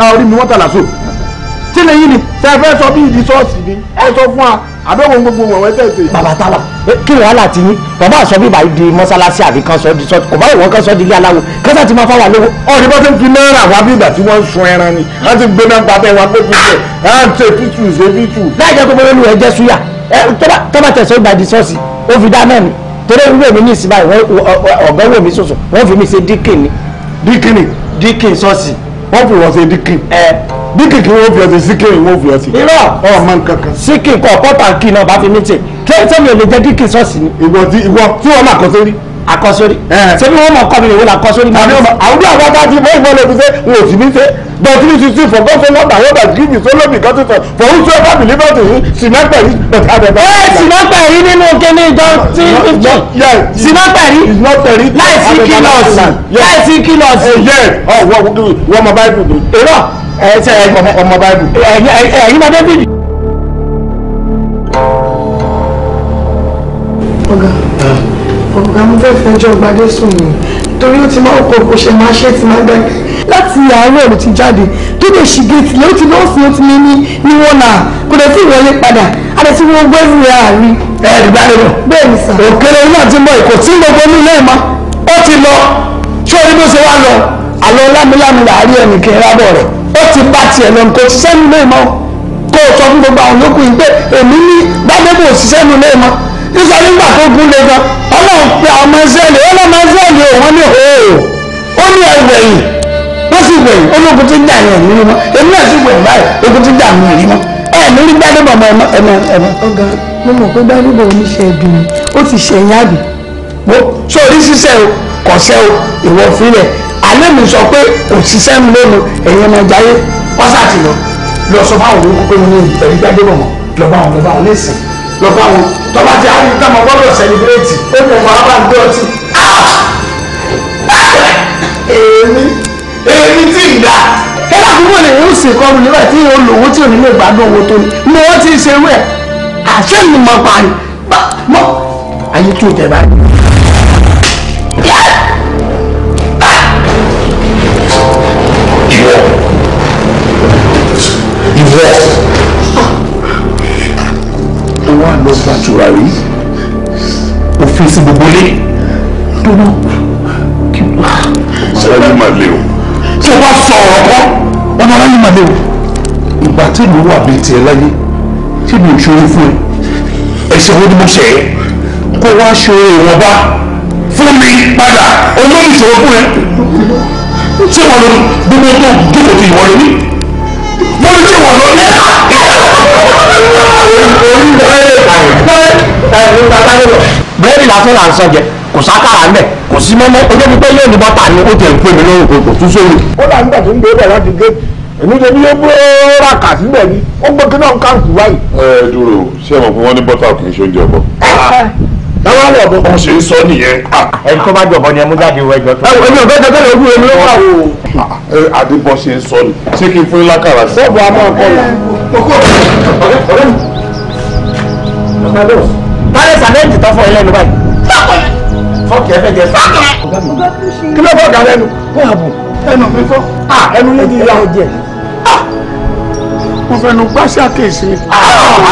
la orí mi mọ́tàlá so tí lè yí ni tẹ fẹ́ sọ bí ìdí sọ́ọ̀sì ni ẹ sọ fún wa àdóhùn gbogbo wọ̀wẹ́ tẹ̀sẹ̀. bàbá tálà kí ni wàhálà ti yín bàbá àṣọ bí ìbàdí di mọ́sálásí àbí kan sọ di sọ kò bá ìwọ̀n kan sọ di ilé aláwo kẹ́sà ti máa fáwọn àlówó. ọ̀rẹ́ bá ti ń fi náírà wá bí ìgbà tí wọ́n ń sun ẹran ni wọ́n ti gbé náà pàtẹ́ wọn pé fífẹ́ ẹ̀ ń ṣe fífù ṣe fífù. láì jẹ́ pé bọ́lá olú ẹ jẹ́ súyà tọ́ba tẹ̀sán ìbàdí sọ́ọ̀sì ó fi dá náà ni torí ìwé mi ní ìsìn báyìí ọ̀gá ìwé mi sọ̀sọ̀ wọ́n fi mi ṣe díkìn ni. díkìn ni díkìn sọ́ọ̀sì wọ́n fi wọ́n ṣe díkì díkì kí wọ́n fi ọ̀sẹ̀ síkì wọ́n fi ọ̀sẹ̀. irọ́ ọmọ nǹkan kan. síkì kọ̀ pọ́tà kì náà bá fi mí tè tí ó tẹ́lẹ̀ lè jẹ́ díkì sọ́ọ̀sì ni. ìwọ tí wọ́n máa kọ́ sórí akọ́sórí eh. ṣé bí wọ́n mọ̀ kọ́ mi lè wọ́n la kọ́sórí. àbí àwùjọ àwọn bá ti fẹ́ ìfọ́lẹ̀ ti ṣe n ò sì ní ṣe but ní sísí fọ̀gọ́fẹ́ lọ́gbà yọ̀bà gíbi sólómì kan ti sọ fọ̀hún tí ó bá bìlí bọ́ọ̀tì yìí sinapẹ̀ yìí bẹ̀tẹ̀ àbẹ̀bẹ̀. ẹ sinapẹ̀ yìí nínú kíní ìjọ tí fífi sinapẹ̀ yìí láìsí kílọ̀ọ̀sì láìsí kílọ̀ọ̀sì. ọ̀wọ́ wọ́n mọ báyìí dùn. èrò ẹ̀ṣẹ̀ ọmọ báyìí dùn. ẹ̀yin máa dé bíi fẹ́ fẹjọ́ gbadé sùn ni torí ó ti máa ń kọ kó ṣe máa ṣe ti máa gbàgbé láti àárọ̀ ló ti jáde tó lè ṣì géètì lé ó ti lọ́ọ̀sì ó ti ní ní ní wọn náà kò dẹ̀ sí ìwọlé padà a lè ti wọ gbẹ́rù rẹ̀ àárín. ẹ ẹ gbá nínú. bẹ́ẹ̀ ni sà. òkèlè náà ti mọ tí gbogbo ní ilé ìmọ̀ ó ti lọ ṣé orí bó ṣe wá lọ àlọ́ lámìlámì làárí ẹnì kẹrábọ̀ rẹ̀ ó ti bá tiẹ̀ lọ kò ṣiṣẹ́ nílé ìmọ̀ kó o sọ fún gbogbo àwọn yòókù yìí pé èmi ní gbàdébò nígbà nígbà tó gún lé gan ọlọ́run pe ọmọ israẹli ọlọ́mọ israẹli òun ní òòrò ó ní ẹgbẹ̀yìn wọ́n sì wẹ̀yìn ológun ti ń jà yẹn nínú mọ́ èmi náà sì wẹ̀yìn báyìí ogun ti ń jà mí rí mọ́ ẹ mi rí gbádùn ọmọ ẹmọ ẹmọ ẹmọ. ọ̀gá mo mọ̀ pé gbádùn oníṣẹ́ ẹ̀dùn ó ti ṣẹ̀yìn àbí. mo sórí ṣiṣẹ́ o kọ̀ṣẹ́ o ìwọ fílẹ̀ alẹ́ mi sọ pé kò ṣiṣẹ́ mi lónìí ẹ̀yin ọmọ ìjáyé pásátì lọ lọ sọ fáwọn olókùnkùn ní ìtẹ̀rí gbádùn ọmọ lọ́ba àwọn lọ́ba àwọn lẹ́sìn lọ bá wọn tọ́ba ti àárín tá mo gbọ́dọ̀ sẹlẹ̀bírẹ́tì ó mọ̀ máa bá ń gbé ọtí. Ah! èmi èmi tí ì dá. ẹ̀rọ àdúgbò lè ń sìn kọ́ mi nígbà tí yóò lòwó tí òní lè gbádùn owó tó ní mo wọ́n ti ṣe wẹ̀ àṣẹ mi mọ̀ parí mọ́ ayé tó jẹ báyìí. Yes lọ gba tùràrí òfin sí gbogbo ilé tó náà kí ló wá. sọlá ní màlẹ o. tó bá sọ ọ̀rọ̀ kọ́ ọmọ aláyé màlẹ o. ìgbà tí ìlú wà bíi tiẹ̀ láyé ṣé mi ò ṣòro fún ẹ ẹ̀ṣẹ̀ wo ni mo ṣẹ̀ ẹ́ kó wá ṣòro ìwọ̀nba fún mi padà olórí ìṣòro fún ẹ ṣé wọn lọ gbogbo tó jókòó ti ìwọ lórí mo ní ṣé wọn lọ ní. bẹ́ẹ̀ni lásán là ń sọ jẹ kò sákàrà ń kò sí mọ́mọ́ ojú pé yóò ní ni ó ń pè mí lóhùn kò kò tún sóhun. ó dà nígbà tó ń gbé bẹ̀ láti gé èmi ṣe ní ebú kà síbẹ̀ ni ó gbé kí náà ń ẹ dúró ṣé ẹ mọ̀ fún wọn ní bọ́tà kì í ṣe oúnjẹ ọ̀bọ. ọ̀bọ ṣe sọ nìyẹn. ẹni commandos tálẹ̀ sàlẹ́ǹtì tán fọ ẹlẹ́nu báyìí. fọ́ọ̀kì ẹ̀fẹ̀ jẹ sọ́ọ̀kì. kí ló fọ́ọ̀kì alẹ́nu. bẹ́ẹ̀ bù ẹnu mi fọ́. ẹnu yé ni ìyá ọjẹ́ mo fẹnu gbá sí àkèésí.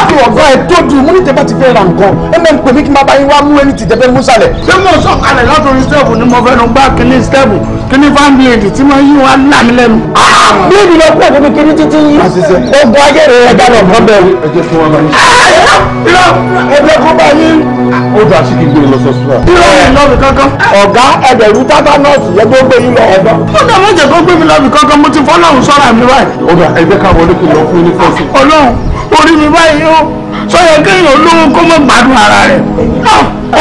àti ọ̀gá ẹ̀ tójú mo ní tẹ́bá ti fẹ́ ra nǹkan ẹ mẹ́ ń pè mí kí n bá bá yín wá mú ẹni tì tẹ́fẹ́ mú sálẹ̀. ṣé mo sọ kalẹ̀ látòrí stẹ́ẹ̀bù ni mo fẹnu gbá kíní stẹ́ẹ̀bù kíní fáńbìlẹ̀dì tí wọ́n yí wa là mí lẹ́nu. bí èmi lọ kú ẹ̀kọ́ kékeré títí yìí ogun ayé rẹ̀ ẹ̀dá lọ̀ ó dà sí gbígbé lọ́sọ̀ọ́sọ̀. irọ́ ẹ̀ lọ́bì kankan. ọ̀gá ẹgbẹ̀rún tábà nọ́ọ̀sì yẹn tó gbé yín lọ. ó dà má jẹ́ kó gbé mi lọ́bì kankan mo ti fọ́lọ́run sọ́ra mi báyìí. ó dà ẹgbẹ́ ká wọlé kí n lọ fún ní fọ́ọ̀sì. ọlọ́run orí mi báyìí ó sọyẹ kéèyàn olówó kó mọ̀ gbádùn ara rẹ̀.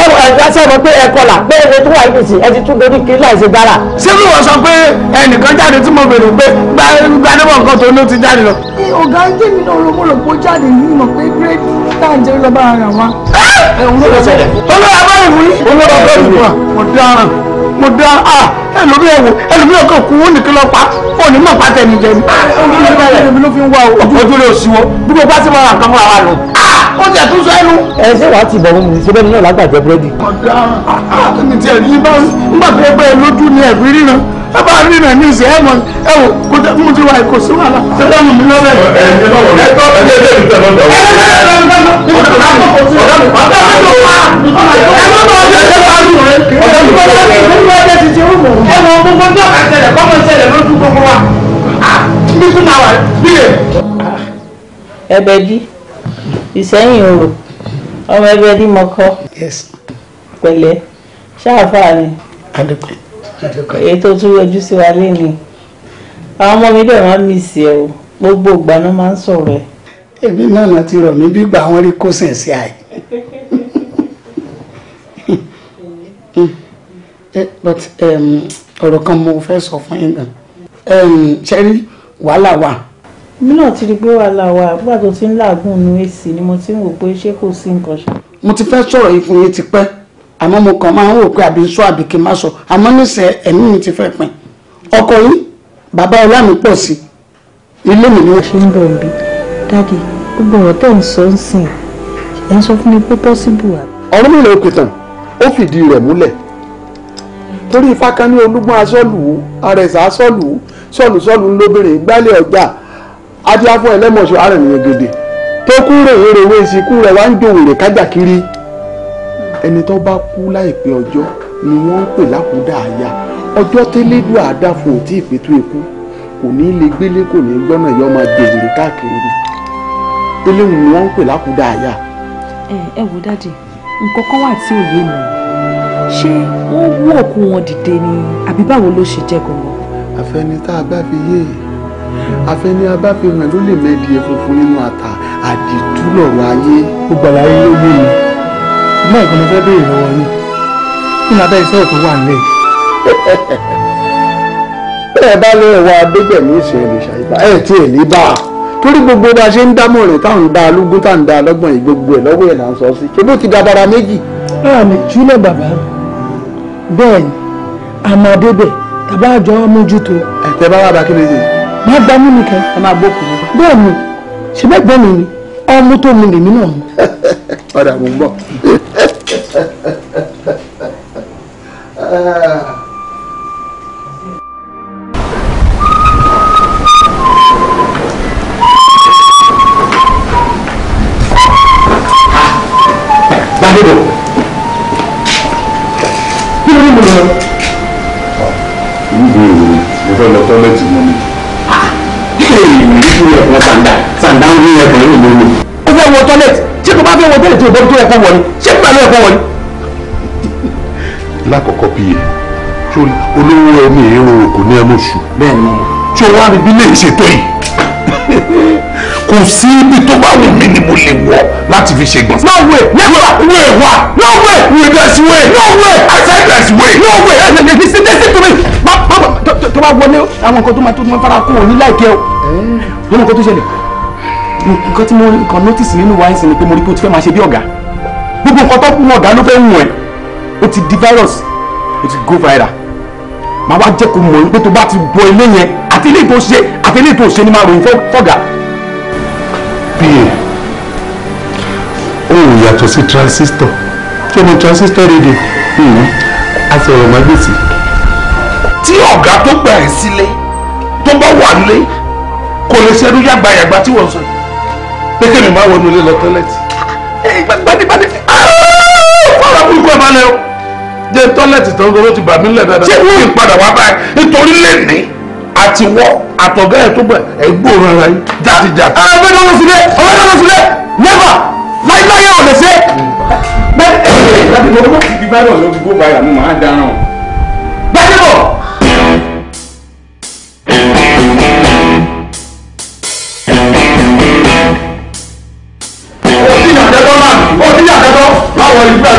ẹ wọ ẹgbẹ́ sọ̀rọ̀ pé ẹ kọlà pé èrè tó wà ní ìsìn ẹ ti tún dorí kí láì ṣe dára. ṣé bí wọ́n sọ pé ẹnìkan jáde tí mo bèrè pé gbadébọ̀ nǹkan tó ló ti jáde lọ. ọ̀gá jẹ́mi náà olómọ̀lòpọ̀ jáde yìí mọ̀ pé bírèkì táà ń jẹ́ lọ́ba ara wa olóòrò ṣẹlẹ̀. olóòrò abáyé wuli. olóòrò abáyé wuli. mo dáràn mo dáràn a ẹlòmíì ẹwò ẹlòmíì ọkọ kú wọn nìkan lọ pa wọn ní mọ pàtẹ ní jẹ ní. ojú ló fi ń wá o. ojú ló sì wọ bí mo bá sí mọ́ra nǹkan fún wa lò. ó jẹ tún sọ ẹnu. ẹ ṣé wàá ti bọ̀ mọ́ mi ṣe bẹ́ẹ̀ ni náà lágbàjẹ́ búrẹ́dì. mo dáràn a mi tiẹ̀ ní bá ń gbàgbé pé lójú ni ẹ̀gbin ríran bàbá mi nà ní ìsẹ ẹ mọ ẹ wò kó tẹ mú ti wá ìkó sí wàhálà tẹ bá mú mi lọ́rẹ̀. ẹ ẹ ẹ lọ́wọ́ ẹ tọ́ ẹ lé lẹ́nu tẹ lọ́dọ̀. ẹ lé lẹ́nu tẹ lọ́dọ̀ ní ọ̀dọ̀ náà kọ̀ sí ọ̀dọ̀ mi. ọ̀dọ̀ mi tó wá ẹ má bọ̀ ọjọ́ tẹ bá lù rẹ. ọ̀dọ̀ mi tó wá ní ìlú ẹgbẹ́ ti ti rú mọ̀. ẹ mọ gbogbo ní ọ̀kà ṣẹlẹ̀ kọ́mọ ṣẹlẹ̀ lójú gbogbo wa. bí tún náà wà bí yẹ. Ẹ̀bẹ̀dí Ìsẹ́yìn Orò ọmọ Ẹ̀bẹ̀dí mọ̀kọ́ pẹ̀lẹ́ ṣáà fáà ni èyí tó tún yọjú sí wa lénìí àwọn ọmọ mi dẹ̀ wọ́n mí sí ẹ o gbogbo ìgbà ló máa ń sọ̀rọ̀ ẹ. èmi náà náà ti rọ̀ mí gbígbà wọn rí kó sìn sí àyè. Eh, but ọ̀rọ̀ kan mo fẹ́ sọ fún yín gan ṣe rí wàhálà wà. mi náà ti rí pé wàhálà wà nígbà tó ti ń làágùn nu èsì ni mo ti ń wò pé ṣé kò sí nǹkan ṣe. mo ti fẹ́ sọ̀rọ̀ yìí fún yín tipẹ́ àmọ́ mo kàn máa ń wò pé àbí sọ àbí kí n má sọ àmọ́ nísìnyí ẹ̀mí mi ti fẹ́ pin ọkọ yìí bàbá ọlá mi pọ̀ sí ilé mi ni wọ́n. ṣé ń bọ̀ bí dáàdi gbogbo ọ̀rọ̀ tẹ̀ ń sọ ń sìn ẹ̀ ń sọ fún mi pé pọ́síbù àbí. ọ̀rọ̀ mi lè pìtàn ó fìdí rẹ̀ múlẹ̀ torí fákání olúgbọ́n asọ́lù arẹ̀sà asọ́lù sọ́lù sọ́lù ńlóbìnrin gbálẹ̀ ọjà adíáfọ́ ẹlẹ́mọ̀ṣọ́ arẹ̀nìyàn tó kú rèé rèé wé rẹ̀ wá ń jòwèrè kájà ẹni tó bá kú láìpẹ́ ọjọ́ ni wọ́n ń pè lákúdà àyà ọjọ́ tẹ́lẹ́dùn àdáfò tí ìpètò ikú kò ní lè gbélé kò ní gbọ́nà yọ máa gbèrè káàkiri ni eléwu ni wọ́n ń pè lákúdà àyà. ẹ ẹ wo dáàdì nǹkan kan wà tí ò yé mi ṣé wọ́n wú òkú wọn dìde ni àbí báwo ló ṣe jẹ́ gangan. àfẹni tá a bá fi yé àfẹni a bá fi ràn ló lè mẹ́ẹ̀dì funfun nínú ata àdìtú lọ̀rọ̀ ayé ó gbàlàyé ló yé mi ṣùgbọ́n ìgbọ́n mo fẹ́ béèrè lọ́wọ́ yìí kí ni abẹ́ iṣẹ́ tó wà nílẹ̀. bẹ́ẹ̀ bá lé ẹ̀wọ̀ adégbèmí ìṣẹ̀lẹ̀ ṣàyíbá ẹ̀ tí ẹ̀ ní bá a torí gbogbo bá a ṣe ń dámọ̀ rẹ̀ táwọn ń da alúgún táwọn ń da alọ́gbọ̀n yìí gbogbo ẹ̀ lọ́wọ́ ẹ̀ là ń sọ sí ṣé bó ti dabara méjì. láàmì júlẹ̀ bàbá bẹ́ẹ̀ ni àmàdébẹ̀ tàbá àjọ mójútó. ẹ̀tẹ̀ bá wà bá kí ni ṣe. má gbá mímu kan. ẹ máa gbókùn. bẹ́ẹ̀ ni ọmú tó mu lèmi náà mu. ọ̀dà mo ń bọ̀. Gbàdébò, kí ló ní mo lọ? Ìwé ìròyìn, mo fẹ́ lọ tọ́lẹ̀tì mọ́ mi. Ah! Kí lè rìn rìn kí lè pọn sàǹdà? Sàǹdà ń rí ẹ̀kọ́ nínú ìlú mi wọ tọ́lẹ̀tì ṣé tó bá fẹ́ wọ tọ́lẹ̀tì òbọ̀ tó yẹ kó wọ ni ṣé tó bá lọ yẹ kó wọ ni. lákọ̀ọ́kọ́ bíi sórí olówó ẹni èrò kò ní ẹnu oṣù bẹ́ẹ̀ni tí o wá rí bí léyìí ṣètò yìí kò sí ibi tó bá wù mí ni mo lè wọ láti fi ṣe gbọ̀nsẹ̀. no way never way wa no way we gats way no way i say gats way no way ẹ ẹ ṣe ṣe ṣe to me bá bá tó bá wọlé àwọn nǹkan tó máa tó máa fara kó o ní láìpẹ́ o lọ́nà nǹkan tó ṣẹlẹ̀ nǹkan tí mo kàn notice nínú wáyé ni pé mo rí pé o ti fẹ́ máa ṣe bí ọ̀gá gbogbo nǹkan tó kún ọ̀gá ló fẹ́ wù ẹ́ o ti di virus o ti go viral màá wá jẹ́ kó mọ̀ wípé tó bá ti bọ ilé yẹn àti ilé tó ṣe àti ilé tó ṣe ni máa ròyìn fọ́gà. bíi ohun ìyàtọ̀ sí transistor ṣé mo transistor rédíò hmm, asọ̀rọ̀mágbèsì. tí ọ̀gá tó gbà ẹ́ sílé tó bá wà nílé kò lè ṣerú yàgbàyàgbà tí wọ́n sọ yìí pé kémi máa wọnú ilé lọ tọ́lẹ̀tì gbàdìgbàdì fọlá burúkú ẹ̀ máa lẹ o jẹ́ tọ́lẹ̀tì tán ló ti bà mí lẹ̀ dáadáa ṣé wọ́n yìí padà wá báyìí nítorí lẹ́nìí àti wọ́ àtọ̀gá ẹ̀ tó bẹ̀ ẹ̀ gbòòrò ara yín jáde jáde. Ah, ọ̀rọ̀ ẹgbẹ́ náà lọ sílẹ̀ ọ̀rọ̀ ẹgbẹ́ náà lọ sílẹ̀ never láíláyé ò lè ṣe. Hmm. bẹ́ẹ̀ ẹ̀ ẹ̀ ìgbàdìgbò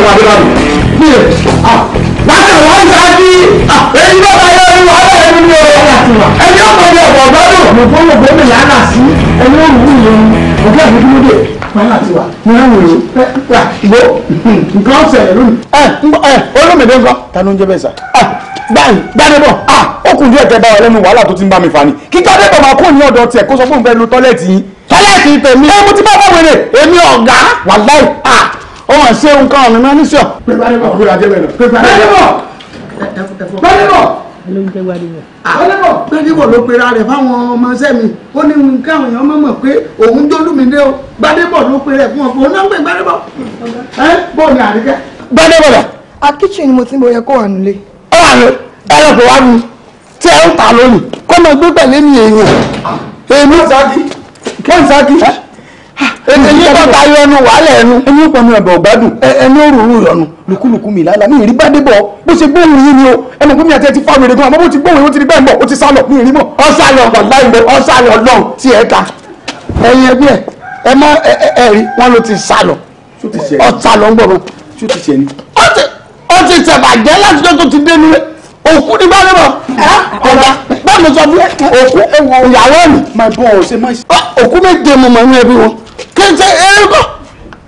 adébáyé nílẹ̀ láti àwọn ọjà èyí bá báyọ̀ ní wàhálà ẹni ní ọ̀rọ̀ ẹni ọ̀pọ̀ ní ọ̀pọ̀ ọ̀gbọ́dọ̀ mọ̀gbọ́n mọ̀gbọ́n mi lánà sí ẹni ó wù yẹn ọ̀gá mi dúró dé wàhálà ti nǹkan ọ̀sẹ̀ rẹ̀ lónìí. ẹ ẹ ah! díẹ̀ tẹ́ bá wà lẹ́nu wàhálà tó ti ń bá mi fà ni kí gbàdébọ̀ máa kó ní ọ̀dọ̀ tiẹ̀ kó sọ fún un fẹ́ lo tọ́lẹ́ẹ̀tì yín. tọ́lẹ́ẹ̀tì tèmi. ẹ mo ti bá bá wẹ̀rẹ̀ èmi ọ̀gá wàláì ah! ó hàn sí ohun kan ọ̀nà ní sọ. pẹ́pàdébọ̀ pẹ́pàdébọ̀ pẹ́pàdébọ̀ ló pera rẹ̀ fáwọn ọmọọṣẹ́ mi ó ní ohun káwọn èèyàn mọ̀ pé òun jólúmídé o gbadébọ̀ ló pera ẹ̀ fún ọkọ̀ òun náà ń pè gbadébọ̀ ẹ́ bọ́ọ̀ ni àríkẹ́. gbadébọ̀ dà. a kíchìn ni mo ti ń bọ̀ yẹ kó wà nílé. ó wà ní ẹlẹ́kùn wá mi tí ẹ ń ta lónìí kó máa gbé pẹ̀lú èmi èèyàn èmi. kẹ́ńsákì èmi tó ta yọnu wàhálà ẹnu. ẹni ó pọnmi ọbẹ̀ ọ̀gbádùn ẹni ó rùrù yọnu lùkúlùkú mi lálá mi ìrí bá débọ̀ bó ṣe gbóhùn yín ni o ẹni fún mi àti ẹ ti fáwọn èrè gan àmọ́ bó ti gbóhùn yín ó ti di bẹ́ẹ̀ mọ̀ ó ti sálọ mi ìrí mọ̀. ọ̀sálọ̀ wàláì lọ ọ̀sálọ̀ ọlọ́run tí ẹ ta ẹyin ẹbí ẹ ẹ mọ ẹ rí wọn ló ti sálọ ọ̀sálọ̀ ń bọ̀ mọ́. ó ti tẹ̀bàjẹ́ láti tó ti dé nílé òkú ni bá lébọ̀ ọ̀gá báwo sọ fún òkú ìyàwó mi. òkú méje mo mọ̀ ní ẹbí wọn kẹntẹ ẹrẹkọ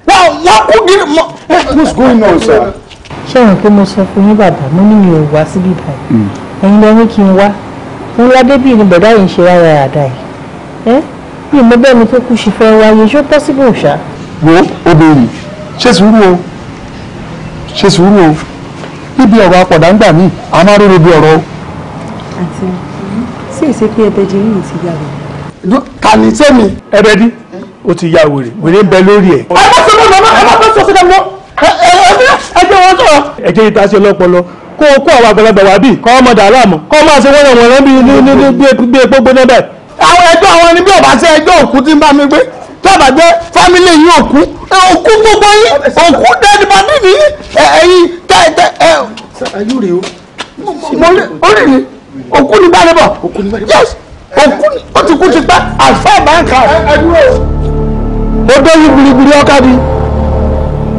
wà What could gírí mọ. what's going on sir. ṣẹ́yìn pé mo sọ fún yín bàbá mo ní mi ò wá síbí báyìí hmm. ẹ̀yin lẹ́yìn kí n wá mo wá débìí ni bọ̀dá yìí ń ṣe rárá àdá yìí bí mo bẹ́ẹ̀ ni tó kú ṣe fẹ́ wáyé ṣó possible ṣá. wo obìnrin ṣe sùúrù o ṣe sùúrù o níbi ọ̀rọ̀ apọ̀dà ń gbà mí a máa rí ibi ọ̀rọ̀ o. àti hmm, sí ìṣe pé ẹbẹjẹ yìí ti yàgò. ta ni sẹ́mi ẹbẹdí ó ti ya wèrè wèrè ń bẹ lórí ẹ. ẹ bá sọ fún mi ẹ bá sọ fún mi ẹ jẹ́ wọn sọ̀rọ̀. ẹ jẹ́ ìta sí ọlọ́pọlọ kó o kó àwọn àgbàlagbà wá bí kọ́ ọmọdé aláàmú kọ́ ọmọ àti wọ́n wọ̀n lọ́n bí epo gbóná bẹ́ẹ̀. àwọn ẹjọ́ àwọn ẹni bí ọba sí ẹjọ́ òkú tí ń bá mi gbé tọ́ba gbé fámílì yìí òkú òkú gbogbo yín òkú dẹ́ni bá níbi ẹ̀yìn tẹ́ tẹ́ ẹ̀. ayú rèé o. mo rí orí mi òkú ni bá lè bọ̀ òkú ni bá lè bọ̀ yes òkú ni ó ti kú ti pẹ́ àfẹ́ bá ń kà. ẹ ẹ dúró o. ó dóyú gbirigbiri ọkà bí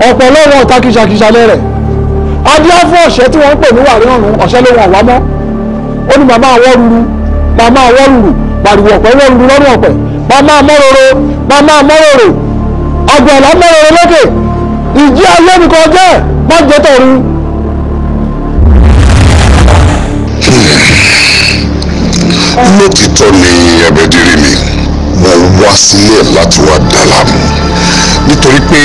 ọ̀pọ̀ lọ́wọ́ ọ̀tá kìsàkìsà lẹ́rẹ̀ ọ̀sẹ̀ tí wọ́n ń pè ní wàrí ọ̀run ọ̀sẹ̀ ló wọn wá mọ́ ó ní màmá ruru màmá àwọ̀ ruru ruru lọ́rùn ọ̀pẹ̀ màmá àmọ́roro màmá lókè ayé nìkan jẹ́ ni wọn wá sílẹ̀ láti wá dà láàmú nítorí pé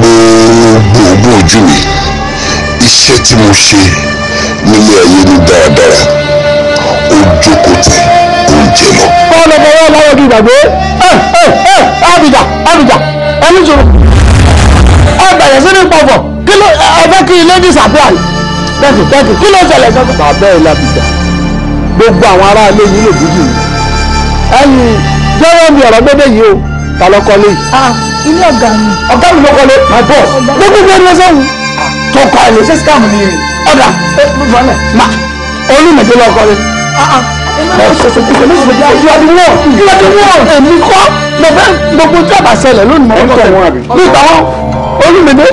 gbogbo ogún ojú mi iṣẹ́ tí mo ṣe nílé ayé ní dáradára ó jókòó tẹ oúnjẹ lọ. báwo lọ bọ̀wọ́ láwọn ojú ìgbàgbé ẹ ẹ àbìjà àbìjà ẹni sòrò ẹ bẹ̀rẹ̀ sí ní pọ̀pọ̀ kí ló ẹ fẹ́ kí ilé disappear tẹ́kì tẹ́kì kí ló ṣẹlẹ̀ sọ́kùn. bàbá ẹ̀ làbìjà gbogbo àwọn aráalé yìí lè dúdú yìí ẹ̀yin jẹ́wọ́ mi ọ̀rọ̀ gbẹ́dẹ́ yìí o ta ló kọ́lé yìí. ilé ọ̀gá mi. ọ̀gá mi ló kọ́lé my boss gbogbo ìgbà ni wọ́n sọ̀rọ̀ tọkọ ẹ̀ lè ṣe scam ni ọ̀dà ma olùmọ̀jẹ́ ló kọ́lé. èmi kọ́ gbogbo tí a bá ṣẹlẹ̀ lónìí mọ̀ ọ́ tẹ̀ nígbà wọn olùmọ̀jẹ́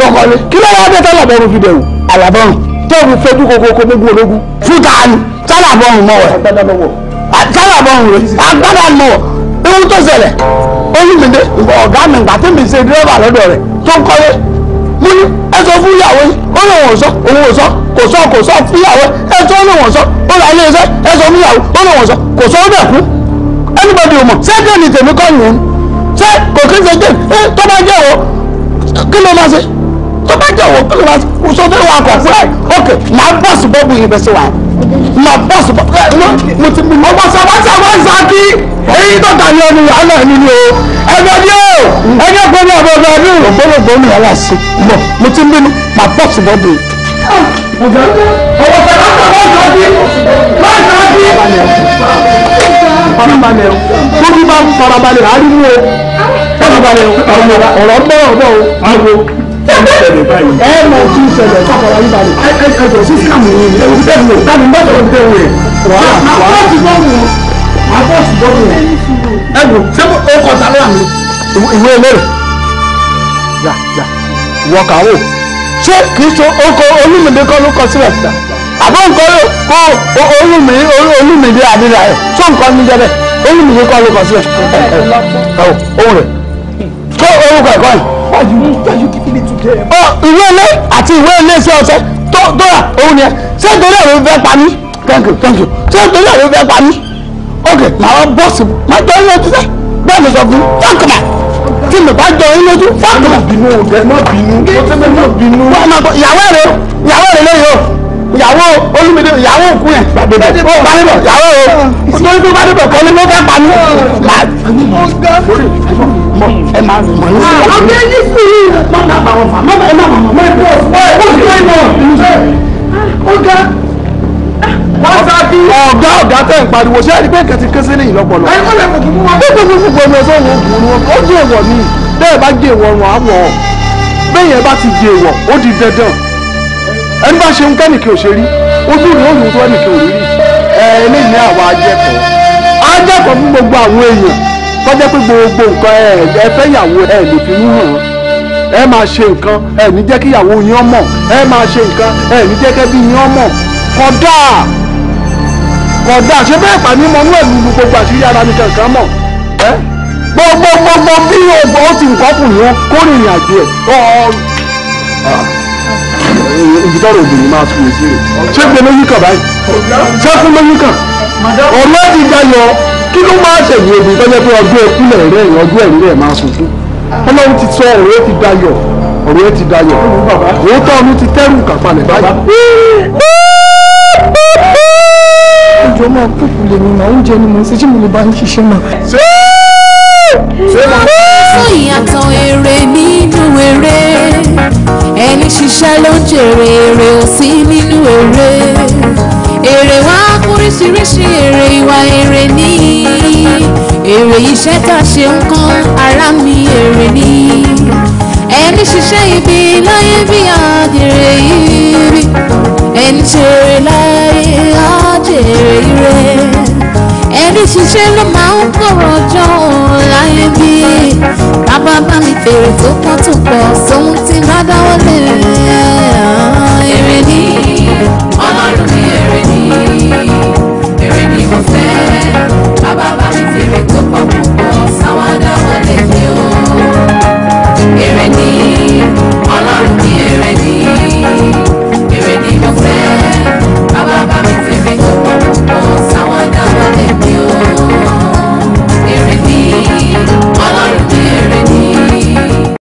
ló kọ́lé kí ló wá dé tọ́lá bẹ́ẹ̀ fi dẹ̀rù àlàbọ̀rùn tó fi fojú kokoko gbogbo ológun fún tààlù tálàbọ̀rùn mọ́ ẹ̀ kára bọ̀ ọ̀hún rẹ̀ agbára mọ̀ ewu tó ṣẹlẹ̀ olùmìdé ọ̀gá mi gbà tí mi ṣe dírẹ́bà lọ́dọ̀ rẹ̀ tó ń kọ́lé mo ní ẹ sọ fún ìyàwó yìí ó lè wọ̀n sọ òun ò sọ kò sọ kò sọ fún ìyàwó ẹ sọ ó lè wọ̀n sọ ó lè ayé ẹsẹ ẹ sọ fún ìyàwó ó lè wọ̀n sọ kò sọ ó dẹ̀ kú anybody ò mọ̀ ṣé kí ni tèmi kọ́ yìí ṣé kò kí n ṣe dé ẹ tó bá jẹ́ wọ kí ló máa ṣe tó bá jẹ́ wọ kí ló máa ṣe kò sọ fún ìwà àkọ́kọ́ ẹ̀ ok màá bọ̀ sí bọ́ọ̀bù yìí bẹ́ẹ̀ sí wàá ma bọ́ọ̀sì mo ti mú. ọmọ sàbáṣà máa ń sàkí èyí tó tàbí ọmọ ìyá náà nínú o ẹgbẹ́ ni o ẹgbẹ́ gbọ́dọ̀ ọmọ ọmọ ẹni o. gbọ́dọ̀gbọ́ ni wàhálà sí mọ̀ mo ti mú ma bọ́ọ̀sì bọ́ọ̀dù. ọmọ sàbáṣà máa ń sàkí máa ń sàkí. farabalẹ̀ o tó bí bá farabalẹ̀ àárín o farabalẹ̀ o ọ̀rọ̀ ń bọ̀ ọ̀rọ̀ o tí ń ṣẹlẹ̀ báyìí. ẹ mọ tí ń ṣẹlẹ̀ sọ́kọ̀rọ̀ yín balẹ̀. ẹ ẹ jọ sí sílámù yìí ewu tẹ́ mi ò tá mi mọ́tò ń tẹ̀wé. wàá wàá máa bọ́ọ̀sì bọ́ọ̀mù máa bọ́ọ̀sì bọ́ọ̀mù. ẹ wò ṣé o kọ ta ló wà mí. ìwé eléré yà yà wọ kàwọ ṣé kì í ṣe oko olúmìdé kọ́ ló kọ sílẹ̀ síta àbọ̀ nǹkan kó olúmìdé àdìrà ẹ̀ tó nǹkan ní jẹ́ bẹ́ẹ̀ olúmìdé kọ́ ló kọ sílẹ̀ ẹ̀ ẹ̀ ẹ̀ ohun rẹ̀ tó orúkọ ẹ̀kọ́ yìí why you why you giving it to them. ọ ìwé ilé àti ìwé ilé iṣẹ́ ọṣẹ tó dọ́là òun ni ẹ ṣé nítorí ẹ̀rọ fẹ́ pa mí thank you thank you ṣé nítorí ẹ̀rọ fẹ́ pa mí ok làwọn bọ́ọ̀sì máa jọ ilé ojú sẹ́ bẹ́ẹ̀ ló sọ fún mi thank you tí mi bá jọ ilé ojú thank you. bínú ọ̀gá náà bínú ọ̀gá náà bínú. wọ́n máa bọ̀ ìyàwó rẹ̀ ìyàwó rẹ̀ lóye o ìyàwó olùmídé ìyàwó òkú yẹn bàdébọ̀ ìyàwó o nítorí tó bàdébọ̀ kọ́ni ló fẹ́ pa mí mọ ah, ọ̀gá ọ̀gá tẹ̀ ń pariwo ṣé ẹni pé kẹ̀tì kẹsí lè yìn lọ́pọ̀lọ́. ẹ kọ́lẹ̀ kò fún wa. bí kò fún gbogbo ọmọ ẹ̀sán ó jẹ́ èèwọ̀ bẹ́ẹ̀ bá jẹ́ ọ̀run àwọ̀ bẹ́yẹn bá ti jẹ́ ó di dandan. ẹni bá ṣeun kẹ́nìkì ò ṣe rí ojú rẹ̀ òun tó ẹnìkì ò rí rí. ẹ eléyìí ní àwa ajẹ́kọ̀ọ́ ajẹ́kọ̀ọ́ fún gbogbo àwọn èèyàn tọ́jẹ́ pé gbogbo nǹkan ẹ ẹ fẹ́ yàwó ẹ lè fi mú hàn ẹ máa ṣe nǹkan ẹ ní jẹ́ kí ìyàwó yín mọ̀ ẹ máa ṣe nǹkan ẹ ní jẹ́ kẹ́bí yín mọ̀ kódà kódà ṣé bẹ́ẹ̀ pàmí mọ́ inú ẹ̀lú lu gbogbo àṣírí ara mi kankan mọ̀ ẹ́ gbogbo gbogbo bí ògbó ó ti nǹkan kùn yín kó rìnrìn àjò ẹ̀ ibi tọrọ obìnrin máa fi èsì rè ṣé gbẹ lóyún kàn báyìí ṣé fún lóyún kàn ọ̀rọ̀ ẹ̀ ti dayọ̀ kí ló máa ṣẹ̀yìn ebi tọ́jọ́ pé ọdún ẹkú lẹ̀ rẹ̀ ọdún ẹ̀rí rẹ̀ máa sunkún ọlọ́run ti sọ ọ̀rọ̀ ti dayọ̀ ọ̀rọ̀ ti dayọ̀ òótọ́ ọdún ti tẹ́rù kàfalẹ̀ báyìí. ìjọ máa púpù lè mi máa oúnjẹ ni mo ṣe tí mo lè bá ń ṣiṣẹ́ náà. sọ ìyàtọ̀ èrè nínú èrè ẹni ṣiṣẹ́ ló ń jèrè èrè ò sí nínú èrè èrè wá kúríṣiríṣi èrè ìwà èrè ní èrè iṣẹ́ tá a ṣe ń kán ara mi èrè ní ẹni ṣiṣẹ́ ibi láyé bí àdèrè ibi ẹni ṣeré láyé àdèrè ire ẹni ṣiṣẹ́ ló máa ń kọ̀rọ̀ ọjọ́ láyé bí bàbá bá mi fèrè tó pọ̀ tó pọ̀ sóhun tí bá dáwọ́ lé èrè ní ọlọ́run ní èrè èrè ni mo fẹ́ bàbá bá mi fèrè tó pọ̀ púpọ̀ sáwọn adáwọlé ni ó èrè ni.